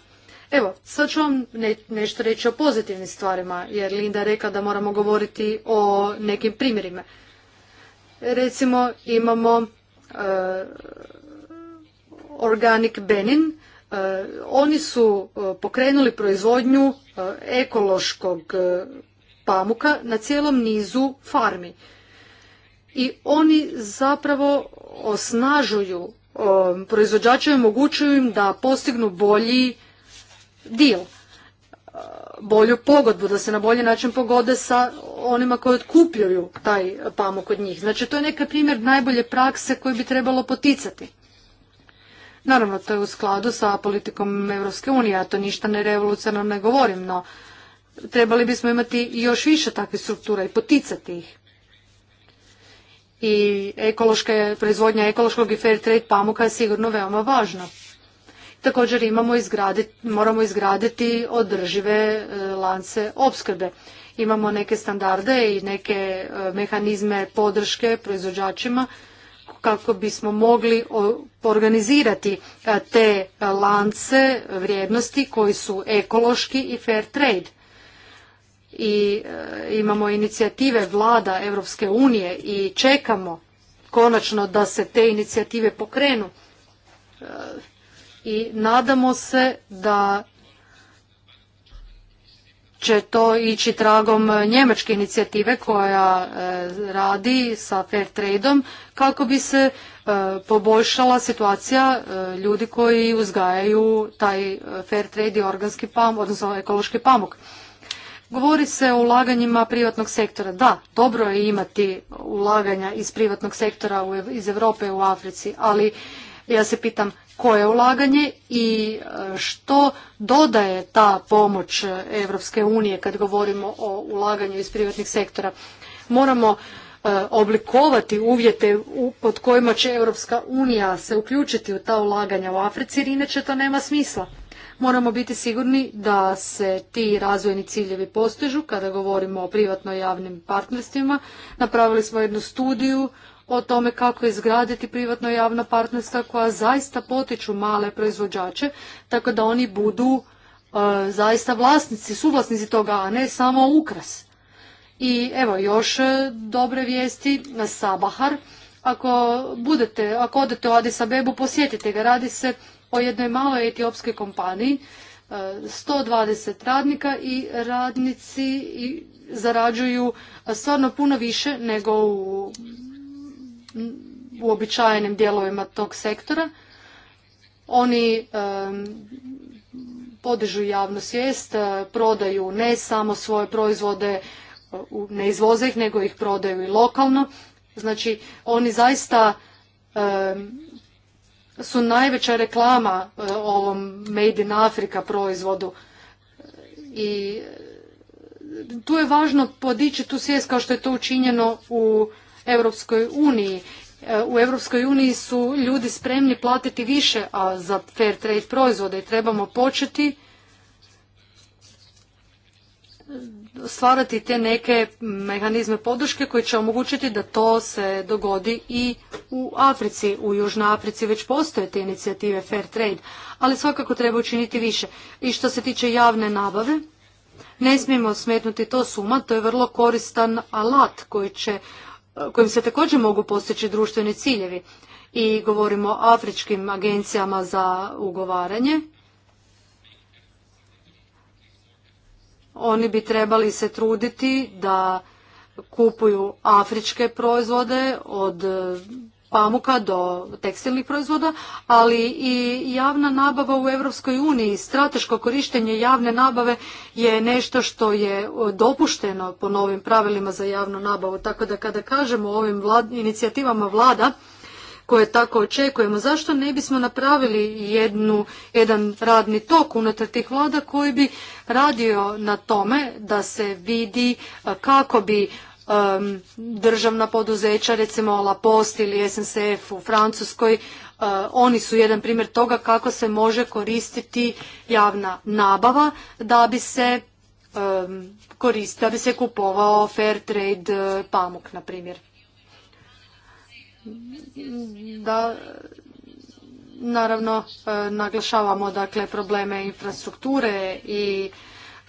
Evo, sad ću vam ne, nešto reći o pozitivnim stvarima, jer Linda je rekla da moramo govoriti o nekim primjerima. Recimo, imamo e, Organic Benin. E, oni su e, pokrenuli proizvodnju ekološkog pamuka na cijelom nizu farmi. I oni zapravo osnažuju proizvođače i omogućuju im da postignu bolji deal, uh, bolju pogodbu, da se na bolji način pogode sa onima koji otkupljuju taj uh, pamuk od njih. Znači to je neka primjer najbolje prakse koju bi trebalo poticati. Naravno, to je u skladu sa politikom Evropske unije, a to ništa ne revolucionarno ne govorim, no trebali bismo imati još više takvih struktura i poticati ih. I ekološka, proizvodnja ekološkog i fair trade pamuka je sigurno veoma važna. Također imamo izgraditi, moramo izgraditi održive e, lance opskrbe. Imamo neke standarde i neke e, mehanizme podrške proizvođačima kako bismo mogli organizirati e, te lance vrijednosti koji su ekološki i fair trade. I imamo inicijative vlada Europske unije i čekamo konačno da se te inicijative pokrenu i nadamo se da će to ići tragom njemačke inicijative koja e, radi sa fair tradeom kako bi se e, poboljšala situacija e, ljudi koji uzgajaju taj fair trade i organski pamuk, odnosno ekološki pamuk. Govori se o ulaganjima privatnog sektora. Da, dobro je imati ulaganja iz privatnog sektora iz Europe u Africi, ali ja se pitam koje ulaganje i e, što dodaje ta pomoć Europske unije kad govorimo o ulaganju iz privatnih sektora. Moramo e, oblikovati uvjete pod kojima će Europska unija se uključiti u ta ulaganja u Africi jer inače to nema smisla. Moramo biti sigurni da se ti razvojni ciljevi postižu kada govorimo o privatno-javnim partnerstvima. Napravili smo jednu studiju o tome kako izgraditi privatno javna partnerstva koja zaista potiču male proizvođače tako da oni budu e, zaista vlasnici, suvlasnici toga, a ne samo ukras. I evo još e, dobre vijesti na Sabahar. Ako budete, ako odete u Addis Abebu, posjetite ga. Radi se o jednoj maloj etiopskoj kompaniji, 120 e, radnika i radnici zarađuju stvarno puno više nego u uobičajenim dijelovima tog sektora. Oni podižu javnu svijest, e, prodaju ne samo svoje proizvode, e, ne izvoze ih, nego ih prodaju i lokalno. Znači, oni zaista su najveća reklama e, ovom Made in Africa proizvodu. I tu je važno podići tu svijest kao što je to učinjeno u Europskoj uniji. E, u Europskoj uniji su ljudi spremni platiti više za fair trade proizvode i trebamo početi stvarati te neke mehanizme podrške koji će omogućiti da to se dogodi i u Africi. U Južnoj Africi već postoje te inicijative Fair Trade, ali svakako treba učiniti više. I što se tiče javne nabave, ne smijemo smetnuti to suma, to je vrlo koristan alat koji će kojim se također mogu postići društveni ciljevi. I govorimo o afričkim agencijama za ugovaranje. Oni bi trebali se truditi da kupuju afričke proizvode od pamuka do tekstilnih proizvoda, ali i javna nabava u Europskoj uniji, strateško korištenje javne nabave je nešto što je dopušteno po novim pravilima za javnu nabavu. Tako da kada kažemo o ovim inicijativama vlada, koje tako očekujemo. Zašto ne bismo napravili jednu, jedan radni tok unutar tih vlada koji bi radio na tome da se vidi kako bi um, državna poduzeća, recimo La Post ili SNCF u Francuskoj, uh, oni su jedan primjer toga kako se može koristiti javna nabava da bi se um, da bi se kupovao fair trade uh, pamuk, na primjer. Da, naravno, uh, naglašavamo dakle probleme infrastrukture i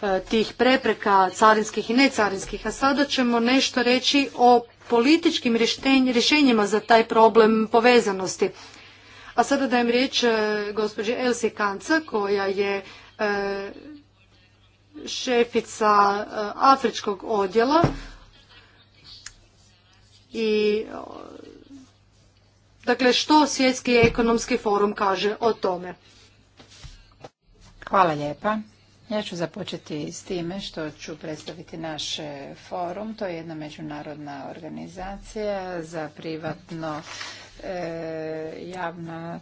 E, tih prepreka carinskih i necarinskih, a sada ćemo nešto reći o političkim rješenjima za taj problem povezanosti. A sada dajem riječ e, gospođi Elsie Kanca koja je e, šefica afričkog odjela i dakle što svjetski ekonomski forum kaže o tome. Hvala lijepa. Ja ću započeti s time što ću predstaviti naš forum. To je jedna međunarodna organizacija za privatno e, javna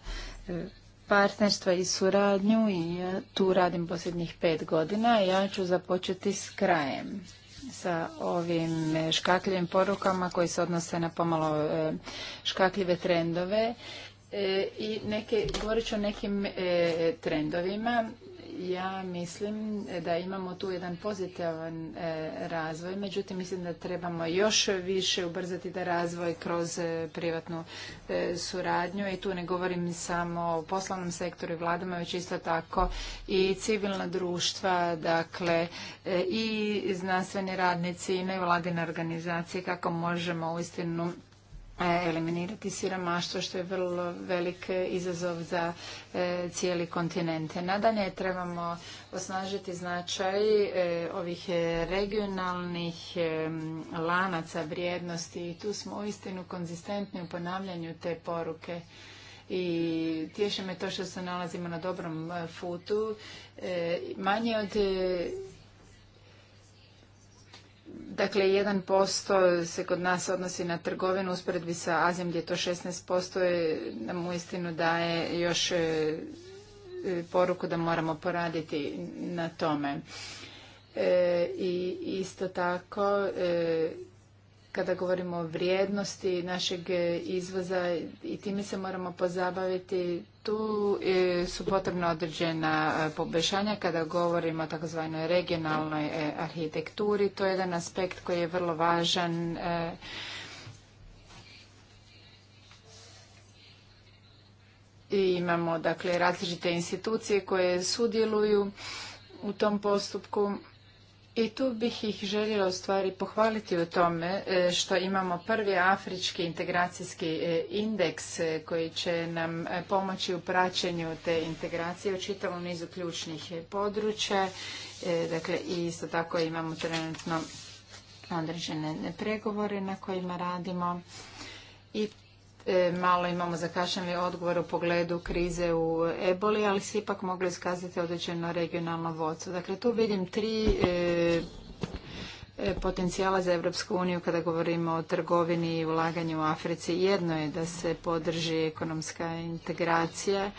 e, partnerstva i suradnju i tu radim posljednjih pet godina. Ja ću započeti s krajem sa ovim škakljivim porukama koji se odnose na pomalo e, škakljive trendove i neke, govorit ću o nekim trendovima ja mislim da imamo tu jedan pozitivan e, razvoj, međutim mislim da trebamo još više ubrzati da razvoj kroz e, privatnu e, suradnju i tu ne govorim samo o poslovnom sektoru i vladama, već isto tako i civilna društva, dakle i znanstveni radnici i nevladine organizacije kako možemo uistinu eliminirati siromaštvo što je vrlo velik izazov za e, cijeli kontinent. Nadalje trebamo osnažiti značaj e, ovih regionalnih e, lanaca vrijednosti i tu smo uistinu konzistentni u ponavljanju te poruke i tješi me to što se nalazimo na dobrom futu. Manje od Dakle, 1% se kod nas odnosi na trgovinu, usporedbi sa Azijom gdje je to 16%, je, nam uistinu daje još e, e, poruku da moramo poraditi na tome. E, I isto tako, kada govorimo o vrijednosti našeg izvoza i time se moramo pozabaviti tu e, su potrebna određena e, poboljšanja kada govorimo o takozvanoj regionalnoj e, arhitekturi. To je jedan aspekt koji je vrlo važan. I imamo dakle različite institucije koje sudjeluju u tom postupku. I tu bih ih željela u stvari pohvaliti u tome e, što imamo prvi afrički integracijski e, indeks e, koji će nam pomoći u praćenju te integracije u čitavom nizu ključnih područja. Dakle, isto tako imamo trenutno određene pregovore na kojima radimo i E, malo imamo zakašnjeli odgovor u pogledu krize u eboli, ali se ipak moglo iskazati određeno regionalno vodstvo. Dakle, tu vidim tri e, e, potencijala za Europsku uniju kada govorimo o trgovini i ulaganju u Africi. Jedno je da se podrži ekonomska integracija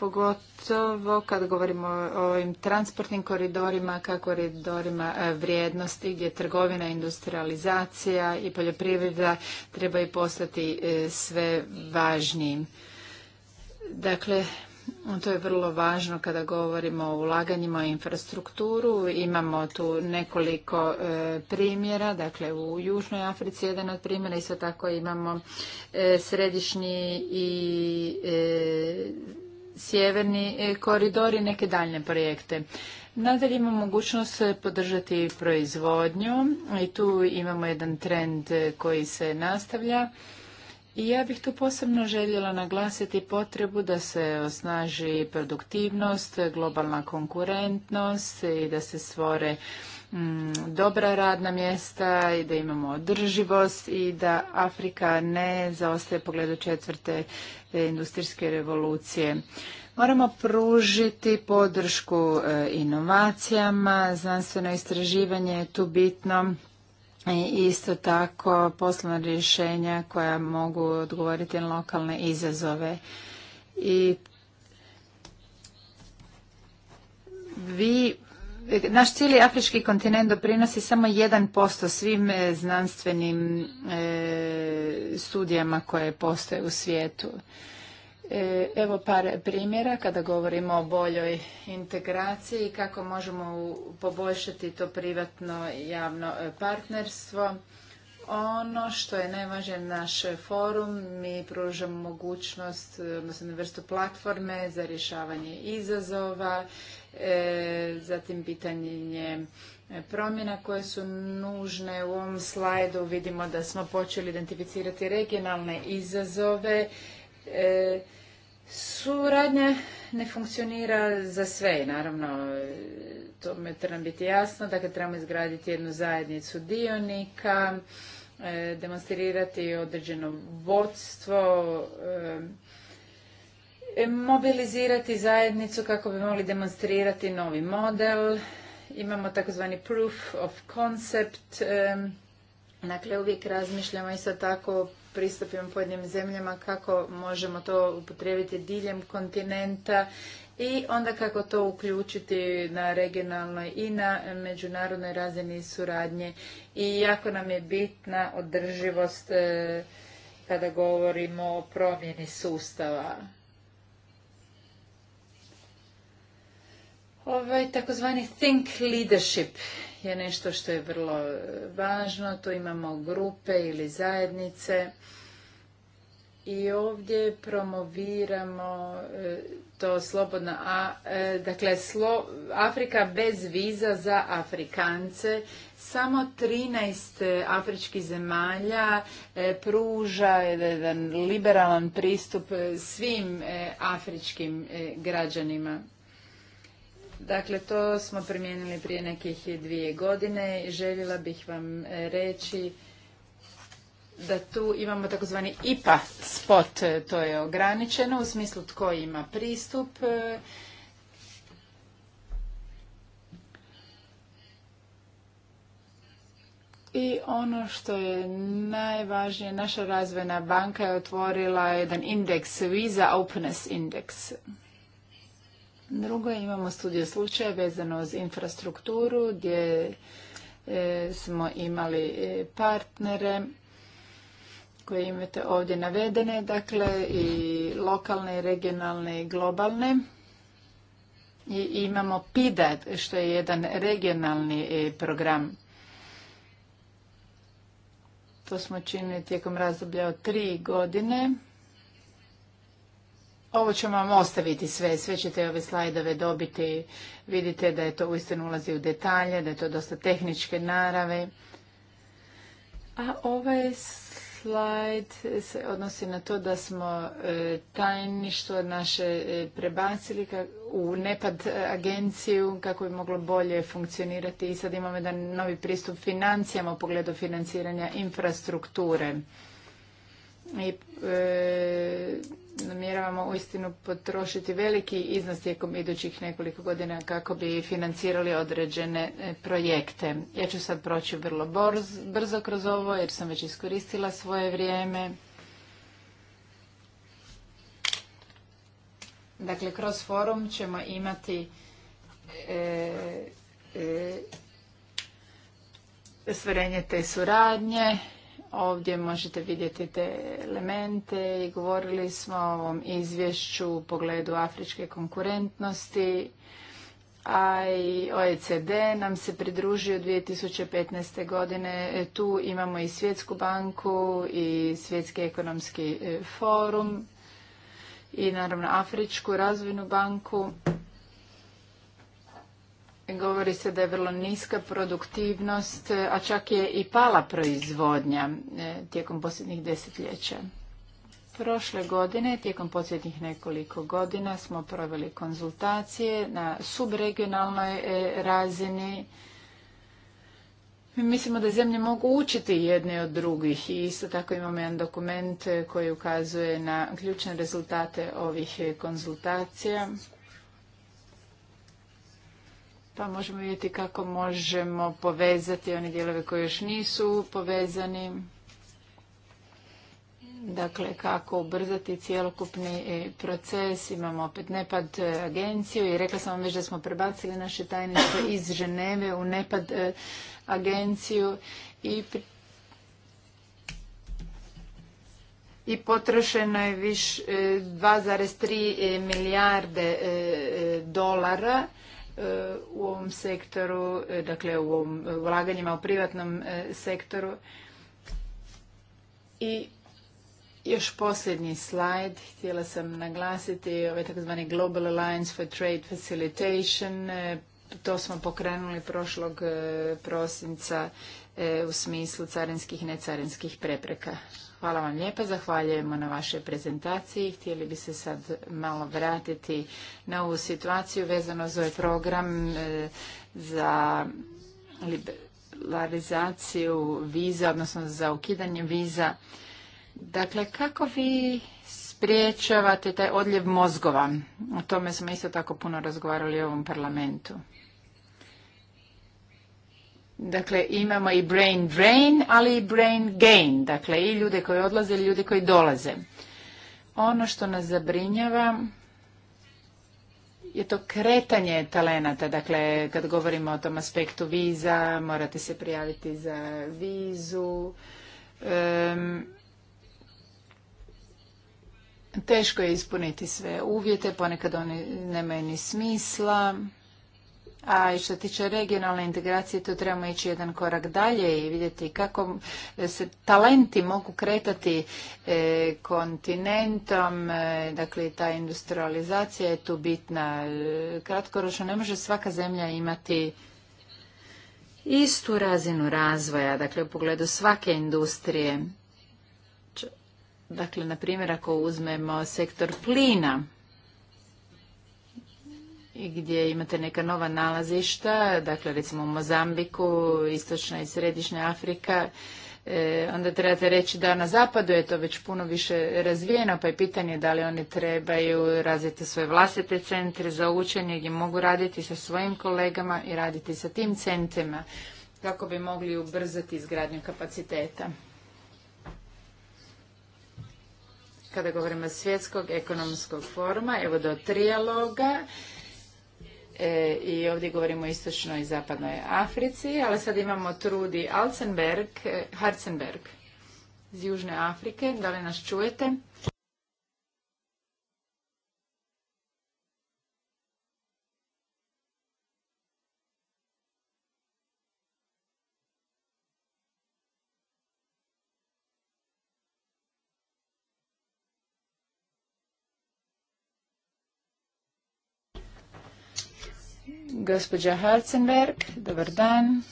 pogotovo kad govorimo o ovim transportnim koridorima, ka koridorima e, vrijednosti gdje trgovina, industrializacija i poljoprivreda trebaju postati e, sve važnijim. Dakle, to je vrlo važno kada govorimo o ulaganjima u infrastrukturu. Imamo tu nekoliko e, primjera, dakle u Južnoj Africi jedan od primjera, isto tako imamo središnji i sjeverni e, koridor i neke daljne projekte. Nadalje imamo mogućnost podržati proizvodnju i tu imamo jedan trend e, koji se nastavlja. I ja bih tu posebno željela naglasiti potrebu da se osnaži produktivnost, globalna konkurentnost i da se stvore Mm, dobra radna mjesta i da imamo održivost i da Afrika ne zaostaje pogledu četvrte industrijske revolucije. Moramo pružiti podršku e, inovacijama, znanstveno istraživanje je tu bitno i isto tako poslovna rješenja koja mogu odgovoriti na lokalne izazove. I vi naš cijeli afrički kontinent doprinosi samo 1% svim e, znanstvenim e, studijama koje postoje u svijetu. E, evo par primjera kada govorimo o boljoj integraciji i kako možemo poboljšati to privatno javno partnerstvo. Ono što je najvažnije naš forum, mi pružamo mogućnost, odnosno vrstu platforme za rješavanje izazova, E, zatim pitanje promjena koje su nužne u ovom slajdu. Vidimo da smo počeli identificirati regionalne izazove. E, suradnja ne funkcionira za sve naravno e, to me treba biti jasno. Dakle, trebamo izgraditi jednu zajednicu dionika, demonstrirati određeno vodstvo, E, mobilizirati zajednicu kako bi mogli demonstrirati novi model. Imamo takozvani proof of concept. Dakle, uvijek razmišljamo isto tako pristupimo pojedinim zemljama kako možemo to upotrijebiti diljem kontinenta i onda kako to uključiti na regionalnoj i na međunarodnoj razini suradnje. I jako nam je bitna održivost e, kada govorimo o promjeni sustava Ovaj takozvani think leadership je nešto što je vrlo važno. Tu imamo grupe ili zajednice i ovdje promoviramo e, to slobodno, a, e, dakle slo, Afrika bez viza za Afrikance. Samo 13 afričkih zemalja e, pruža jedan liberalan pristup svim afričkim građanima. Dakle, to smo primijenili prije nekih dvije godine. i Željela bih vam e, reći da tu imamo takozvani IPA spot, e, to je ograničeno u smislu tko ima pristup. E, I ono što je najvažnije, naša razvojna banka je otvorila jedan indeks Visa Openness Index. Drugo, imamo studije slučaja vezano uz infrastrukturu gdje e, smo imali e, partnere koje imate ovdje navedene, dakle i lokalne, regionalne i globalne. I imamo PIDAT što je jedan regionalni e, program. To smo činili tijekom razdoblja od tri godine. Ovo ćemo vam ostaviti sve, sve ćete ove slajdove dobiti, vidite da je to uistinu ulazi u detalje, da je to dosta tehničke narave. A ovaj slajd se odnosi na to da smo e, tajništvo naše e, prebacili u nepad agenciju kako bi moglo bolje funkcionirati i sad imamo jedan novi pristup financijama u pogledu financiranja infrastrukture. I e, namjeravamo uistinu potrošiti veliki iznos tijekom idućih nekoliko godina kako bi financirali određene e, projekte. Ja ću sad proći vrlo brzo kroz ovo jer sam već iskoristila svoje vrijeme. Dakle, kroz forum ćemo imati e, e stvorenje te suradnje Ovdje možete vidjeti te elemente i govorili smo o ovom izvješću u pogledu afričke konkurentnosti, a i OECD nam se pridružio 2015. godine. E, tu imamo i Svjetsku banku i Svjetski ekonomski e, forum i naravno Afričku razvojnu banku. Govori se da je vrlo niska produktivnost, a čak je i pala proizvodnja e, tijekom posljednjih desetljeća. Prošle godine, tijekom posljednjih nekoliko godina, smo proveli konzultacije na subregionalnoj e, razini. Mi mislimo da zemlje mogu učiti jedne od drugih i isto tako imamo jedan dokument e, koji ukazuje na ključne rezultate ovih konzultacija pa možemo vidjeti kako možemo povezati one dijelove koji još nisu povezani. Dakle, kako ubrzati cjelokupni e, proces. Imamo opet NEPAD e, agenciju i rekla sam vam već da smo prebacili naše tajnice iz Ženeve u NEPAD e, agenciju i i potrošeno je više 2,3 milijarde dolara E, u ovom sektoru, e, dakle u ovom ulaganjima u privatnom e, sektoru. I još posljednji slajd, htjela sam naglasiti ovaj takozvani Global Alliance for Trade Facilitation, to smo pokrenuli prošlog prosinca u smislu carinskih i necarinskih prepreka. Hvala vam lijepa, zahvaljujemo na vašoj prezentaciji. Htjeli bi se sad malo vratiti na ovu situaciju vezano za ovaj program e, za liberalizaciju viza, odnosno za ukidanje viza. Dakle, kako vi spriječavate taj odljev mozgova? O tome smo isto tako puno razgovarali u ovom parlamentu. Dakle, imamo i brain brain ali i brain gain. Dakle, i ljude koji odlaze i ljude koji dolaze. Ono što nas zabrinjava je to kretanje talenata. Dakle, kad govorimo o tom aspektu viza, morate se prijaviti za vizu. teško je ispuniti sve uvjete, ponekad oni nemaju ni smisla. A i što tiče regionalne integracije, tu trebamo ići jedan korak dalje i vidjeti kako se talenti mogu kretati e, kontinentom, e, dakle ta industrializacija je tu bitna. E, kratkoročno ne može svaka zemlja imati istu razinu razvoja, dakle u pogledu svake industrije. Dakle, na primjer, ako uzmemo sektor plina, gdje imate neka nova nalazišta, dakle recimo u Mozambiku, Istočna i Središnja Afrika, e, onda trebate reći da na zapadu je to već puno više razvijeno, pa je pitanje da li oni trebaju razviti svoje vlastite centre za učenje gdje mogu raditi sa svojim kolegama i raditi sa tim centrima kako bi mogli ubrzati izgradnju kapaciteta. Kada govorimo svjetskog ekonomskog forma, evo do trijaloga, E, I ovdje govorimo o istočnoj i zapadnoj Africi, ali sad imamo Trudi Alzenberg, e, Harzenberg iz Južne Afrike. Da li nas čujete? Gospođa Halzenberg, dobar dan.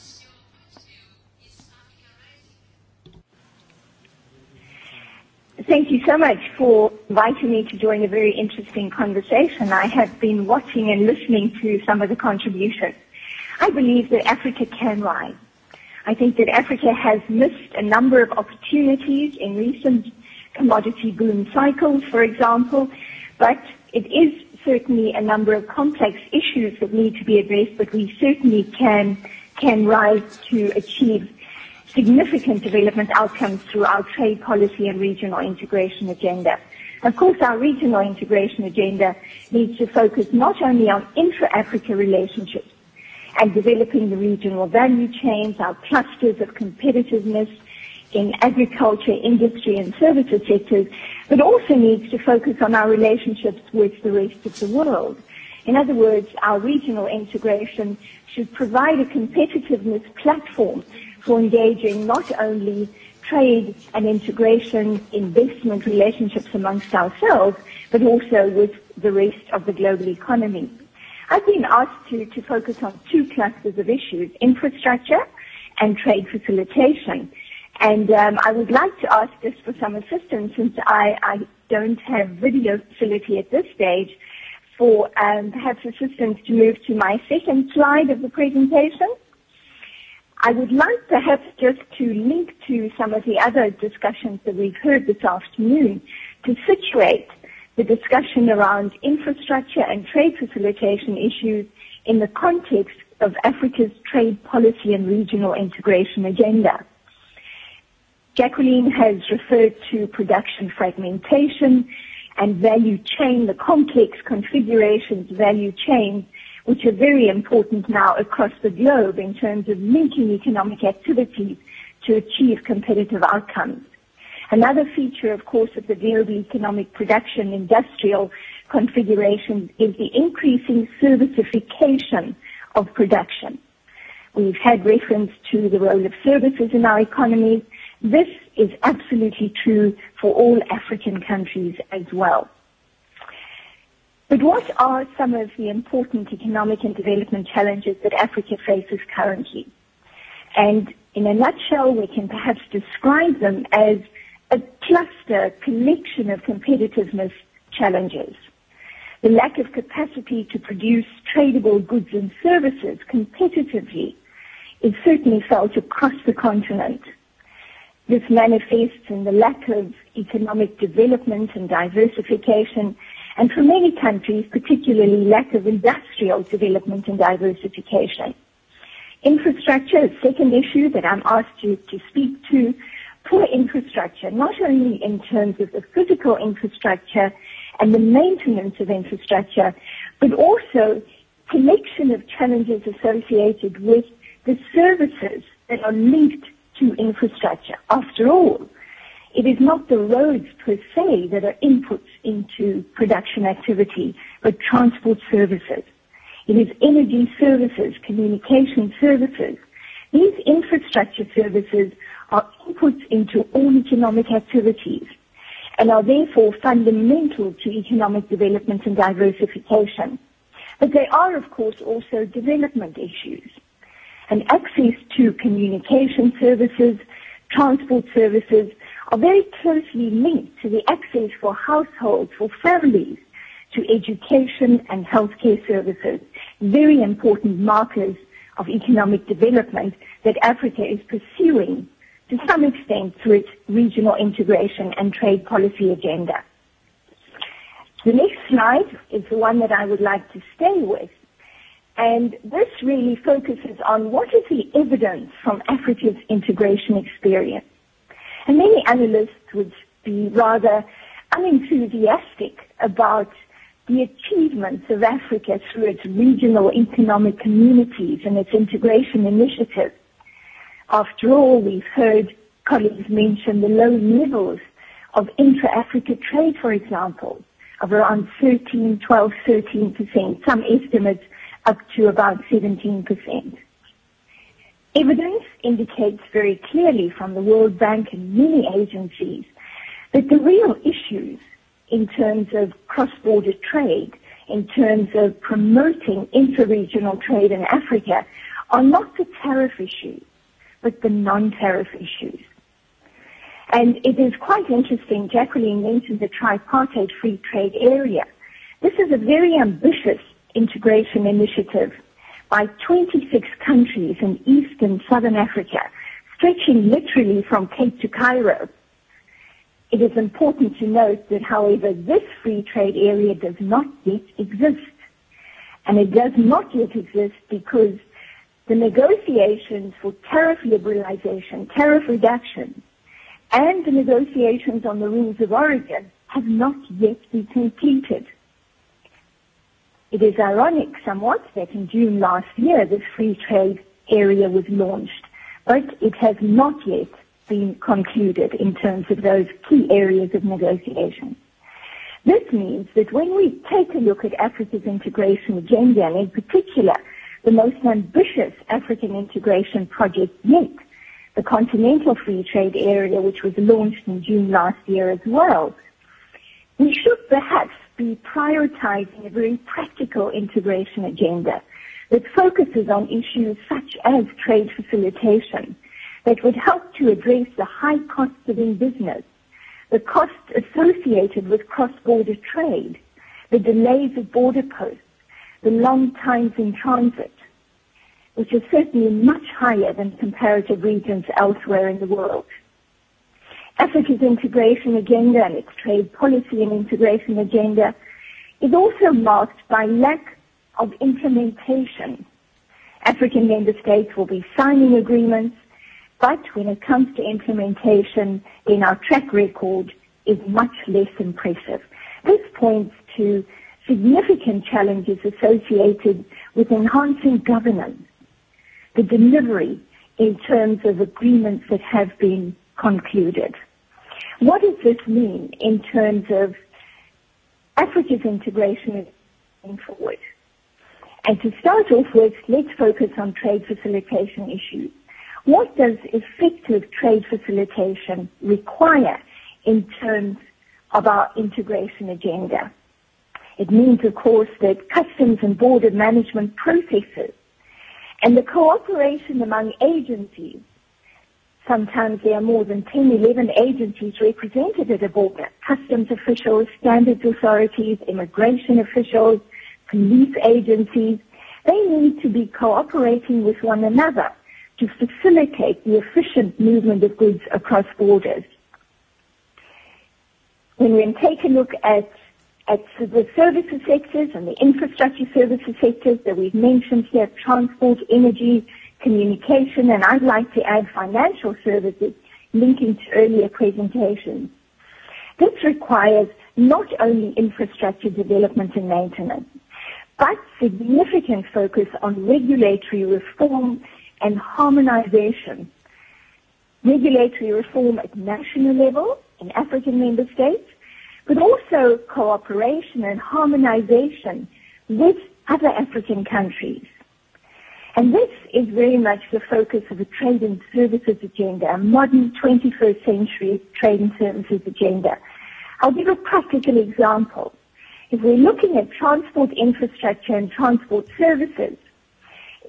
Thank you so much for inviting me to join a very interesting conversation. I have been watching and listening to some of the contributions. I believe that Africa can rise. I think that Africa has missed a number of opportunities in recent commodity boom cycles, for example, but It is certainly a number of complex issues that need to be addressed, but we certainly can, can rise to achieve significant development outcomes through our trade policy and regional integration agenda. Of course, our regional integration agenda needs to focus not only on intra-Africa relationships and developing the regional value chains, our clusters of competitiveness, in agriculture, industry, and services sectors, but also needs to focus on our relationships with the rest of the world. In other words, our regional integration should provide a competitiveness platform for engaging not only trade and integration, investment relationships amongst ourselves, but also with the rest of the global economy. I've been asked to, to focus on two clusters of issues, infrastructure and trade facilitation. And um, I would like to ask just for some assistance since I, I don't have video facility at this stage for um, perhaps assistance to move to my second slide of the presentation. I would like perhaps just to link to some of the other discussions that we've heard this afternoon to situate the discussion around infrastructure and trade facilitation issues in the context of Africa's trade policy and regional integration agenda. Jacqueline has referred to production fragmentation and value chain, the complex configurations value chain, which are very important now across the globe in terms of linking economic activities to achieve competitive outcomes. Another feature, of course, of the global economic production industrial configuration is the increasing servicification of production. We've had reference to the role of services in our economy, This is absolutely true for all African countries as well. But what are some of the important economic and development challenges that Africa faces currently? And in a nutshell, we can perhaps describe them as a cluster collection of competitiveness challenges. The lack of capacity to produce tradable goods and services competitively is certainly felt across the continent – This manifests in the lack of economic development and diversification, and for many countries, particularly lack of industrial development and diversification. Infrastructure, a second issue that I'm asked you to speak to, poor infrastructure, not only in terms of the physical infrastructure and the maintenance of infrastructure, but also connection of challenges associated with the services that are linked to infrastructure. After all, it is not the roads per se that are inputs into production activity, but transport services. It is energy services, communication services. These infrastructure services are inputs into all economic activities and are therefore fundamental to economic development and diversification. But they are, of course, also development issues and access to communication services, transport services are very closely linked to the access for households, for families to education and healthcare services, very important markers of economic development that Africa is pursuing to some extent through its regional integration and trade policy agenda. The next slide is the one that I would like to stay with, And this really focuses on what is the evidence from Africa's integration experience. And many analysts would be rather unenthusiastic about the achievements of Africa through its regional economic communities and its integration initiatives. After all, we've heard colleagues mention the low levels of intra-Africa trade, for example, of around 13, 12, 13%, some estimates up to about 17%. Evidence indicates very clearly from the World Bank and many agencies that the real issues in terms of cross-border trade, in terms of promoting inter-regional trade in Africa, are not the tariff issues, but the non-tariff issues. And it is quite interesting, Jacqueline mentioned the tripartite free trade area. This is a very ambitious Integration Initiative by 26 countries in East and Southern Africa, stretching literally from Cape to Cairo. It is important to note that, however, this free trade area does not yet exist, and it does not yet exist because the negotiations for tariff liberalization, tariff reduction, and the negotiations on the rules of origin have not yet been completed. It is ironic somewhat that in June last year, this free trade area was launched, but it has not yet been concluded in terms of those key areas of negotiation. This means that when we take a look at Africa's integration agenda, and in particular, the most ambitious African integration project yet, the Continental Free Trade Area, which was launched in June last year as well, we should perhaps be prioritizing a very practical integration agenda that focuses on issues such as trade facilitation that would help to address the high costs of doing business, the costs associated with cross-border trade, the delays of border posts, the long times in transit, which is certainly much higher than comparative regions elsewhere in the world. Africa's integration agenda and its trade policy and integration agenda is also marked by lack of implementation. African member states will be signing agreements, but when it comes to implementation, then our track record is much less impressive. This points to significant challenges associated with enhancing governance, the delivery in terms of agreements that have been concluded. What does this mean in terms of Africa's integration going forward? And to start off with, let's focus on trade facilitation issues. What does effective trade facilitation require in terms of our integration agenda? It means, of course, that customs and border management processes and the cooperation among agencies Sometimes there are more than 10, 11 agencies represented at a border, customs officials, standards authorities, immigration officials, police agencies. They need to be cooperating with one another to facilitate the efficient movement of goods across borders. When we take a look at at the services sectors and the infrastructure services sectors that we've mentioned here, transport, energy, communication, and I'd like to add financial services linking to earlier presentations. This requires not only infrastructure development and maintenance, but significant focus on regulatory reform and harmonization. Regulatory reform at national level in African member states, but also cooperation and harmonization with other African countries. And This is very much the focus of the trade and services agenda, a modern 21st century trade and services agenda. I'll give a practical example. If we're looking at transport infrastructure and transport services,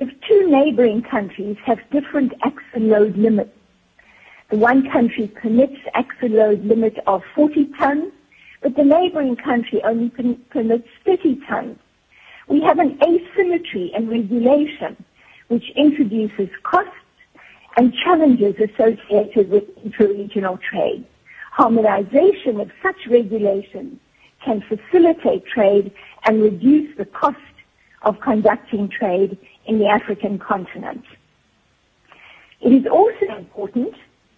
if two neighboring countries have different axle load limits, the one country permits axle load limit of 40 tons, but the neighboring country only permits 30 tons. We have an asymmetry in regulation which introduces costs and challenges associated with regional trade. Harmonization of such regulations can facilitate trade and reduce the cost of conducting trade in the African continent. It is also important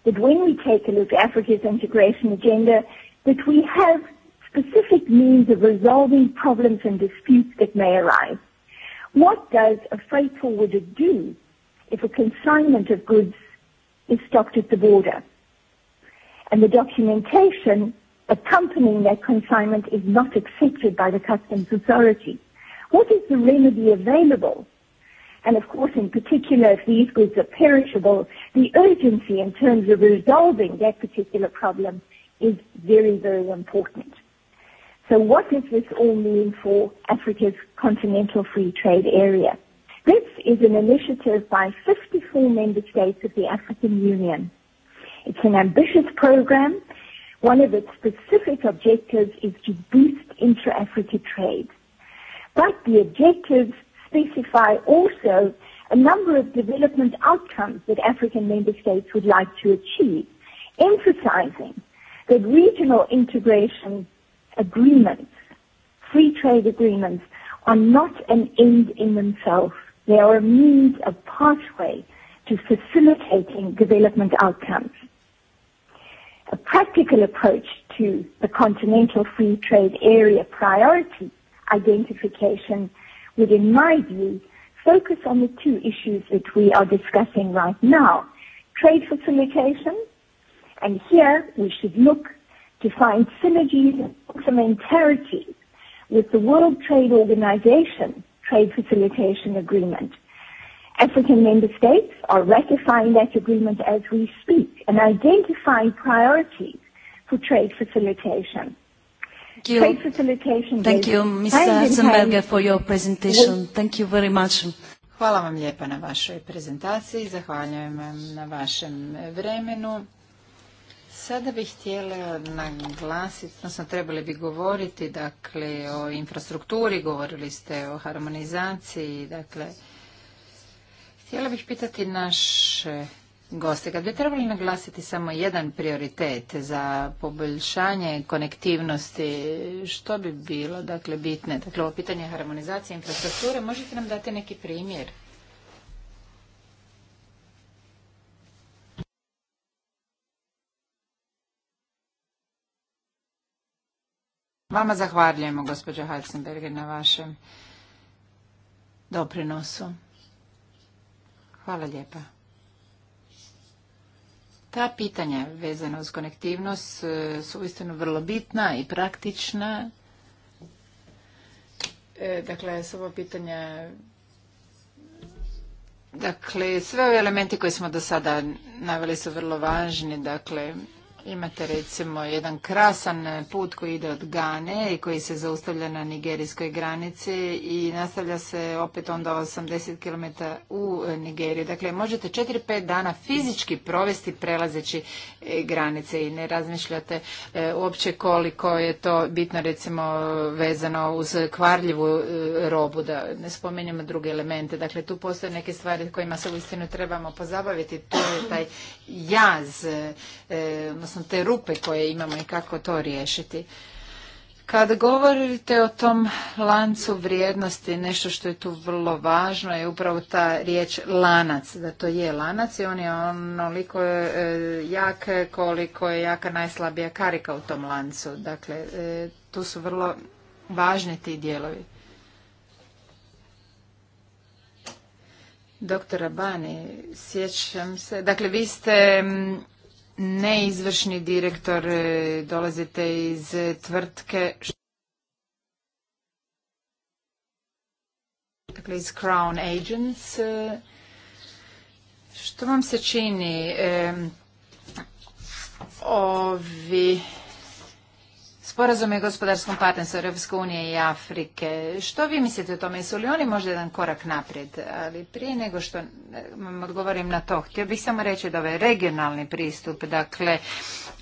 that when we take a look at Africa's integration agenda, that we have specific means of resolving problems and disputes that may arise. What does a freight forwarder do if a consignment of goods is stopped at the border and the documentation accompanying that consignment is not accepted by the customs authority? What is the remedy available? And of course, in particular, if these goods are perishable, the urgency in terms of resolving that particular problem is very, very important. So What does this all mean for Africa's continental free trade area? This is an initiative by 54 member states of the African Union. It's an ambitious program. One of its specific objectives is to boost intra-Africa trade. But the objectives specify also a number of development outcomes that African member states would like to achieve, emphasizing that regional integration agreements, free trade agreements, are not an end in themselves. They are a means, a pathway to facilitating development outcomes. A practical approach to the continental free trade area priority identification would, in my view, focus on the two issues that we are discussing right now, trade facilitation, and here we should look to find synergies and complementarity with the World Trade Organization Trade Facilitation Agreement. African member states are ratifying that agreement as we speak and identifying priorities for trade facilitation. Thank you. Trade facilitation Thank you, Ms. Hasenberger, for your presentation. Thank you very much. Hvala vam lijepa na vašoj prezentaciji. Zahvaljujem vam na vašem vremenu. Sada bih htjela naglasiti, odnosno trebali bi govoriti dakle o infrastrukturi, govorili ste o harmonizaciji, dakle htjela bih pitati naše goste, kad bi trebali naglasiti samo jedan prioritet za poboljšanje konektivnosti, što bi bilo dakle bitne? Dakle, ovo pitanje harmonizacije infrastrukture, možete nam dati neki primjer? Vama zahvaljujemo, gospođo Halsenberger, na vašem doprinosu. Hvala lijepa. Ta pitanja vezana uz konektivnost e, su uistinu vrlo bitna i praktična. E, dakle, sva ovo pitanja... Dakle, sve ove elementi koje smo do sada naveli su vrlo važni. Dakle, Imate recimo jedan krasan put koji ide od Gane i koji se zaustavlja na nigerijskoj granici i nastavlja se opet onda 80 km u Nigeriju. Dakle, možete 4-5 dana fizički provesti prelazeći e, granice i ne razmišljate e, uopće koliko je to bitno recimo vezano uz kvarljivu e, robu, da ne spomenjamo druge elemente. Dakle, tu postoje neke stvari kojima se uistinu trebamo pozabaviti. to je taj jaz, odnosno odnosno te rupe koje imamo i kako to riješiti. Kad govorite o tom lancu vrijednosti, nešto što je tu vrlo važno je upravo ta riječ lanac, da to je lanac i on je onoliko e, jak koliko je jaka najslabija karika u tom lancu. Dakle, e, tu su vrlo važni ti dijelovi. Doktora Bani, sjećam se, dakle vi ste neizvršni direktor, e, dolazite iz tvrtke dakle, iz Crown Agents. E, što vam se čini e, ovi sporazume o gospodarskom partnerstvu Europske unije i Afrike. Što vi mislite o tome? Jesu li oni možda jedan korak naprijed? Ali prije nego što vam ehm, odgovorim na to, htio bih samo reći da ovaj regionalni pristup, dakle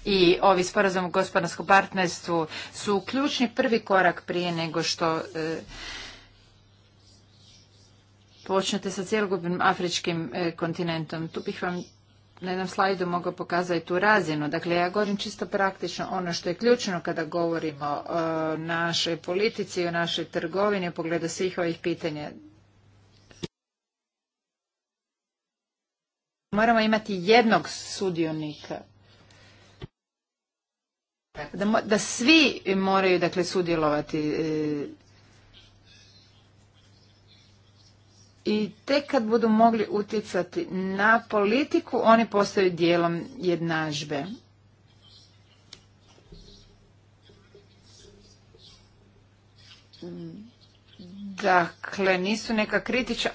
i ovi sporazum o gospodarskom partnerstvu su ključni prvi korak prije nego što ehm, počnete sa cijelogubim afričkim ehm, kontinentom. Tu bih vam na jednom slajdu mogu pokazati tu razinu. Dakle, ja govorim čisto praktično ono što je ključno kada govorimo o e, našoj politici i o našoj trgovini u pogledu svih ovih pitanja. Moramo imati jednog sudionika. Da, da svi moraju dakle sudjelovati e, i tek kad budu mogli utjecati na politiku, oni postaju dijelom jednažbe. Dakle, nisu neka kritiča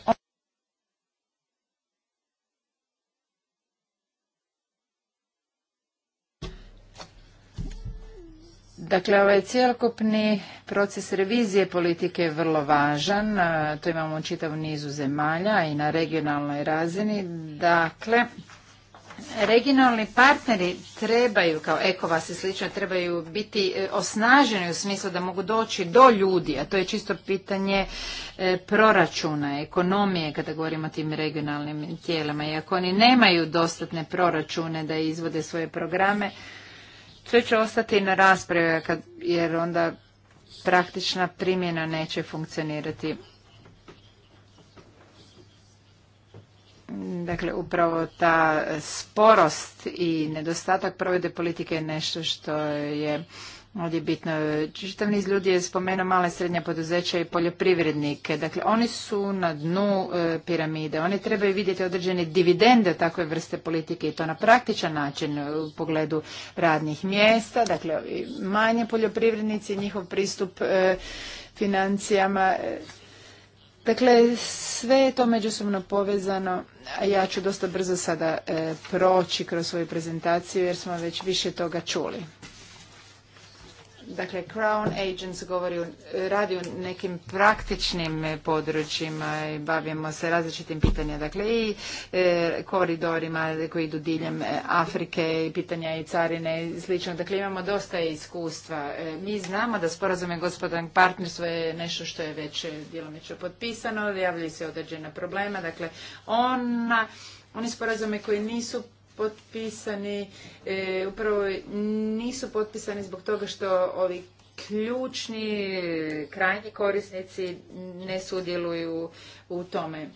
Dakle, ovaj cijelokopni proces revizije politike je vrlo važan. To imamo u čitavu nizu zemalja i na regionalnoj razini. Dakle, regionalni partneri trebaju, kao ekovas i slično, trebaju biti e, osnaženi u smislu da mogu doći do ljudi, a to je čisto pitanje e, proračuna, ekonomije, kada govorimo o tim regionalnim tijelima. I oni nemaju dostatne proračune da izvode svoje programe, sve će ostati na raspravi, kad, jer onda praktična primjena neće funkcionirati. Dakle, upravo ta sporost i nedostatak provede politike je nešto što je Ovdje je bitno, čitav niz ljudi je spomenuo male srednje poduzeća i poljoprivrednike. Dakle, oni su na dnu e, piramide. Oni trebaju vidjeti određene dividende takve vrste politike i to na praktičan način u pogledu radnih mjesta. Dakle, manje poljoprivrednici, njihov pristup e, financijama. E. Dakle, sve je to međusobno povezano. a Ja ću dosta brzo sada proći kroz svoju prezentaciju jer smo već više toga čuli. Dakle, Crown Agents govori, radi o nekim praktičnim područjima i bavimo se različitim pitanjima. Dakle, i e, koridorima koji idu diljem e, Afrike i pitanja i carine i slično. Dakle, imamo dosta iskustva. E, mi znamo da sporazume gospodarnog partnerstvo je nešto što je već djelomično potpisano, javljaju se određene problema. Dakle, oni sporazume koji nisu potpisani, e, upravo nisu potpisani zbog toga što ovi ključni krajnji korisnici ne sudjeluju u tome.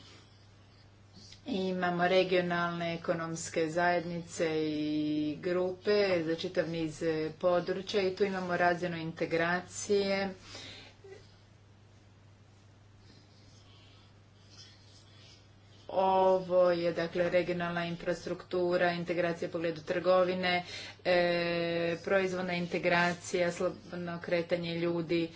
Imamo regionalne ekonomske zajednice i grupe za čitav niz područja i tu imamo razinu integracije Ovo je dakle regionalna infrastruktura, integracija u pogledu trgovine, e, proizvodna integracija, slobodno kretanje ljudi,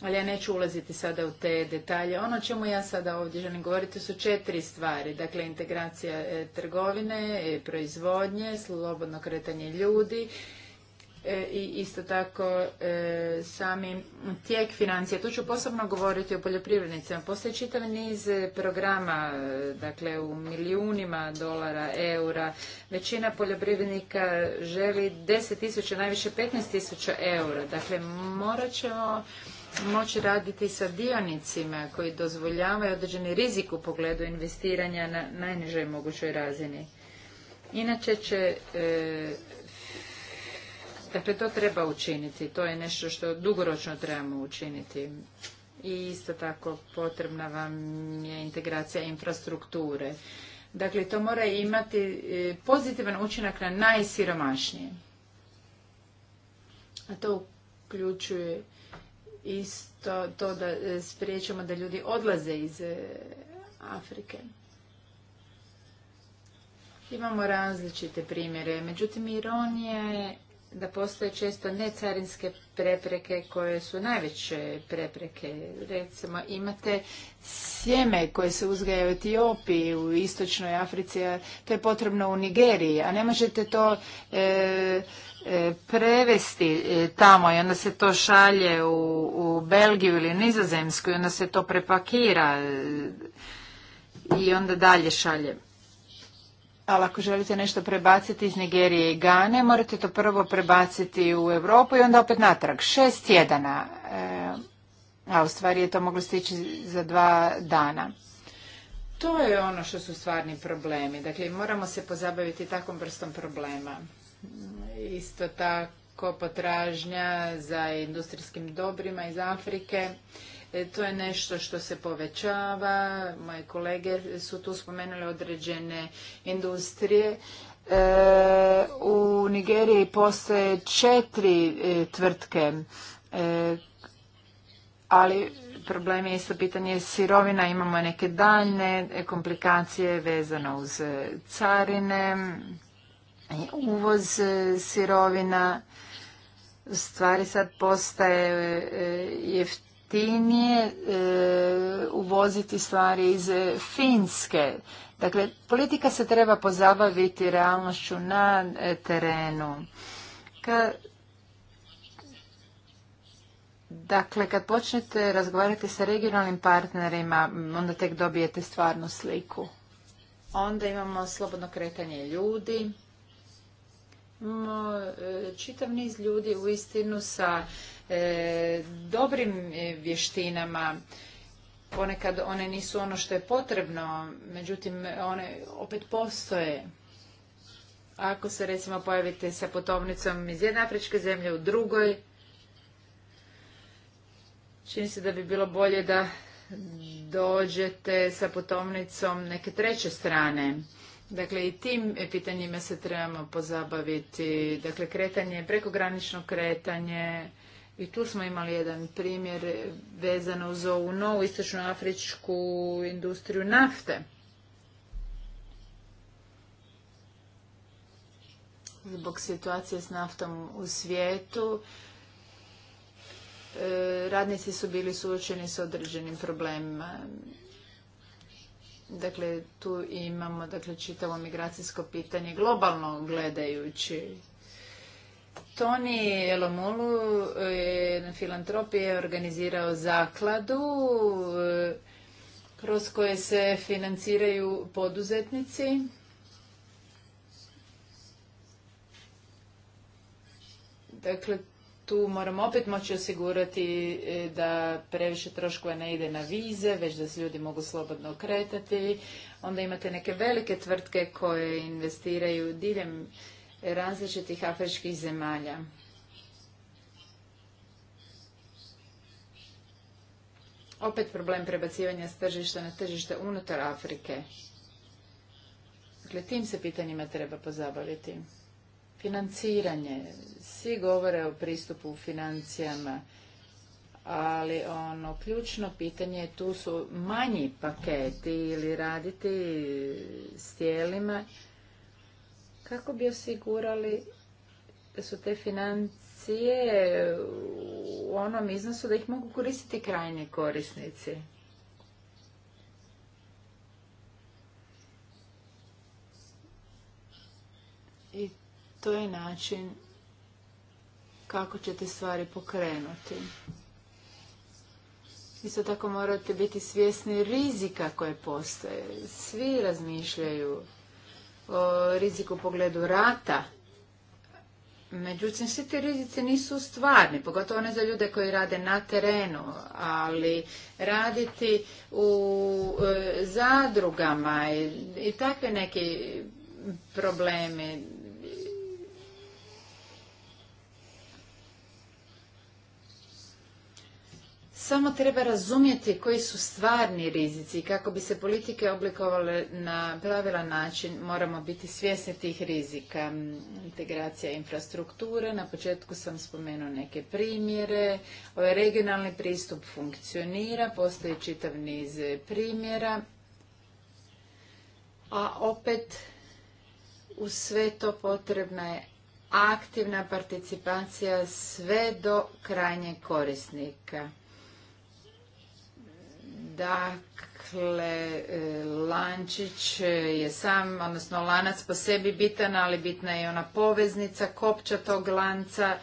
ali ja neću ulaziti sada u te detalje. Ono čemu ja sada ovdje želim govoriti su četiri stvari. Dakle, integracija e, trgovine, e, proizvodnje, slobodno kretanje ljudi, E, i isto tako e, sami tijek financija. Tu ću posebno govoriti o poljoprivrednicima. Postoji čitav niz e, programa, dakle u milijunima dolara, eura. Većina poljoprivrednika želi tisuća, najviše tisuća eura. Dakle, morat ćemo moći raditi sa dionicima koji dozvoljavaju određeni rizik u pogledu investiranja na najnižoj mogućoj razini. Inače će Dakle, to treba učiniti. To je nešto što dugoročno trebamo učiniti. I isto tako potrebna vam je integracija infrastrukture. Dakle, to mora imati e, pozitivan učinak na najsiromašnije. A to uključuje isto to da e, spriječamo da ljudi odlaze iz e, Afrike. Imamo različite primjere, međutim ironija je da postoje često necarinske prepreke koje su najveće prepreke. Recimo imate sjeme koje se uzgaja u Etiopiji, u Istočnoj Africi, a to je potrebno u Nigeriji, a ne možete to e, e prevesti e, tamo i onda se to šalje u, u Belgiju ili Nizozemsku i onda se to prepakira e, i onda dalje šalje ali ako želite nešto prebaciti iz Nigerije i Gane, morate to prvo prebaciti u Europu i onda opet natrag. Šest tjedana, e, a u stvari je to moglo stići za dva dana. To je ono što su stvarni problemi. Dakle, moramo se pozabaviti takvom vrstom problema. Isto tako potražnja za industrijskim dobrima iz Afrike E, to je nešto što se povećava. Moje kolege su tu spomenule određene industrije. E, u Nigeriji postoje četiri e, tvrtke, ali problem je isto pitanje sirovina, imamo neke daljne komplikacije vezano uz carine, uvoz sirovina, stvari sad postaje jeftinije jeftinije e, uvoziti stvari iz Finske. Dakle, politika se treba pozabaviti realnošću na e, terenu. dakle, kad počnete razgovarati sa regionalnim partnerima, onda tek dobijete stvarnu sliku. Onda imamo slobodno kretanje ljudi. Imamo e, čitav niz ljudi u istinu sa E, dobrim e, vještinama ponekad one nisu ono što je potrebno međutim one opet postoje ako se recimo pojavite sa putovnicom iz jedne afričke zemlje u drugoj čini se da bi bilo bolje da dođete sa putovnicom neke treće strane Dakle, i tim pitanjima se trebamo pozabaviti. Dakle, kretanje, prekogranično kretanje, i tu smo imali jedan primjer vezano uz ovu novu istočnoafričku industriju nafte. Zbog situacije s naftom u svijetu, e, radnici su bili suočeni s određenim problemima. Dakle, tu imamo dakle, čitavo migracijsko pitanje globalno gledajući Toni Elomolu, na eh, filantropiji je organizirao zakladu eh, kroz koje se financiraju poduzetnici. Dakle, tu moramo opet moći osigurati eh, da previše troškova ne ide na vize, već da se ljudi mogu slobodno okretati. Onda imate neke velike tvrtke koje investiraju diljem različitih afričkih zemalja. Opet problem prebacivanja s tržišta na tržište unutar Afrike. Dakle, tim se pitanjima treba pozabaviti. Financiranje. Svi govore o pristupu u financijama, ali ono ključno pitanje tu su manji paketi ili raditi s tijelima kako bi osigurali da su te financije u onom iznosu da ih mogu koristiti krajnji korisnici. I to je način kako ćete stvari pokrenuti. Isto tako morate biti svjesni rizika koje postoje. Svi razmišljaju riziku u pogledu rata. Međutim, svi ti rizici nisu stvarni, pogotovo ne za ljude koji rade na terenu, ali raditi u e, zadrugama i, i neki problemi Samo treba razumjeti koji su stvarni rizici i kako bi se politike oblikovale na pravilan način moramo biti svjesni tih rizika. Mm, integracija infrastrukture, na početku sam spomenuo neke primjere, ovaj regionalni pristup funkcionira, postoji čitav niz primjera, a opet u sve to potrebna je aktivna participacija sve do krajnjeg korisnika. Dakle, e, lančić je sam, odnosno lanac po sebi bitan, ali bitna je ona poveznica, kopča tog lanca.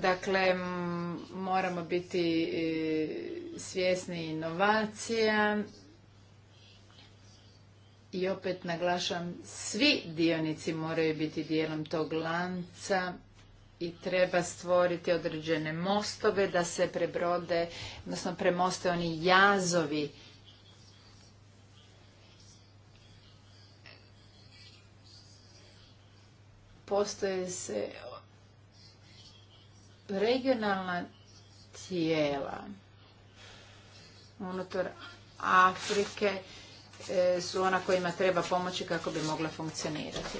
Dakle, moramo biti e, svjesni inovacija i opet naglašam, svi dionici moraju biti dijelom tog lanca i treba stvoriti određene mostove da se prebrode, odnosno premoste oni jazovi postoje se regionalna tijela unutar Afrike e, su ona kojima treba pomoći kako bi mogla funkcionirati.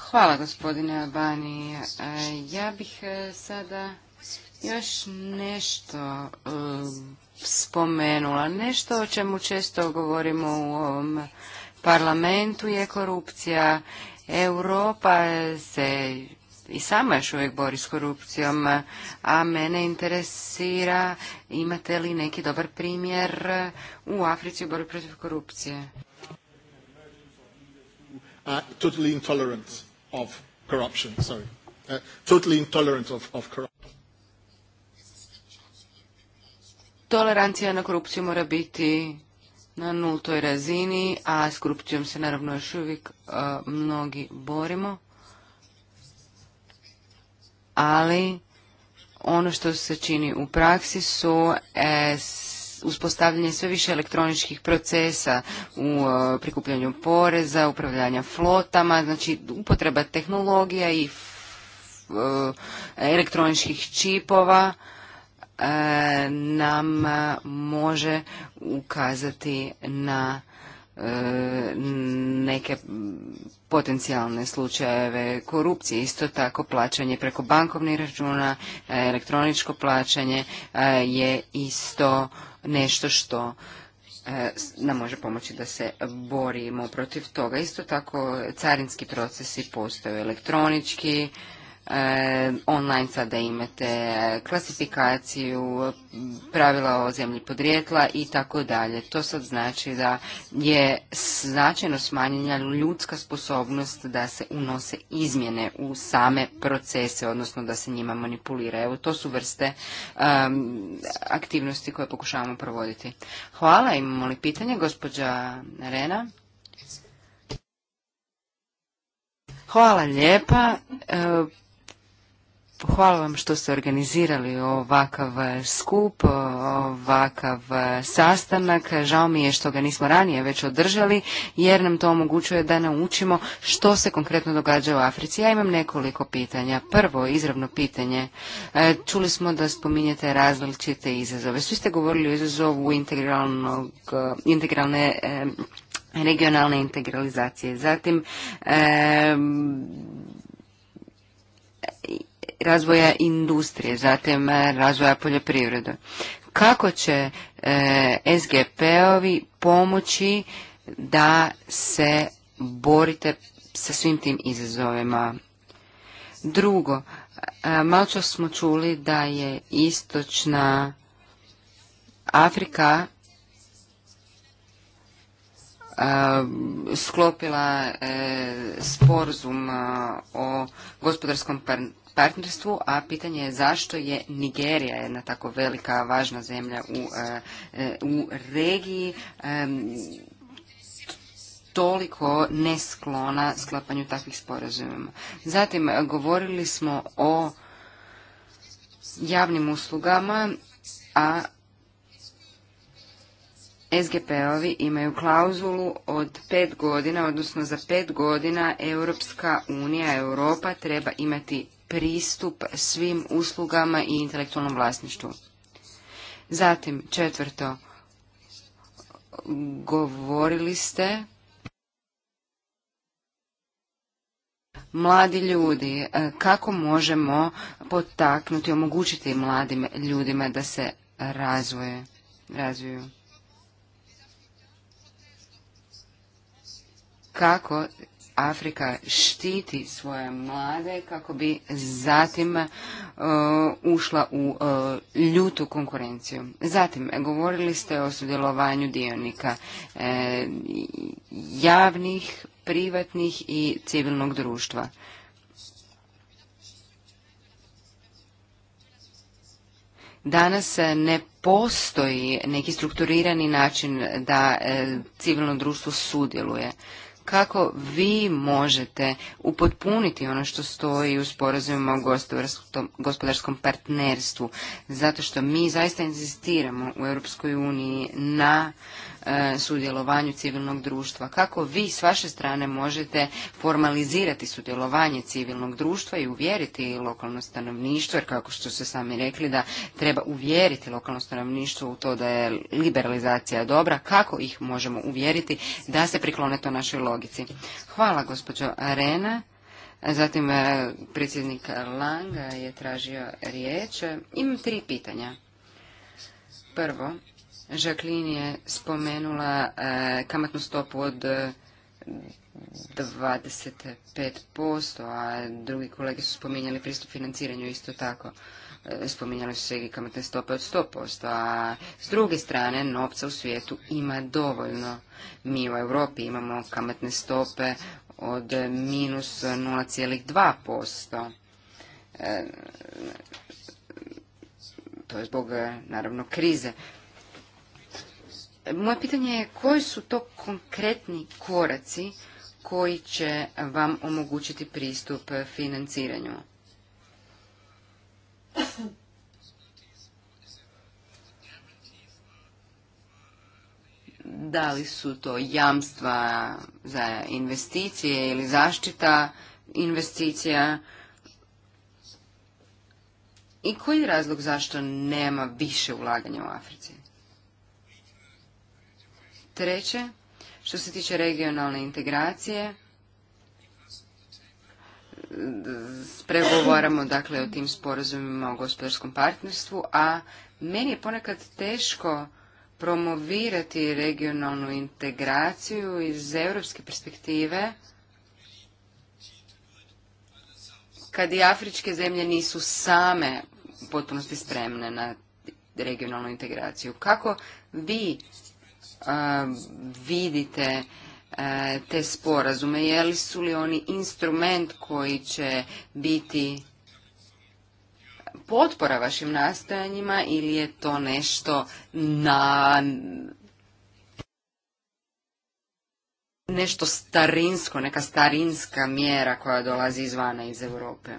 Hvala gospodine Albani. E, ja bih e, sada još nešto e, spomenula. Nešto o čemu često govorimo u ovom parlamentu je korupcija. Europa se i sama još uvijek bori s korupcijom, a mene interesira imate li neki dobar primjer u Africi u borbi protiv korupcije a uh, totally intolerant of corruption. Sorry, uh, totally intolerant of, of corruption. Tolerancija na korupciju mora biti na nultoj razini, a s korupcijom se naravno još uvijek uh, mnogi borimo. Ali ono što se čini u praksi su e, uspostavljanje sve više elektroničkih procesa u e, prikupljanju poreza, upravljanja flotama, znači upotreba tehnologija i e, elektroničkih čipova e, nam može ukazati na neke potencijalne slučajeve korupcije. Isto tako plaćanje preko bankovnih računa, e, elektroničko plaćanje e, je isto nešto što e, nam može pomoći da se borimo protiv toga. Isto tako carinski procesi postaju elektronički, E, online sada imate e, klasifikaciju, pravila o zemlji podrijetla i tako dalje. To sad znači da je značajno smanjenja ljudska sposobnost da se unose izmjene u same procese, odnosno da se njima manipulira. Evo, to su vrste aktivnosti koje pokušavamo provoditi. Hvala, imamo li pitanje, gospođa Rena? Hvala lijepa. E, Hvala vam što ste organizirali ovakav eh, skup, eh, ovakav eh, sastanak. Žao mi je što ga nismo ranije već održali, jer nam to omogućuje da naučimo što se konkretno događa u Africi. Ja imam nekoliko pitanja. Prvo, izravno pitanje. Čuli smo da spominjete različite izazove. Svi ste govorili o izazovu integralne regionalne integralizacije. Zatim, razvoja industrije, zatim e, razvoja poljoprivrede. Kako će e, SGP-ovi pomoći da se borite sa svim tim izazovima? Drugo, e, malo čas smo čuli da je istočna Afrika sklopila sporazum o gospodarskom partnerstvu, a pitanje je zašto je Nigerija jedna tako velika, važna zemlja u, e, e, u regiji toliko nesklona sklapanju takvih sporazumima. Zatim, govorili smo o javnim uslugama, a SGP-ovi imaju klauzulu od pet godina, odnosno za pet godina Europska unija, Europa treba imati pristup svim uslugama i intelektualnom vlasništvu. Zatim, četvrto, govorili ste mladi ljudi, e, kako možemo potaknuti, omogućiti mladim ljudima da se razvoje, razviju. Kako Afrika štiti svoje mlade kako bi zatim e, ušla u e, ljutu konkurenciju. Zatim, govorili ste o sudjelovanju dionika e, javnih, privatnih i civilnog društva. Danas ne postoji neki strukturirani način da civilno društvo sudjeluje kako vi možete upotpuniti ono što stoji u sporazumima o gospodarskom partnerstvu, zato što mi zaista insistiramo u Europskoj uniji na E, sudjelovanju civilnog društva. Kako vi s vaše strane možete formalizirati sudjelovanje civilnog društva i uvjeriti lokalno stanovništvo, jer kako što ste sami rekli da treba uvjeriti lokalno stanovništvo u to da je liberalizacija dobra, kako ih možemo uvjeriti da se priklone to našoj logici. Hvala gospođo Arena. Zatim e, predsjednik Langa je tražio riječ. Imam tri pitanja. Prvo, Žaklin je spomenula e, kamatnu stopu od 25%, e, a drugi kolege su spominjali pristup financiranju isto tako. E, spominjali su se i kamatne stope od 100%, a s druge strane novca u svijetu ima dovoljno. Mi u Europi imamo kamatne stope od minus 0,2%. To je zbog, naravno, krize. Moje pitanje je koji su to konkretni koraci koji će vam omogućiti pristup financiranju? Da li su to jamstva za investicije ili zaštita investicija? I koji je razlog zašto nema više ulaganja u Africi? Treće, što se tiče regionalne integracije, pregovaramo dakle o tim sporazumima o gospodarskom partnerstvu, a meni je ponekad teško promovirati regionalnu integraciju iz europske perspektive kad i afričke zemlje nisu same u potpunosti spremne na regionalnu integraciju. Kako vi vidite te sporazume? Je li su li oni instrument koji će biti potpora vašim nastojanjima ili je to nešto na nešto starinsko, neka starinska mjera koja dolazi izvana iz Europe.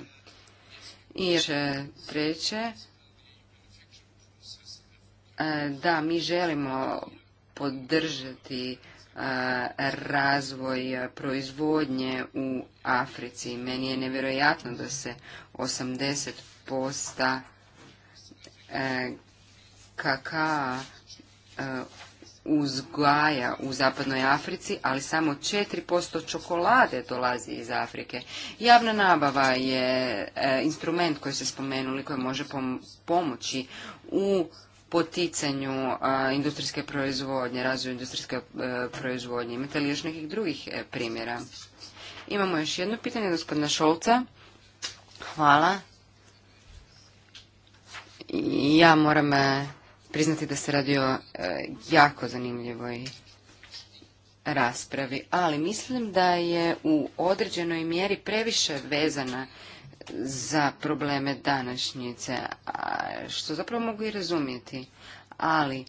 I e, treće, e, da, mi želimo podržati razvoj proizvodnje u Africi. Meni je nevjerojatno da se 80% e, kakaa e, uzgaja u zapadnoj Africi, ali samo 4% čokolade dolazi iz Afrike. Javna nabava je e, instrument koji se spomenuli koji može pomoći u poticanju industrijske proizvodnje, razvoju industrijske e, proizvodnje. Imate li još nekih drugih e, primjera? Imamo još jedno pitanje gospodina Šolca. Hvala. Ja moram e, priznati da se radi o jako zanimljivoj raspravi, ali mislim da je u određenoj mjeri previše vezana za probleme današnjice, što zapravo mogu i razumjeti. Ali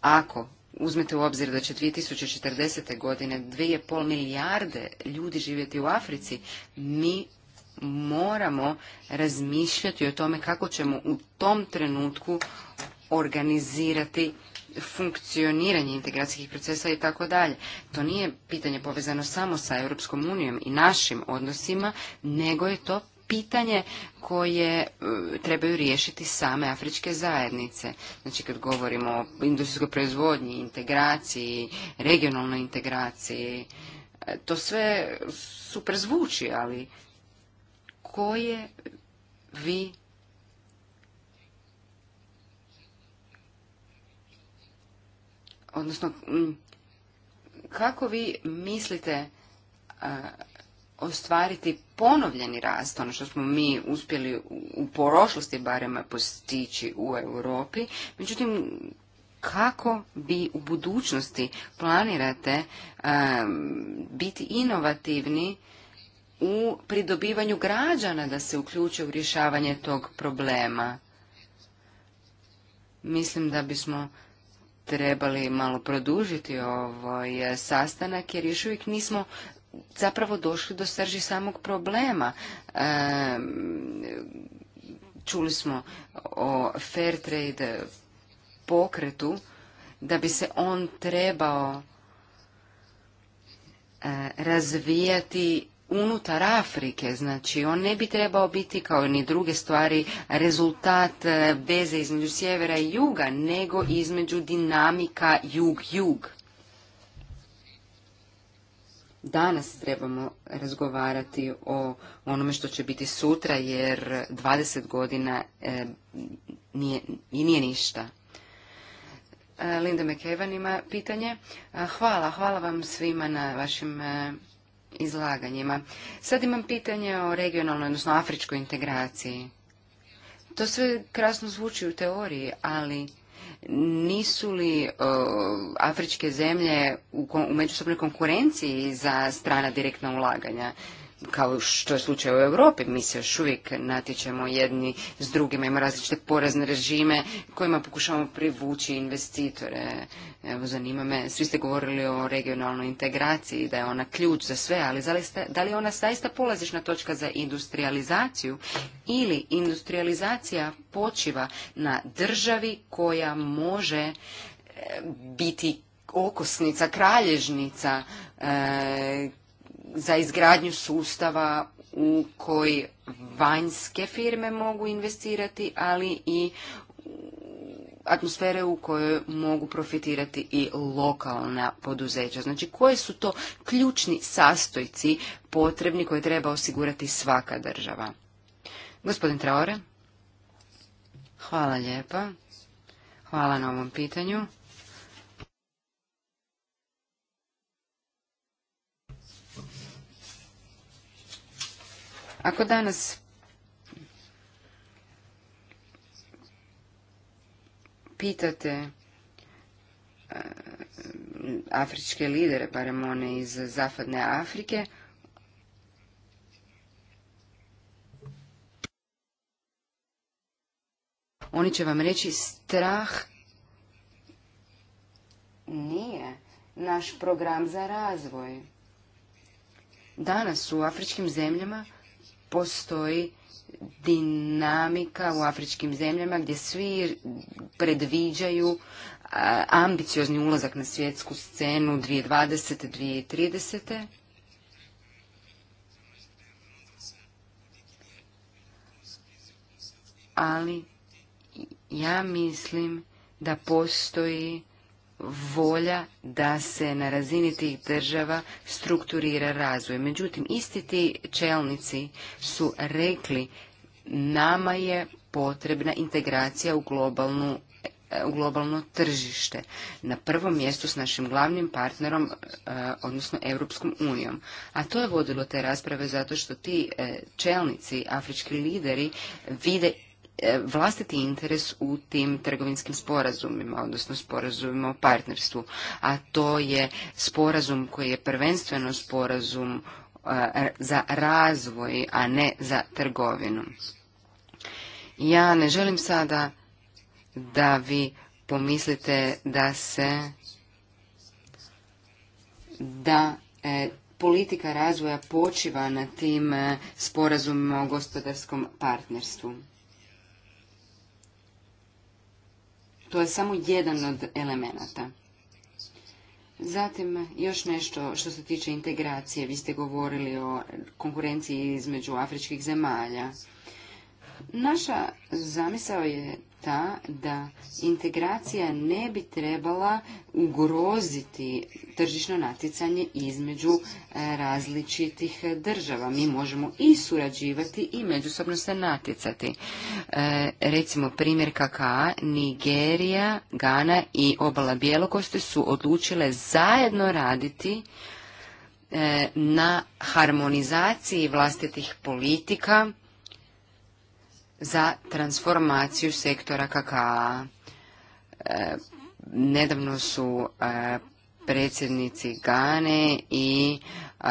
ako uzmete u obzir da će 2040. godine 2,5 milijarde ljudi živjeti u Africi, mi moramo razmišljati o tome kako ćemo u tom trenutku organizirati funkcioniranje integracijskih procesa i tako dalje. To nije pitanje povezano samo sa Europskom unijom i našim odnosima, nego je to pitanje koje e, trebaju riješiti same afričke zajednice. Znači kad govorimo o industrijskoj proizvodnji, integraciji, regionalnoj integraciji, e, to sve super zvuči, ali koje vi odnosno kako vi mislite ostvariti ponovljeni rast, ono što smo mi uspjeli u prošlosti barem postići u Europi. Međutim, kako bi u budućnosti planirate biti inovativni u pridobivanju građana da se uključe u rješavanje tog problema? Mislim da bismo trebali malo produžiti ovaj sastanak jer još uvijek nismo zapravo došli do srži samog problema. čuli smo o fair trade pokretu, da bi se on trebao e, razvijati unutar Afrike, znači on ne bi trebao biti kao ni druge stvari rezultat e, veze između sjevera i juga, nego između dinamika jug-jug danas trebamo razgovarati o onome što će biti sutra jer 20 godina e, nije, i nije ništa. E, Linda McEwan ima pitanje. E, hvala, hvala vam svima na vašim izlaganjima. Sad imam pitanje o regionalnoj, odnosno afričkoj integraciji. To sve krasno zvuči u teoriji, ali nisu li e, afričke zemlje u, u međusobnoj konkurenciji za strana direktna ulaganja? kao što je slučaj u Europi, mi se još uvijek natječemo jedni s drugima, imamo različite porezne režime kojima pokušavamo privući investitore. Evo, zanima me, svi ste govorili o regionalnoj integraciji, da je ona ključ za sve, ali da li je ona zaista polazišna točka za industrializaciju ili industrializacija počiva na državi koja može e, biti okosnica, kralježnica, e, za izgradnju sustava u koji vanjske firme mogu investirati, ali i atmosfere u kojoj mogu profitirati i lokalna poduzeća. Znači, koji su to ključni sastojci potrebni koje treba osigurati svaka država? Gospodin Traore. Hvala lijepa. Hvala na ovom pitanju. Ako danas pitate e, afričke lidere, barem one iz Zapadne Afrike, oni će vam reći strah nije naš program za razvoj. Danas u afričkim zemljama postoji dinamika u afričkim zemljama gdje svi predviđaju ambiciozni ulazak na svjetsku scenu 2020. 2030. Ali ja mislim da postoji volja da se na razini tih država strukturira razvoj. Međutim, isti ti čelnici su rekli nama je potrebna integracija u globalnu globalno tržište. Na prvom mjestu s našim glavnim partnerom, e, odnosno Europskom unijom. A to je vodilo te rasprave zato što ti e, čelnici, afrički lideri, vide E, vlastiti interes u tim trgovinskim sporazumima, odnosno sporazumima o partnerstvu, a to je sporazum koji je prvenstveno sporazum e, za razvoj, a ne za trgovinu. Ja ne želim sada da vi pomislite da se da e, politika razvoja počiva na tim sporazumima o gospodarskom partnerstvu. To je samo jedan od elemenata. Zatim, još nešto što se tiče integracije. Vi ste govorili o konkurenciji između afričkih zemalja. Naša zamisao je ta da integracija ne bi trebala ugroziti tržišno natjecanje između e, različitih država. Mi možemo i surađivati i međusobno se natjecati. E, recimo primjer KKA, Nigerija, Gana i obala Bjelokosti su odlučile zajedno raditi e, na harmonizaciji vlastitih politika za transformaciju sektora kakaa. E, nedavno su e, predsjednici Gane i e,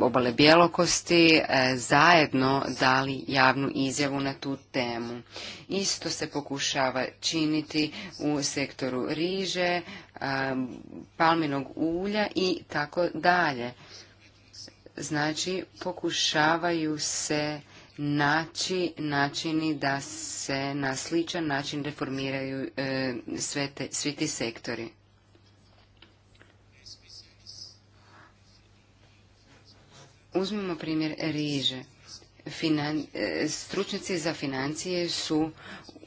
obale bjelokosti zajedno dali javnu izjavu na tu temu. Isto se pokušava činiti u sektoru riže, palminog ulja i tako dalje. Znači, pokušavaju se naći načini da se na sličan način reformiraju e, svi ti sektori. Uzmimo primjer riže. Finan, e, stručnjaci za financije su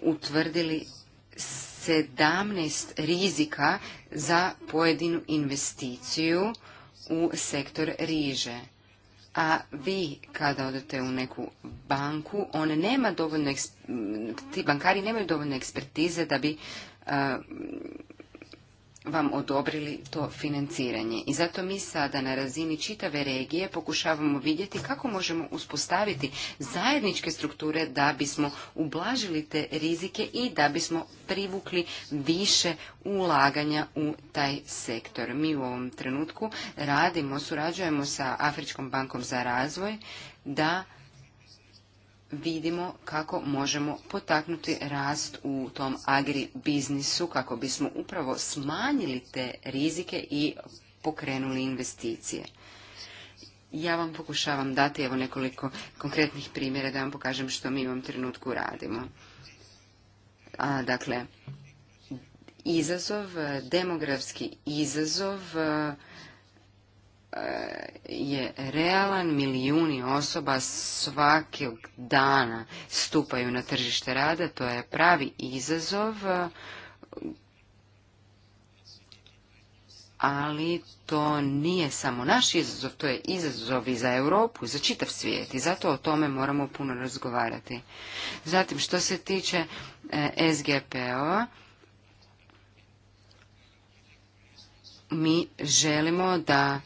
utvrdili 17 rizika za pojedinu investiciju u sektor riže a vi kada odete u neku banku, one nema dovoljno, ti bankari nemaju dovoljno ekspertize da bi vam odobrili to financiranje. I zato mi sada na razini čitave regije pokušavamo vidjeti kako možemo uspostaviti zajedničke strukture da bismo ublažili te rizike i da bismo privukli više ulaganja u taj sektor. Mi u ovom trenutku radimo, surađujemo sa Afričkom bankom za razvoj da vidimo kako možemo potaknuti rast u tom agri kako bismo upravo smanjili te rizike i pokrenuli investicije. Ja vam pokušavam dati evo nekoliko konkretnih primjera da vam pokažem što mi u ovom trenutku radimo. dakle, izazov, demografski izazov je realan, milijuni osoba svakog dana stupaju na tržište rada, to je pravi izazov, ali to nije samo naš izazov, to je izazov i za Europu, i za čitav svijet i zato o tome moramo puno razgovarati. Zatim, što se tiče eh, sgp sgpo mi želimo da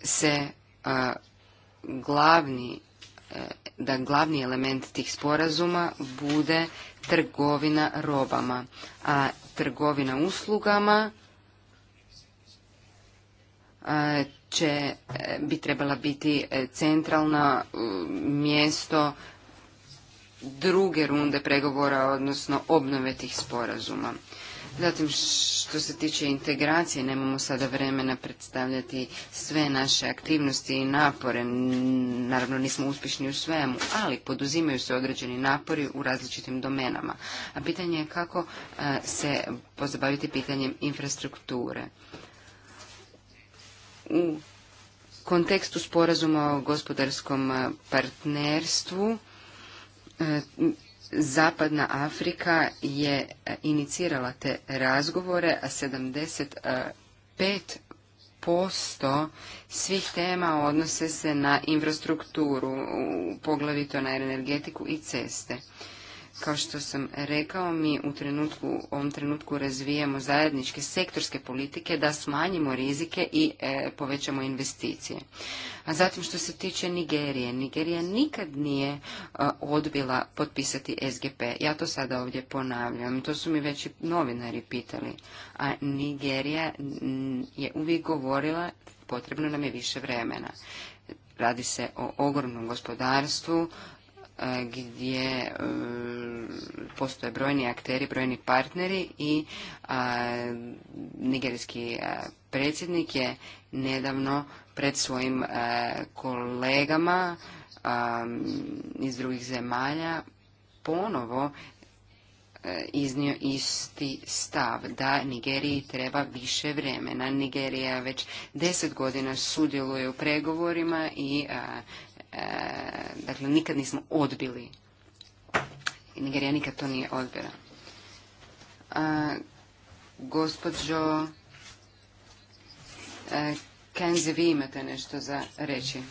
se glavni e, da glavni element tih sporazuma bude trgovina robama, a trgovina uslugama će e, bi trebala biti e, centralna mjesto druge runde pregovora, odnosno obnove tih sporazuma. Zatim što se tiče integracije, nemamo sada vremena predstavljati sve naše aktivnosti i napore. Naravno nismo uspješni u svemu, ali poduzimaju se određeni napori u različitim domenama. A pitanje je kako e, se pozabaviti pitanjem infrastrukture. U kontekstu sporazuma o gospodarskom e, partnerstvu e, Zapadna Afrika je e, inicirala te razgovore, a 75% svih tema odnose se na infrastrukturu, poglavito na energetiku i ceste. Kao što sam rekao, mi u trenutku, u ovom trenutku razvijamo zajedničke sektorske politike da smanjimo rizike i e, povećamo investicije. A zatim što se tiče Nigerije, Nigerija nikad nije e, odbila potpisati SGP. Ja to sada ovdje ponavljam, to su mi već i novinari pitali. A Nigerija je uvijek govorila potrebno nam je više vremena. Radi se o ogromnom gospodarstvu, gdje e, postoje brojni akteri, brojni partneri i nigerijski e, predsjednik je nedavno pred svojim e, kolegama iz drugih zemalja ponovo iznio isti stav da Nigeriji treba više vremena. Nigerija već deset godina sudjeluje u pregovorima i E, dakle nikad nismo odbili i Nigerija nikad to nije odbila. E, gospođo e, Kenzi, vi imate nešto za reći.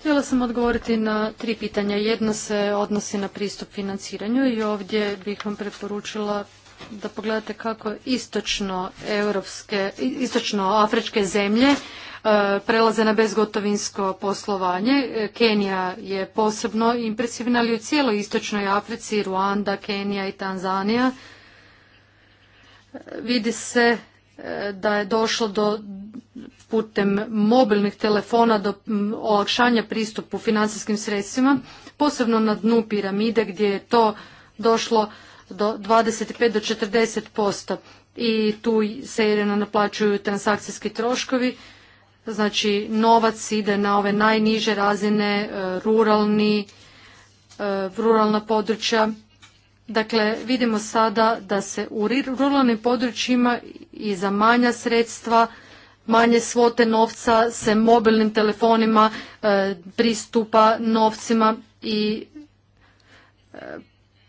Htjela sam odgovoriti na tri pitanja. Jedno se odnosi na pristup financiranju i ovdje bih vam preporučila da pogledate kako istočno europske, istočno afričke zemlje E, prelaze na bezgotovinsko poslovanje. E, Kenija je posebno impresivna, ali u cijeloj istočnoj Africi, Ruanda, Kenija i Tanzanija e, vidi se da je došlo do putem mobilnih telefona do olakšanja pristupu financijskim sredstvima, posebno na dnu piramide gdje je to došlo do 25 do 40 posto i tu se jedino naplaćuju transakcijski troškovi Znači novac ide na ove najniže razine, e, ruralni, e, ruralna područja. Dakle, vidimo sada da se u ruralnim područjima i za manja sredstva, manje svote novca se mobilnim telefonima e, pristupa novcima i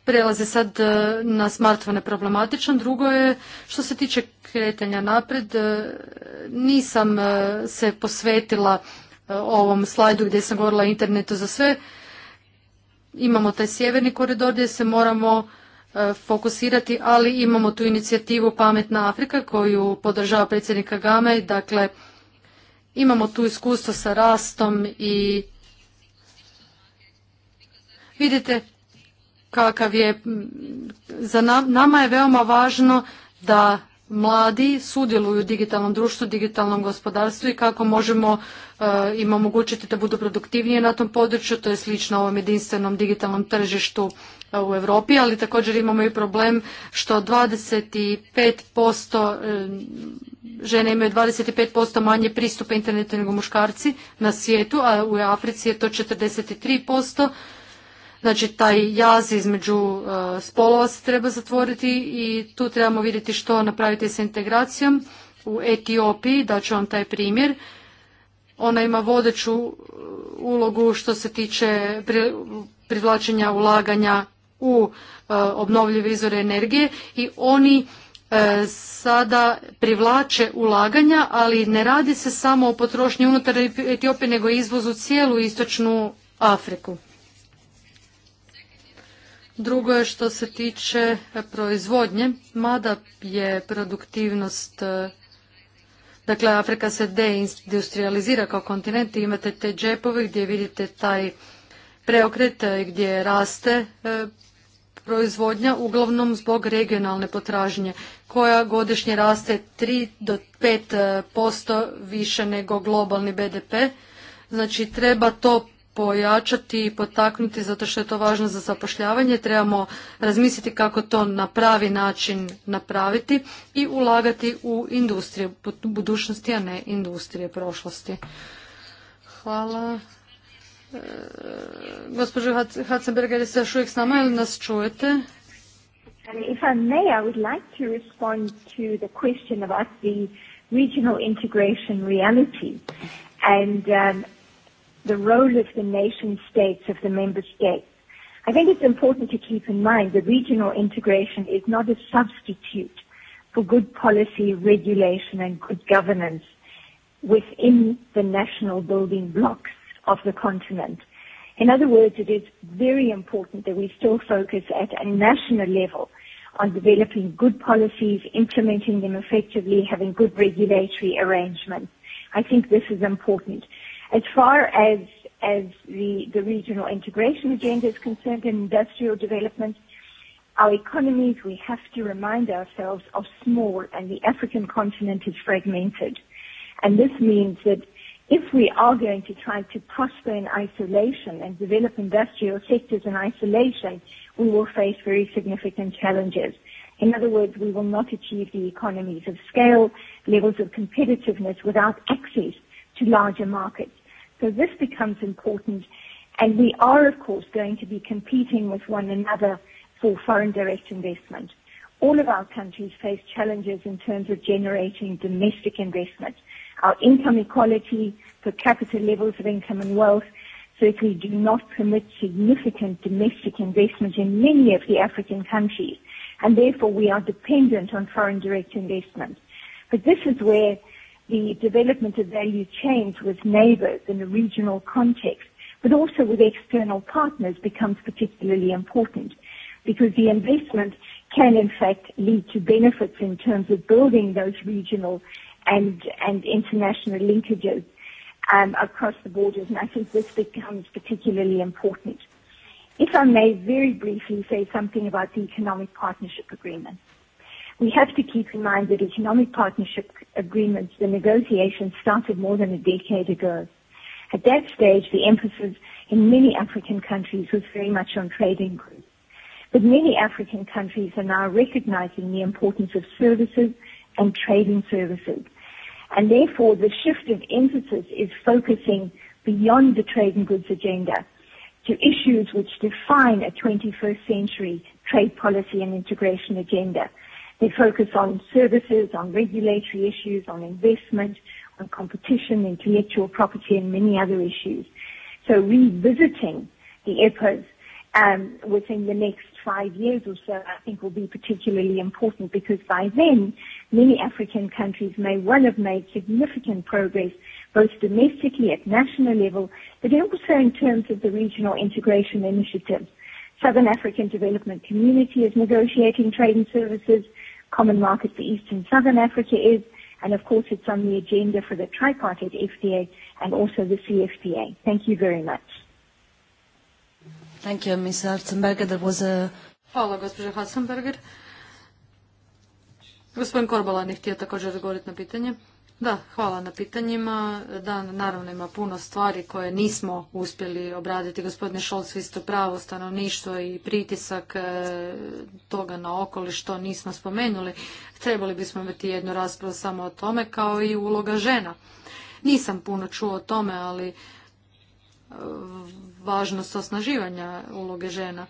prelaze sad na smartfone problematičan. Drugo je što se tiče kretanja napred, nisam e, se posvetila e, ovom slajdu gdje sam govorila o internetu za sve. Imamo taj sjeverni koridor gdje se moramo e, fokusirati, ali imamo tu inicijativu Pametna Afrika koju podržava predsjednik Kagame. Dakle, imamo tu iskustvo sa rastom i vidite kakav je, za nama je veoma važno da mladi sudjeluju u digitalnom društvu, digitalnom gospodarstvu i kako možemo eh, im omogućiti da budu produktivnije na tom području. To je slično ovom jedinstvenom digitalnom tržištu eh, u Europi, ali također imamo i problem što 25% eh, žene imaju 25% manje pristupa internetu nego muškarci na svijetu, a u Africi je to 43%. Znači, taj jaz između e, spolova se treba zatvoriti i tu trebamo vidjeti što napraviti sa integracijom. U Etiopiji, ću vam taj primjer, ona ima vodeću e, ulogu što se tiče privlačenja ulaganja u e, obnovljive izvore energije i oni sada privlače ulaganja, ali ne radi se samo o potrošnji unutar Etiopije, nego izvozu cijelu istočnu Afriku. Drugo je što se tiče e, proizvodnje, mada je produktivnost, e, dakle Afrika se deindustrializira kao kontinent i imate te džepove gdje vidite taj preokret e, gdje raste proizvodnja uglavnom zbog regionalne potražnje koja godišnje raste 3 do 5% više nego globalni BDP. Znači treba to pojačati i potaknuti zato što je to važno za zapošljavanje. Trebamo razmisliti kako to na pravi način napraviti i ulagati u industriju budućnosti, a ne industrije prošlosti. Hvala. E, gospođo Hatzenberger, jeste još uvijek s nama ili nas čujete? Um, if I would like to respond to the question about the regional integration reality. And um, the role of the nation states of the member states. I think it's important to keep in mind that regional integration is not a substitute for good policy, regulation, and good governance within the national building blocks of the continent. In other words, it is very important that we still focus at a national level on developing good policies, implementing them effectively, having good regulatory arrangements. I think this is important. As far as as the the regional integration agenda is concerned in industrial development, our economies, we have to remind ourselves, are small, and the African continent is fragmented. And This means that if we are going to try to prosper in isolation and develop industrial sectors in isolation, we will face very significant challenges. In other words, we will not achieve the economies of scale, levels of competitiveness without access to larger markets. So This becomes important, and we are, of course, going to be competing with one another for foreign direct investment. All of our countries face challenges in terms of generating domestic investment. Our income equality, per capita levels of income and wealth certainly do not permit significant domestic investment in many of the African countries, and therefore we are dependent on foreign direct investment. But This is where the development of value chains with neighbors in a regional context, but also with external partners, becomes particularly important because the investment can in fact lead to benefits in terms of building those regional and and international linkages um across the borders. And I think this becomes particularly important. If I may very briefly say something about the Economic Partnership Agreement. We have to keep in mind that economic partnership agreements, the negotiations started more than a decade ago. At that stage, the emphasis in many African countries was very much on trading groups. Many African countries are now recognizing the importance of services and trading services, and therefore the shift of emphasis is focusing beyond the trade and goods agenda to issues which define a 21st century trade policy and integration agenda. They focus on services, on regulatory issues, on investment, on competition, intellectual property, and many other issues. So revisiting the EPOs um, within the next five years or so, I think will be particularly important because by then, many African countries may well have made significant progress, both domestically at national level, but also in terms of the regional integration initiatives. Southern African Development Community is negotiating trade and services common market for Eastern Southern Africa is, and of course, it's on the agenda for the tripartite FDA and also the CFDA. Thank you very much. Thank you, Ms. Hartzenberger. There was a... Hvala, gospođa Hartzenberger. Gospodin Korbala ne htio također odgovoriti na pitanje. Da, hvala na pitanjima. Da, naravno ima puno stvari koje nismo uspjeli obraditi. Gospodine Šolc, vi ste pravo stanovništvo i pritisak e, toga na okoli što nismo spomenuli. Trebali bismo imati jednu raspravu samo o tome, kao i uloga žena. Nisam puno čuo o tome, ali e, važnost osnaživanja uloge žena.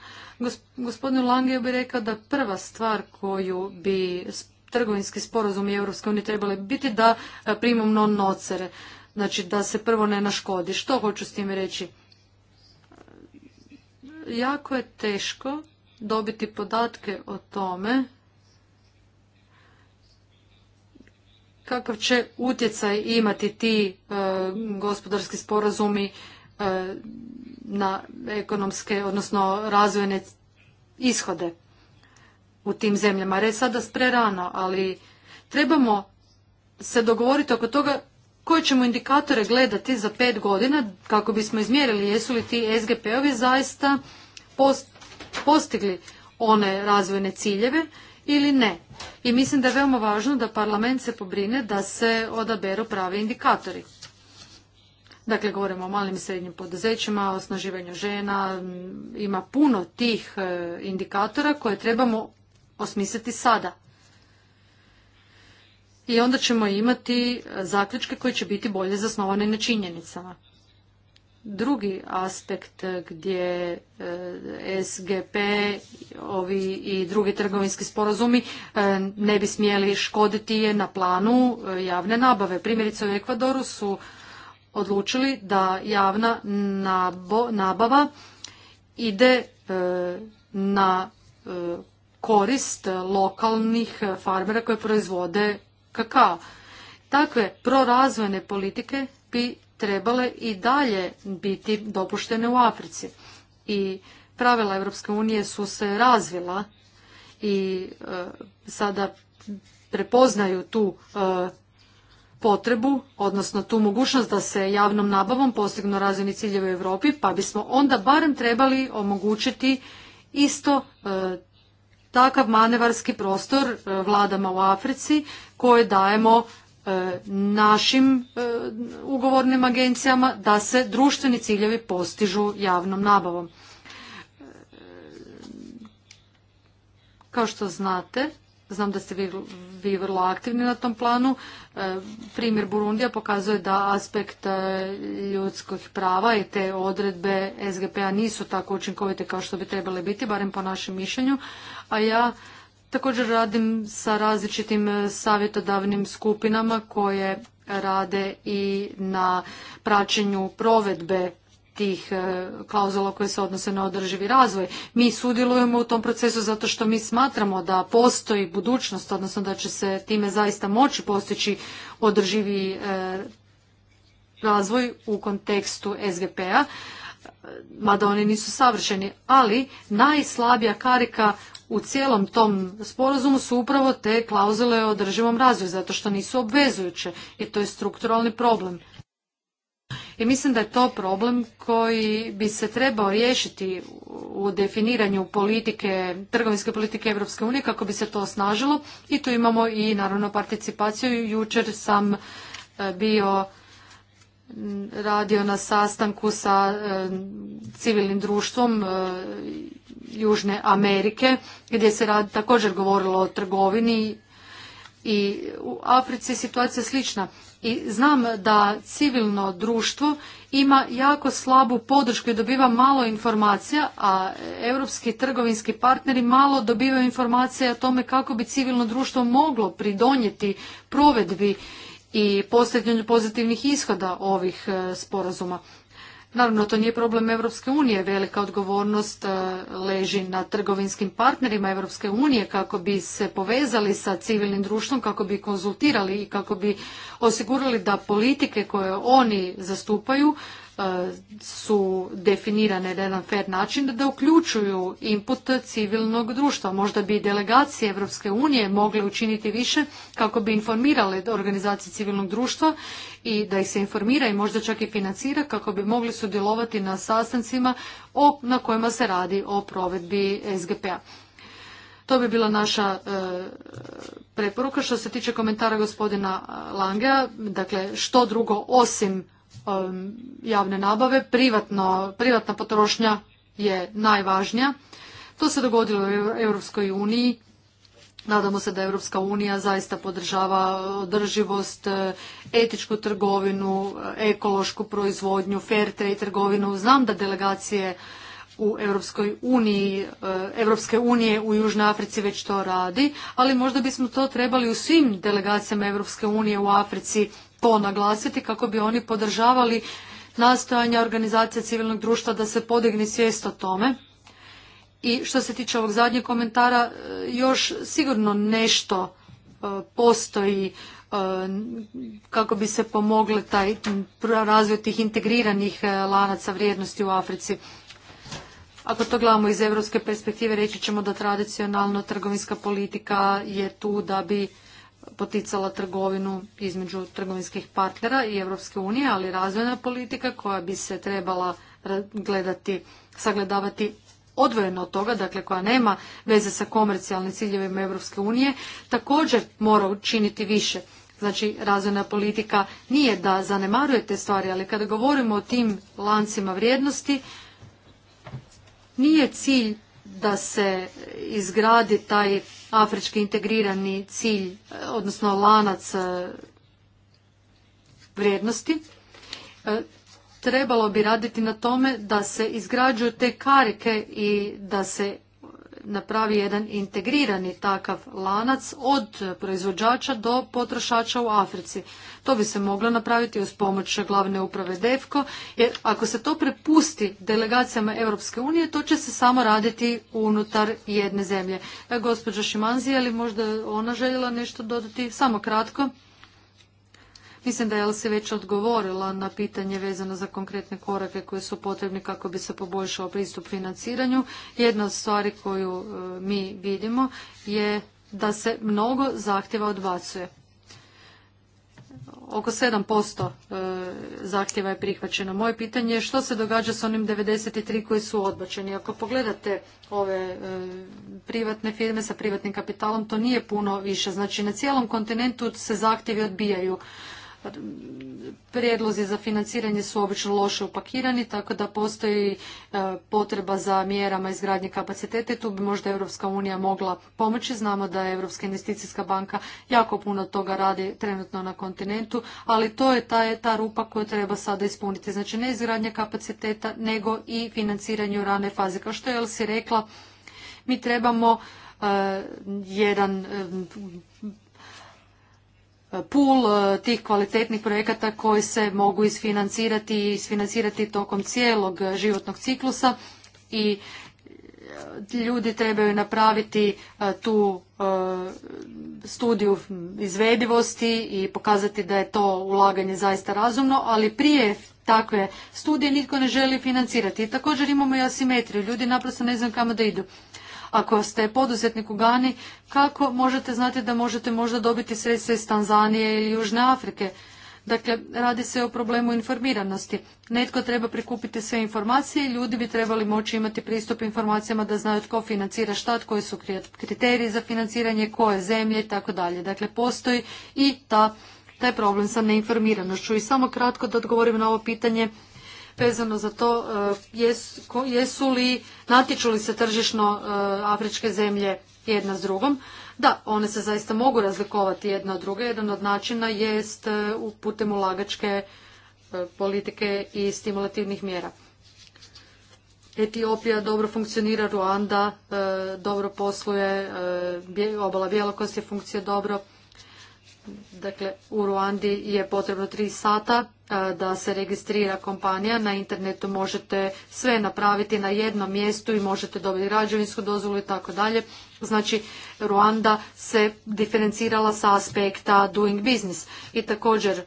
Gospodin Lange bi rekao da prva stvar koju bi trgovinski sporozumi Europske unije trebali biti da e, primu non nocere, znači da se prvo ne naškodi. Što hoću s tim reći? Jako je teško dobiti podatke o tome kakav će utjecaj imati ti e, gospodarski sporazumi e, na ekonomske, odnosno razvojne ishode u tim zemljama. re sada sada prerano, ali trebamo se dogovoriti oko toga koje ćemo indikatore gledati za pet godina kako bismo izmjerili jesu li ti SGP-ovi zaista postigli one razvojne ciljeve ili ne. I mislim da je veoma važno da parlament se pobrine da se odaberu pravi indikatori. Dakle, govorimo o malim i srednjim poduzećima, osnaživanju žena, ima puno tih e, indikatora koje trebamo osmisliti sada. I onda ćemo imati zaključke koji će biti bolje zasnovane na činjenicama. Drugi aspekt gdje e, SGP ovi i drugi trgovinski sporazumi e, ne bi smjeli škoditi je na planu e, javne nabave. Primjerice u Ekvadoru su odlučili da javna nabava ide na korist lokalnih farmera koje proizvode kakao. Takve prorazvojne politike bi trebale i dalje biti dopuštene u Africi. I pravila Europske unije su se razvila i e, sada prepoznaju tu e, potrebu, odnosno tu mogućnost da se javnom nabavom postignu razvojni ciljevi u Europi, pa bismo onda barem trebali omogućiti isto e, takav manevarski prostor e, vladama u Africi koje dajemo e, našim e, ugovornim agencijama da se društveni ciljevi postižu javnom nabavom. Kao što znate, znam da ste vi, vrlo aktivni na tom planu, primjer Burundija pokazuje da aspekt ljudskih prava i te odredbe SGP-a nisu tako učinkovite kao što bi trebale biti, barem po našem mišljenju, a ja također radim sa različitim e, savjetodavnim skupinama koje rade i na praćenju provedbe tih e, klauzula koje se odnose na održivi razvoj. Mi sudjelujemo u tom procesu zato što mi smatramo da postoji budućnost, odnosno da će se time zaista moći postići održivi e, razvoj u kontekstu SGP-a, mada oni nisu savršeni, ali najslabija karika u cijelom tom sporazumu su upravo te klauzule o održivom razvoju, zato što nisu obvezujuće i to je strukturalni problem. I mislim da je to problem koji bi se trebao riješiti u definiranju politike, trgovinske politike Europske unije kako bi se to osnažilo i tu imamo i naravno participaciju. Jučer sam e, bio radio na sastanku sa e, civilnim društvom e, Južne Amerike gdje se rad, također govorilo o trgovini i u Africi je situacija slična. I znam da civilno društvo ima jako slabu podršku i dobiva malo informacija, a europski trgovinski partneri malo dobivaju informacije o tome kako bi civilno društvo moglo pridonijeti provedbi i postavljanju pozitivnih ishoda ovih e, sporazuma. Naravno, to nije problem Europske unije. Velika odgovornost e, leži na trgovinskim partnerima Europske unije kako bi se povezali sa civilnim društvom, kako bi konzultirali i kako bi osigurali da politike koje oni zastupaju E, su definirane na jedan fair način da uključuju input civilnog društva. Možda bi delegacije Europske unije mogle učiniti više kako bi informirale organizacije civilnog društva i da ih se informira i možda čak i financira kako bi mogli sudjelovati na sastancima na kojima se radi o provedbi SGP-a. To bi bila naša e, preporuka. Što se tiče komentara gospodina Langea, dakle što drugo osim Um, javne nabave, privatno, privatna potrošnja je najvažnija. To se dogodilo u Europskoj uniji. Nadamo se da Europska unija zaista podržava održivost, etičku trgovinu, ekološku proizvodnju, fair trade trgovinu. Znam da delegacije u Europskoj uniji, eh, Europske unije u Južnoj Africi već to radi, ali možda bismo to trebali u svim delegacijama Europske unije u Africi ponaglasiti naglasiti kako bi oni podržavali nastojanja organizacije civilnog društva da se podigne svijest o tome. I što se tiče ovog zadnjeg komentara, e, još sigurno nešto e, postoji e, kako bi se pomogle taj razvoj tih integriranih lanaca vrijednosti u Africi. Ako to gledamo iz europske perspektive, reći ćemo da tradicionalno trgovinska politika je tu da bi poticala trgovinu između trgovinskih partnera i Europske unije, ali razvojna politika koja bi se trebala gledati, sagledavati odvojeno od toga, dakle koja nema veze sa komercijalnim ciljevima Europske unije, također mora učiniti više. Znači, razvojna politika nije da zanemaruje te stvari, ali kada govorimo o tim lancima vrijednosti, nije cilj da se izgradi taj afrički integrirani cilj, eh, odnosno lanac eh, vrijednosti, eh, trebalo bi raditi na tome da se izgrađuju te karike i da se napravi jedan integrirani takav lanac od proizvođača do potrošača u Africi. To bi se moglo napraviti uz pomoć glavne uprave DEFKO, jer ako se to prepusti delegacijama Europske unije, to će se samo raditi unutar jedne zemlje. E, Gospođa Šimanzi, je li možda ona željela nešto dodati? Samo kratko. Mislim da je se već odgovorila na pitanje vezano za konkretne korake koje su potrebni kako bi se poboljšao pristup financiranju. Jedna od stvari koju e, mi vidimo je da se mnogo zahtjeva odbacuje. Oko 7% e, zahtjeva je prihvaćeno. Moje pitanje je što se događa s onim 93 koji su odbačeni. Ako pogledate ove e, privatne firme sa privatnim kapitalom, to nije puno više. Znači na cijelom kontinentu se zahtjevi odbijaju prijedlozi za financiranje su obično loše upakirani, tako da postoji e, potreba za mjerama izgradnje kapacitete. Tu bi možda Europska unija mogla pomoći. Znamo da je Europska investicijska banka jako puno toga radi trenutno na kontinentu, ali to je ta, ta rupa koju treba sada ispuniti. Znači ne izgradnja kapaciteta, nego i financiranje u rane faze. Kao što je Elsi rekla, mi trebamo e, jedan e, E, pul e, tih kvalitetnih projekata koji se mogu isfinancirati i isfinancirati tokom cijelog životnog ciklusa i e, ljudi trebaju napraviti tu studiju izvedivosti i pokazati da je to ulaganje zaista razumno, ali prije takve studije nitko ne želi financirati. I također imamo i asimetriju, ljudi naprosto ne znaju kamo da idu. Ako ste poduzetnik u Gani, kako možete znati da možete možda dobiti sredstva iz Tanzanije ili Južne Afrike? Dakle, radi se o problemu informiranosti. Netko treba prikupiti sve informacije i ljudi bi trebali moći imati pristup informacijama da znaju tko financira šta, koji su kriteriji za financiranje, koje zemlje i tako dalje. Dakle, postoji i ta, taj problem sa neinformiranošću. I samo kratko da odgovorim na ovo pitanje vezano za to e, jesu li, natječu li se tržišno e, afričke zemlje jedna s drugom. Da, one se zaista mogu razlikovati jedna od druge. Jedan od načina jest e, putem ulagačke politike i stimulativnih mjera. Etiopija dobro funkcionira, Ruanda dobro posluje, obala je funkcija dobro. Dakle, u Ruandi je potrebno tri sata e, da se registrira kompanija. Na internetu možete sve napraviti na jednom mjestu i možete dobiti građevinsku dozvolu i tako dalje. Znači, Ruanda se diferencirala sa aspekta doing business i također e,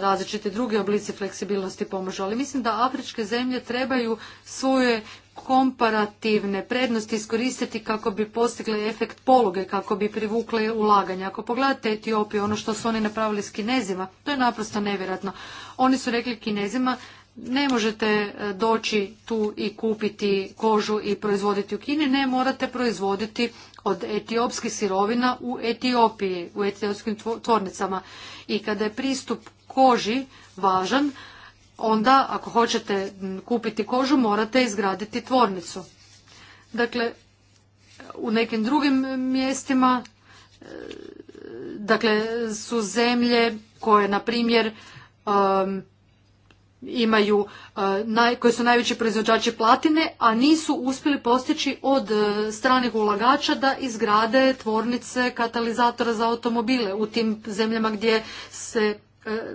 različite druge oblici fleksibilnosti pomažu. Ali mislim da afričke zemlje trebaju svoje komparativne prednosti iskoristiti kako bi postigle efekt poluge, kako bi privukle ulaganja. Ako pogledate Etiopiju, ono što su oni napravili s Kinezima, to je naprosto nevjerojatno. Oni su rekli Kinezima ne možete e, doći tu i kupiti kožu i proizvoditi u Kini, ne morate proizvoditi od etiopskih sirovina u Etiopiji, u etiopskim tvornicama. I kada je pristup koži važan, onda ako hoćete kupiti kožu morate izgraditi tvornicu. Dakle, u nekim drugim mjestima e, dakle su zemlje koje na primjer imaju uh, naj, koje su najveći proizvođači platine, a nisu uspjeli postići od e, stranih ulagača da izgrade tvornice katalizatora za automobile u tim zemljama gdje se E,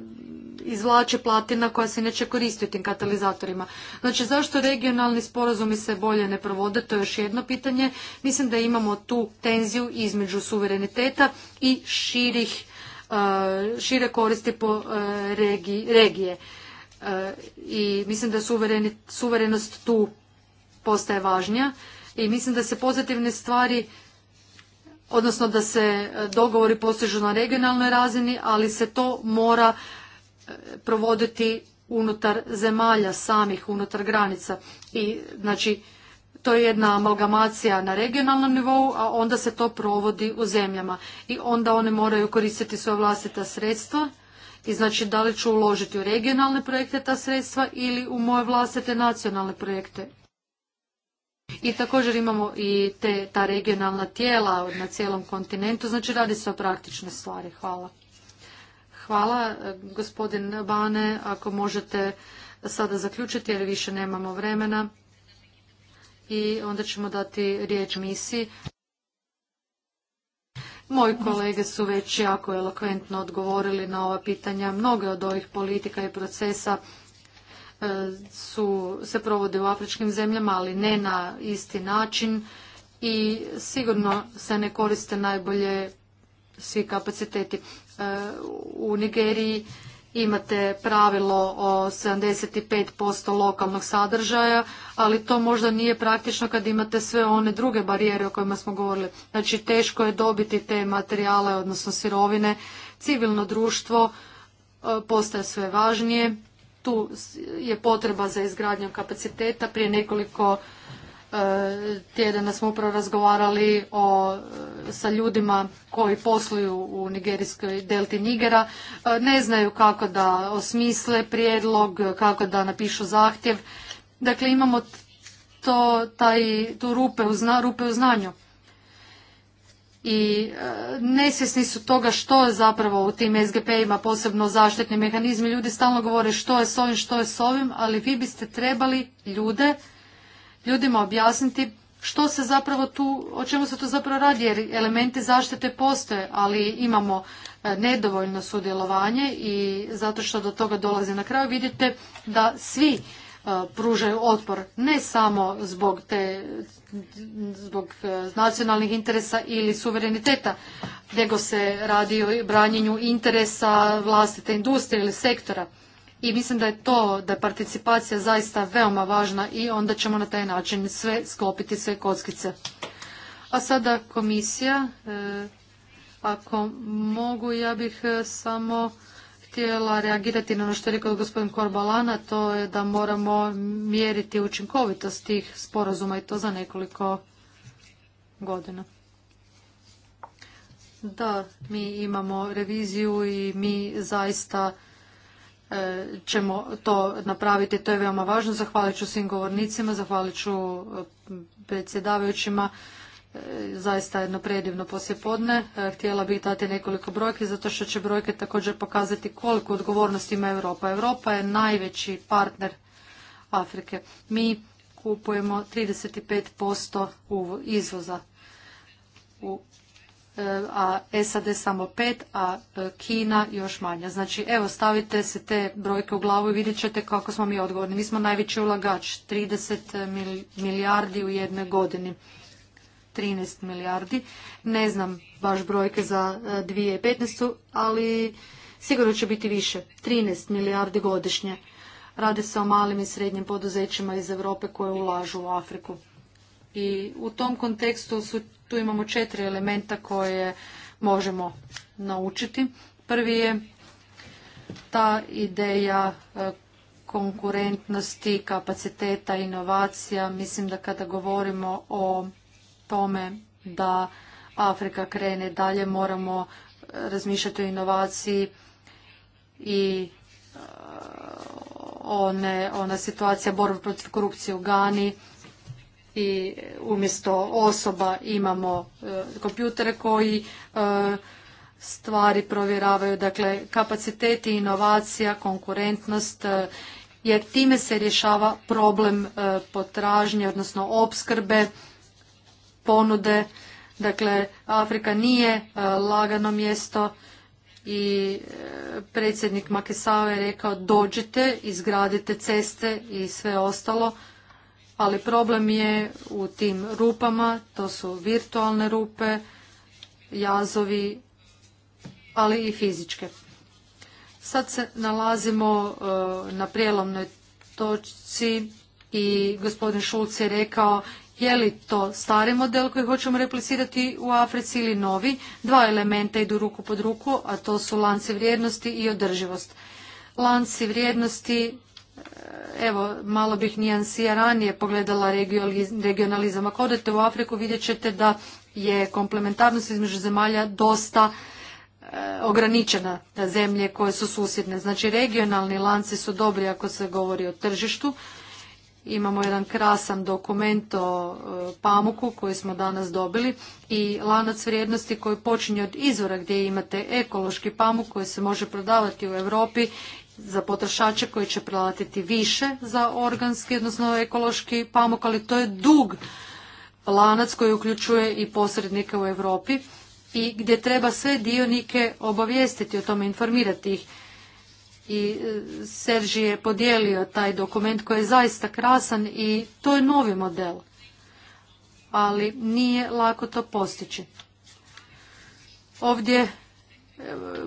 izvlače platina koja se neće koristiti tim katalizatorima. Znači zašto regionalni sporazumi se bolje ne provode, to je još jedno pitanje. Mislim da imamo tu tenziju između suvereniteta i širih, e, šire koristi po e, regije. I mislim da suverenost tu postaje važnija i mislim da se pozitivne stvari odnosno da se e, dogovori postižu na regionalnoj razini, ali se to mora e, provoditi unutar zemalja samih, unutar granica. I znači to je jedna amalgamacija na regionalnom nivou, a onda se to provodi u zemljama. I onda one moraju koristiti svoje vlastita sredstva i znači da li ću uložiti u regionalne projekte ta sredstva ili u moje vlastite nacionalne projekte. I također imamo i te, ta regionalna tijela na cijelom kontinentu, znači radi se o praktične stvari. Hvala. Hvala, e, gospodin Bane, ako možete sada zaključiti jer više nemamo vremena i onda ćemo dati riječ misiji. Moji kolege su već jako elokventno odgovorili na ova pitanja. Mnoge od ovih politika i procesa E, su, se provode u afričkim zemljama, ali ne na isti način i sigurno se ne koriste najbolje svi kapaciteti. E, u Nigeriji imate pravilo o 75% lokalnog sadržaja, ali to možda nije praktično kad imate sve one druge barijere o kojima smo govorili. Znači teško je dobiti te materijale, odnosno sirovine. Civilno društvo e, postaje sve važnije tu je potreba za izgradnjom kapaciteta. Prije nekoliko e, tjedana smo upravo razgovarali o, e, sa ljudima koji posluju u nigerijskoj delti Nigera. E, ne znaju kako da osmisle prijedlog, kako da napišu zahtjev. Dakle, imamo to, taj, tu rupe u, rupe u znanju i e, nesvjesni su toga što je zapravo u tim SGP-ima posebno zaštitni mehanizmi. Ljudi stalno govore što je s ovim, što je s ovim, ali vi biste trebali ljude, ljudima objasniti što se zapravo tu, o čemu se tu zapravo radi, jer elementi zaštite postoje, ali imamo e, nedovoljno sudjelovanje i zato što do toga dolazi na kraju vidite da svi E, pružaju otpor ne samo zbog te zbog e, nacionalnih interesa ili suvereniteta, nego se radi o branjenju interesa vlastite industrije ili sektora. I mislim da je to, da je participacija zaista veoma važna i onda ćemo na taj način sve sklopiti, sve kockice. A sada komisija, e, ako mogu, ja bih samo htjela reagirati na ono što je rekao gospodin Korbalana, to je da moramo mjeriti učinkovitost tih sporazuma i to za nekoliko godina. Da, mi imamo reviziju i mi zaista e, ćemo to napraviti. To je veoma važno. Zahvalit ću svim govornicima, zahvalit ću e, predsjedavajućima zaista jedno predivno poslijepodne. E, htjela bih dati nekoliko brojki zato što će brojke također pokazati koliko odgovornost ima Europa. Europa je najveći partner Afrike. Mi kupujemo 35% izvoza, e, a SAD samo 5%, a e, Kina još manja. Znači, evo, stavite se te brojke u glavu i vidjet ćete kako smo mi odgovorni. Mi smo najveći ulagač, 30 milijardi u jednoj godini. 13 milijardi. Ne znam baš brojke za 2015. E, ali sigurno će biti više. 13 milijardi godišnje. Radi se o malim i srednjim poduzećima iz Europe koje ulažu u Afriku. I u tom kontekstu su, tu imamo četiri elementa koje možemo naučiti. Prvi je ta ideja e, konkurentnosti, kapaciteta, inovacija. Mislim da kada govorimo o tome da Afrika krene dalje, moramo e, razmišljati o inovaciji i e, ona situacija borbe protiv korupcije u Gani i umjesto osoba imamo e, kompjutere koji stvari provjeravaju, dakle kapaciteti, inovacija, konkurentnost, jer time se rješava problem potražnje, odnosno opskrbe ponude. Dakle, Afrika nije e, lagano mjesto i e, predsjednik Makesao je rekao dođite, izgradite ceste i sve ostalo, ali problem je u tim rupama, to su virtualne rupe, jazovi, ali i fizičke. Sad se nalazimo e, na prijelomnoj točci i gospodin Šulc je rekao je li to stari model koji hoćemo replicirati u Africi ili novi. Dva elementa idu ruku pod ruku, a to su lanci vrijednosti i održivost. Lanci vrijednosti, e, evo, malo bih nijansija ranije pogledala regionalizam. Ako odete u Afriku vidjet ćete da je komplementarnost između zemalja dosta e, ograničena na zemlje koje su susjedne. Znači regionalni lanci su dobri ako se govori o tržištu, Imamo jedan krasan dokument o e, pamuku koji smo danas dobili i lanac vrijednosti koji počinje od izvora gdje imate ekološki pamuk koji se može prodavati u Europi za potrošače koji će platiti više za organski, odnosno ekološki pamuk, ali to je dug lanac koji uključuje i posrednike u Europi i gdje treba sve dionike obavijestiti o tome, informirati ih i e, Serži je podijelio taj dokument koji je zaista krasan i to je novi model. Ali nije lako to postići. Ovdje e,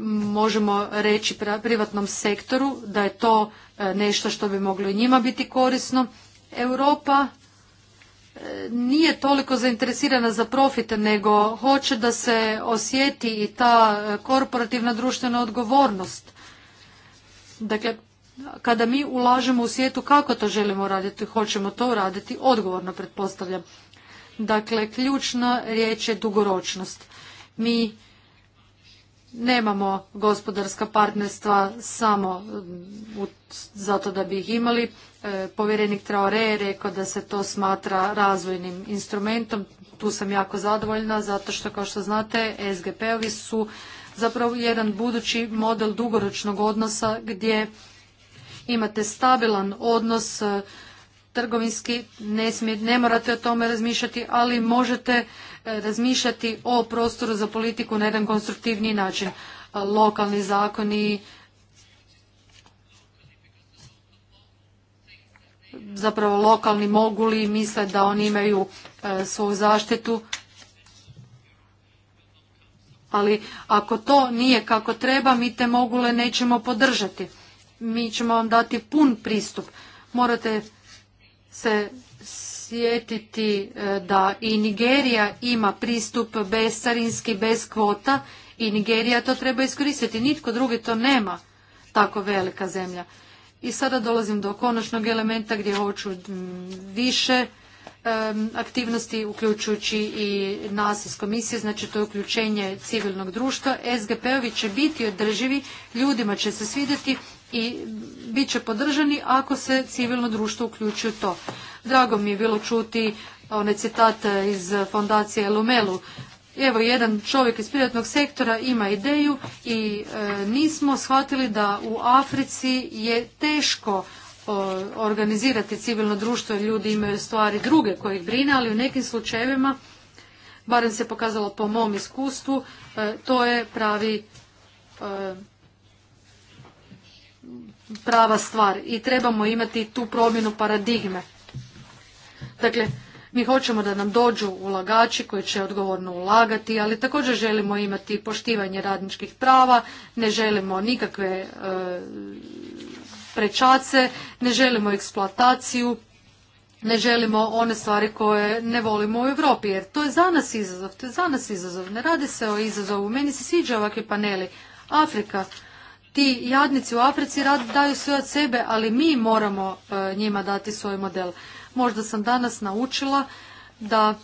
možemo reći privatnom sektoru da je to e, nešto što bi moglo i njima biti korisno. Europa nije toliko zainteresirana za profite nego hoće da se osjeti i ta korporativna društvena odgovornost Dakle, kada mi ulažemo u svijetu, kako to želimo raditi? Hoćemo to raditi odgovorno, pretpostavljam. Dakle, ključna riječ je dugoročnost. Mi nemamo gospodarska partnerstva samo mm, zato da bi ih imali. E, povjerenik Traore je rekao da se to smatra razvojnim instrumentom. Tu sam jako zadovoljna zato što, kao što znate, SGP-ovi su zapravo jedan budući model dugoročnog odnosa gdje imate stabilan odnos e, trgovinski, ne, smije, ne morate o tome razmišljati, ali možete e, razmišljati o prostoru za politiku na jedan konstruktivniji način. Lokalni zakoni, zapravo lokalni moguli misle da oni imaju e, svoju zaštitu ali ako to nije kako treba, mi te mogule nećemo podržati. Mi ćemo vam dati pun pristup. Morate se sjetiti e, da i Nigerija ima pristup bez carinski, bez kvota i Nigerija to treba iskoristiti. Nitko drugi to nema, tako velika zemlja. I sada dolazim do konačnog elementa gdje hoću više aktivnosti uključujući i nas iz komisije, znači to je uključenje civilnog društva. SGP-ovi će biti održivi, ljudima će se svidjeti i bit će podržani ako se civilno društvo uključi u to. Drago mi je bilo čuti onaj citat iz fondacije Lumelu. Evo, jedan čovjek iz privatnog sektora ima ideju i e, nismo shvatili da u Africi je teško organizirati civilno društvo jer ljudi imaju stvari druge koje ih brine, ali u nekim slučajevima, barem se pokazalo po mom iskustvu, e, to je pravi e, prava stvar i trebamo imati tu promjenu paradigme. Dakle, mi hoćemo da nam dođu ulagači koji će odgovorno ulagati, ali također želimo imati poštivanje radničkih prava, ne želimo nikakve e, prečace, ne želimo eksploataciju, ne želimo one stvari koje ne volimo u Europi, jer to je za nas izazov, to je za nas izazov, ne radi se o izazovu. Meni se sviđa ovakvi paneli. Afrika, ti jadnici u Africi daju sve od sebe, ali mi moramo e, njima dati svoj model. Možda sam danas naučila da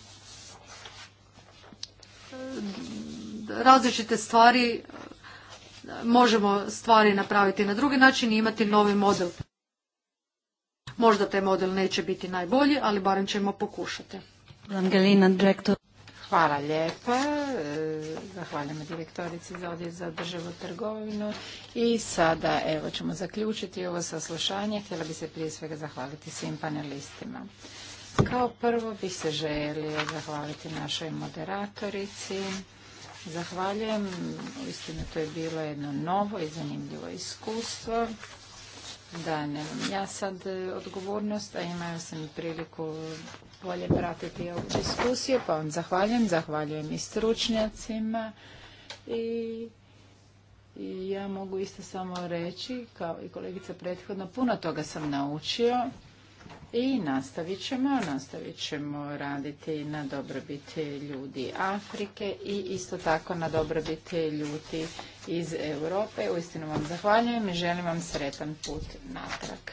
e, različite stvari možemo stvari napraviti na drugi način i imati novi model. Možda taj model neće biti najbolji, ali barem ćemo pokušati. Angelina, direktor. Hvala lijepa. E, zahvaljujem direktorici za odjel za državu trgovinu. I sada evo ćemo zaključiti ovo saslušanje. Htjela bi se prije svega zahvaliti svim panelistima. Kao prvo bih se želio zahvaliti našoj moderatorici Zahvaljujem. Istina, to je bilo jedno novo i zanimljivo iskustvo. Da, nemam ja sad e, odgovornost, a imao sam priliku bolje pratiti ovu diskusiju, pa vam zahvaljujem. Zahvaljujem i stručnjacima i i ja mogu isto samo reći, kao i kolegica prethodno, puno toga sam naučio i nastavit ćemo, nastavit ćemo raditi na dobrobiti ljudi Afrike i isto tako na dobrobiti ljudi iz Europe. Uistinu vam zahvaljujem i želim vam sretan put natrag.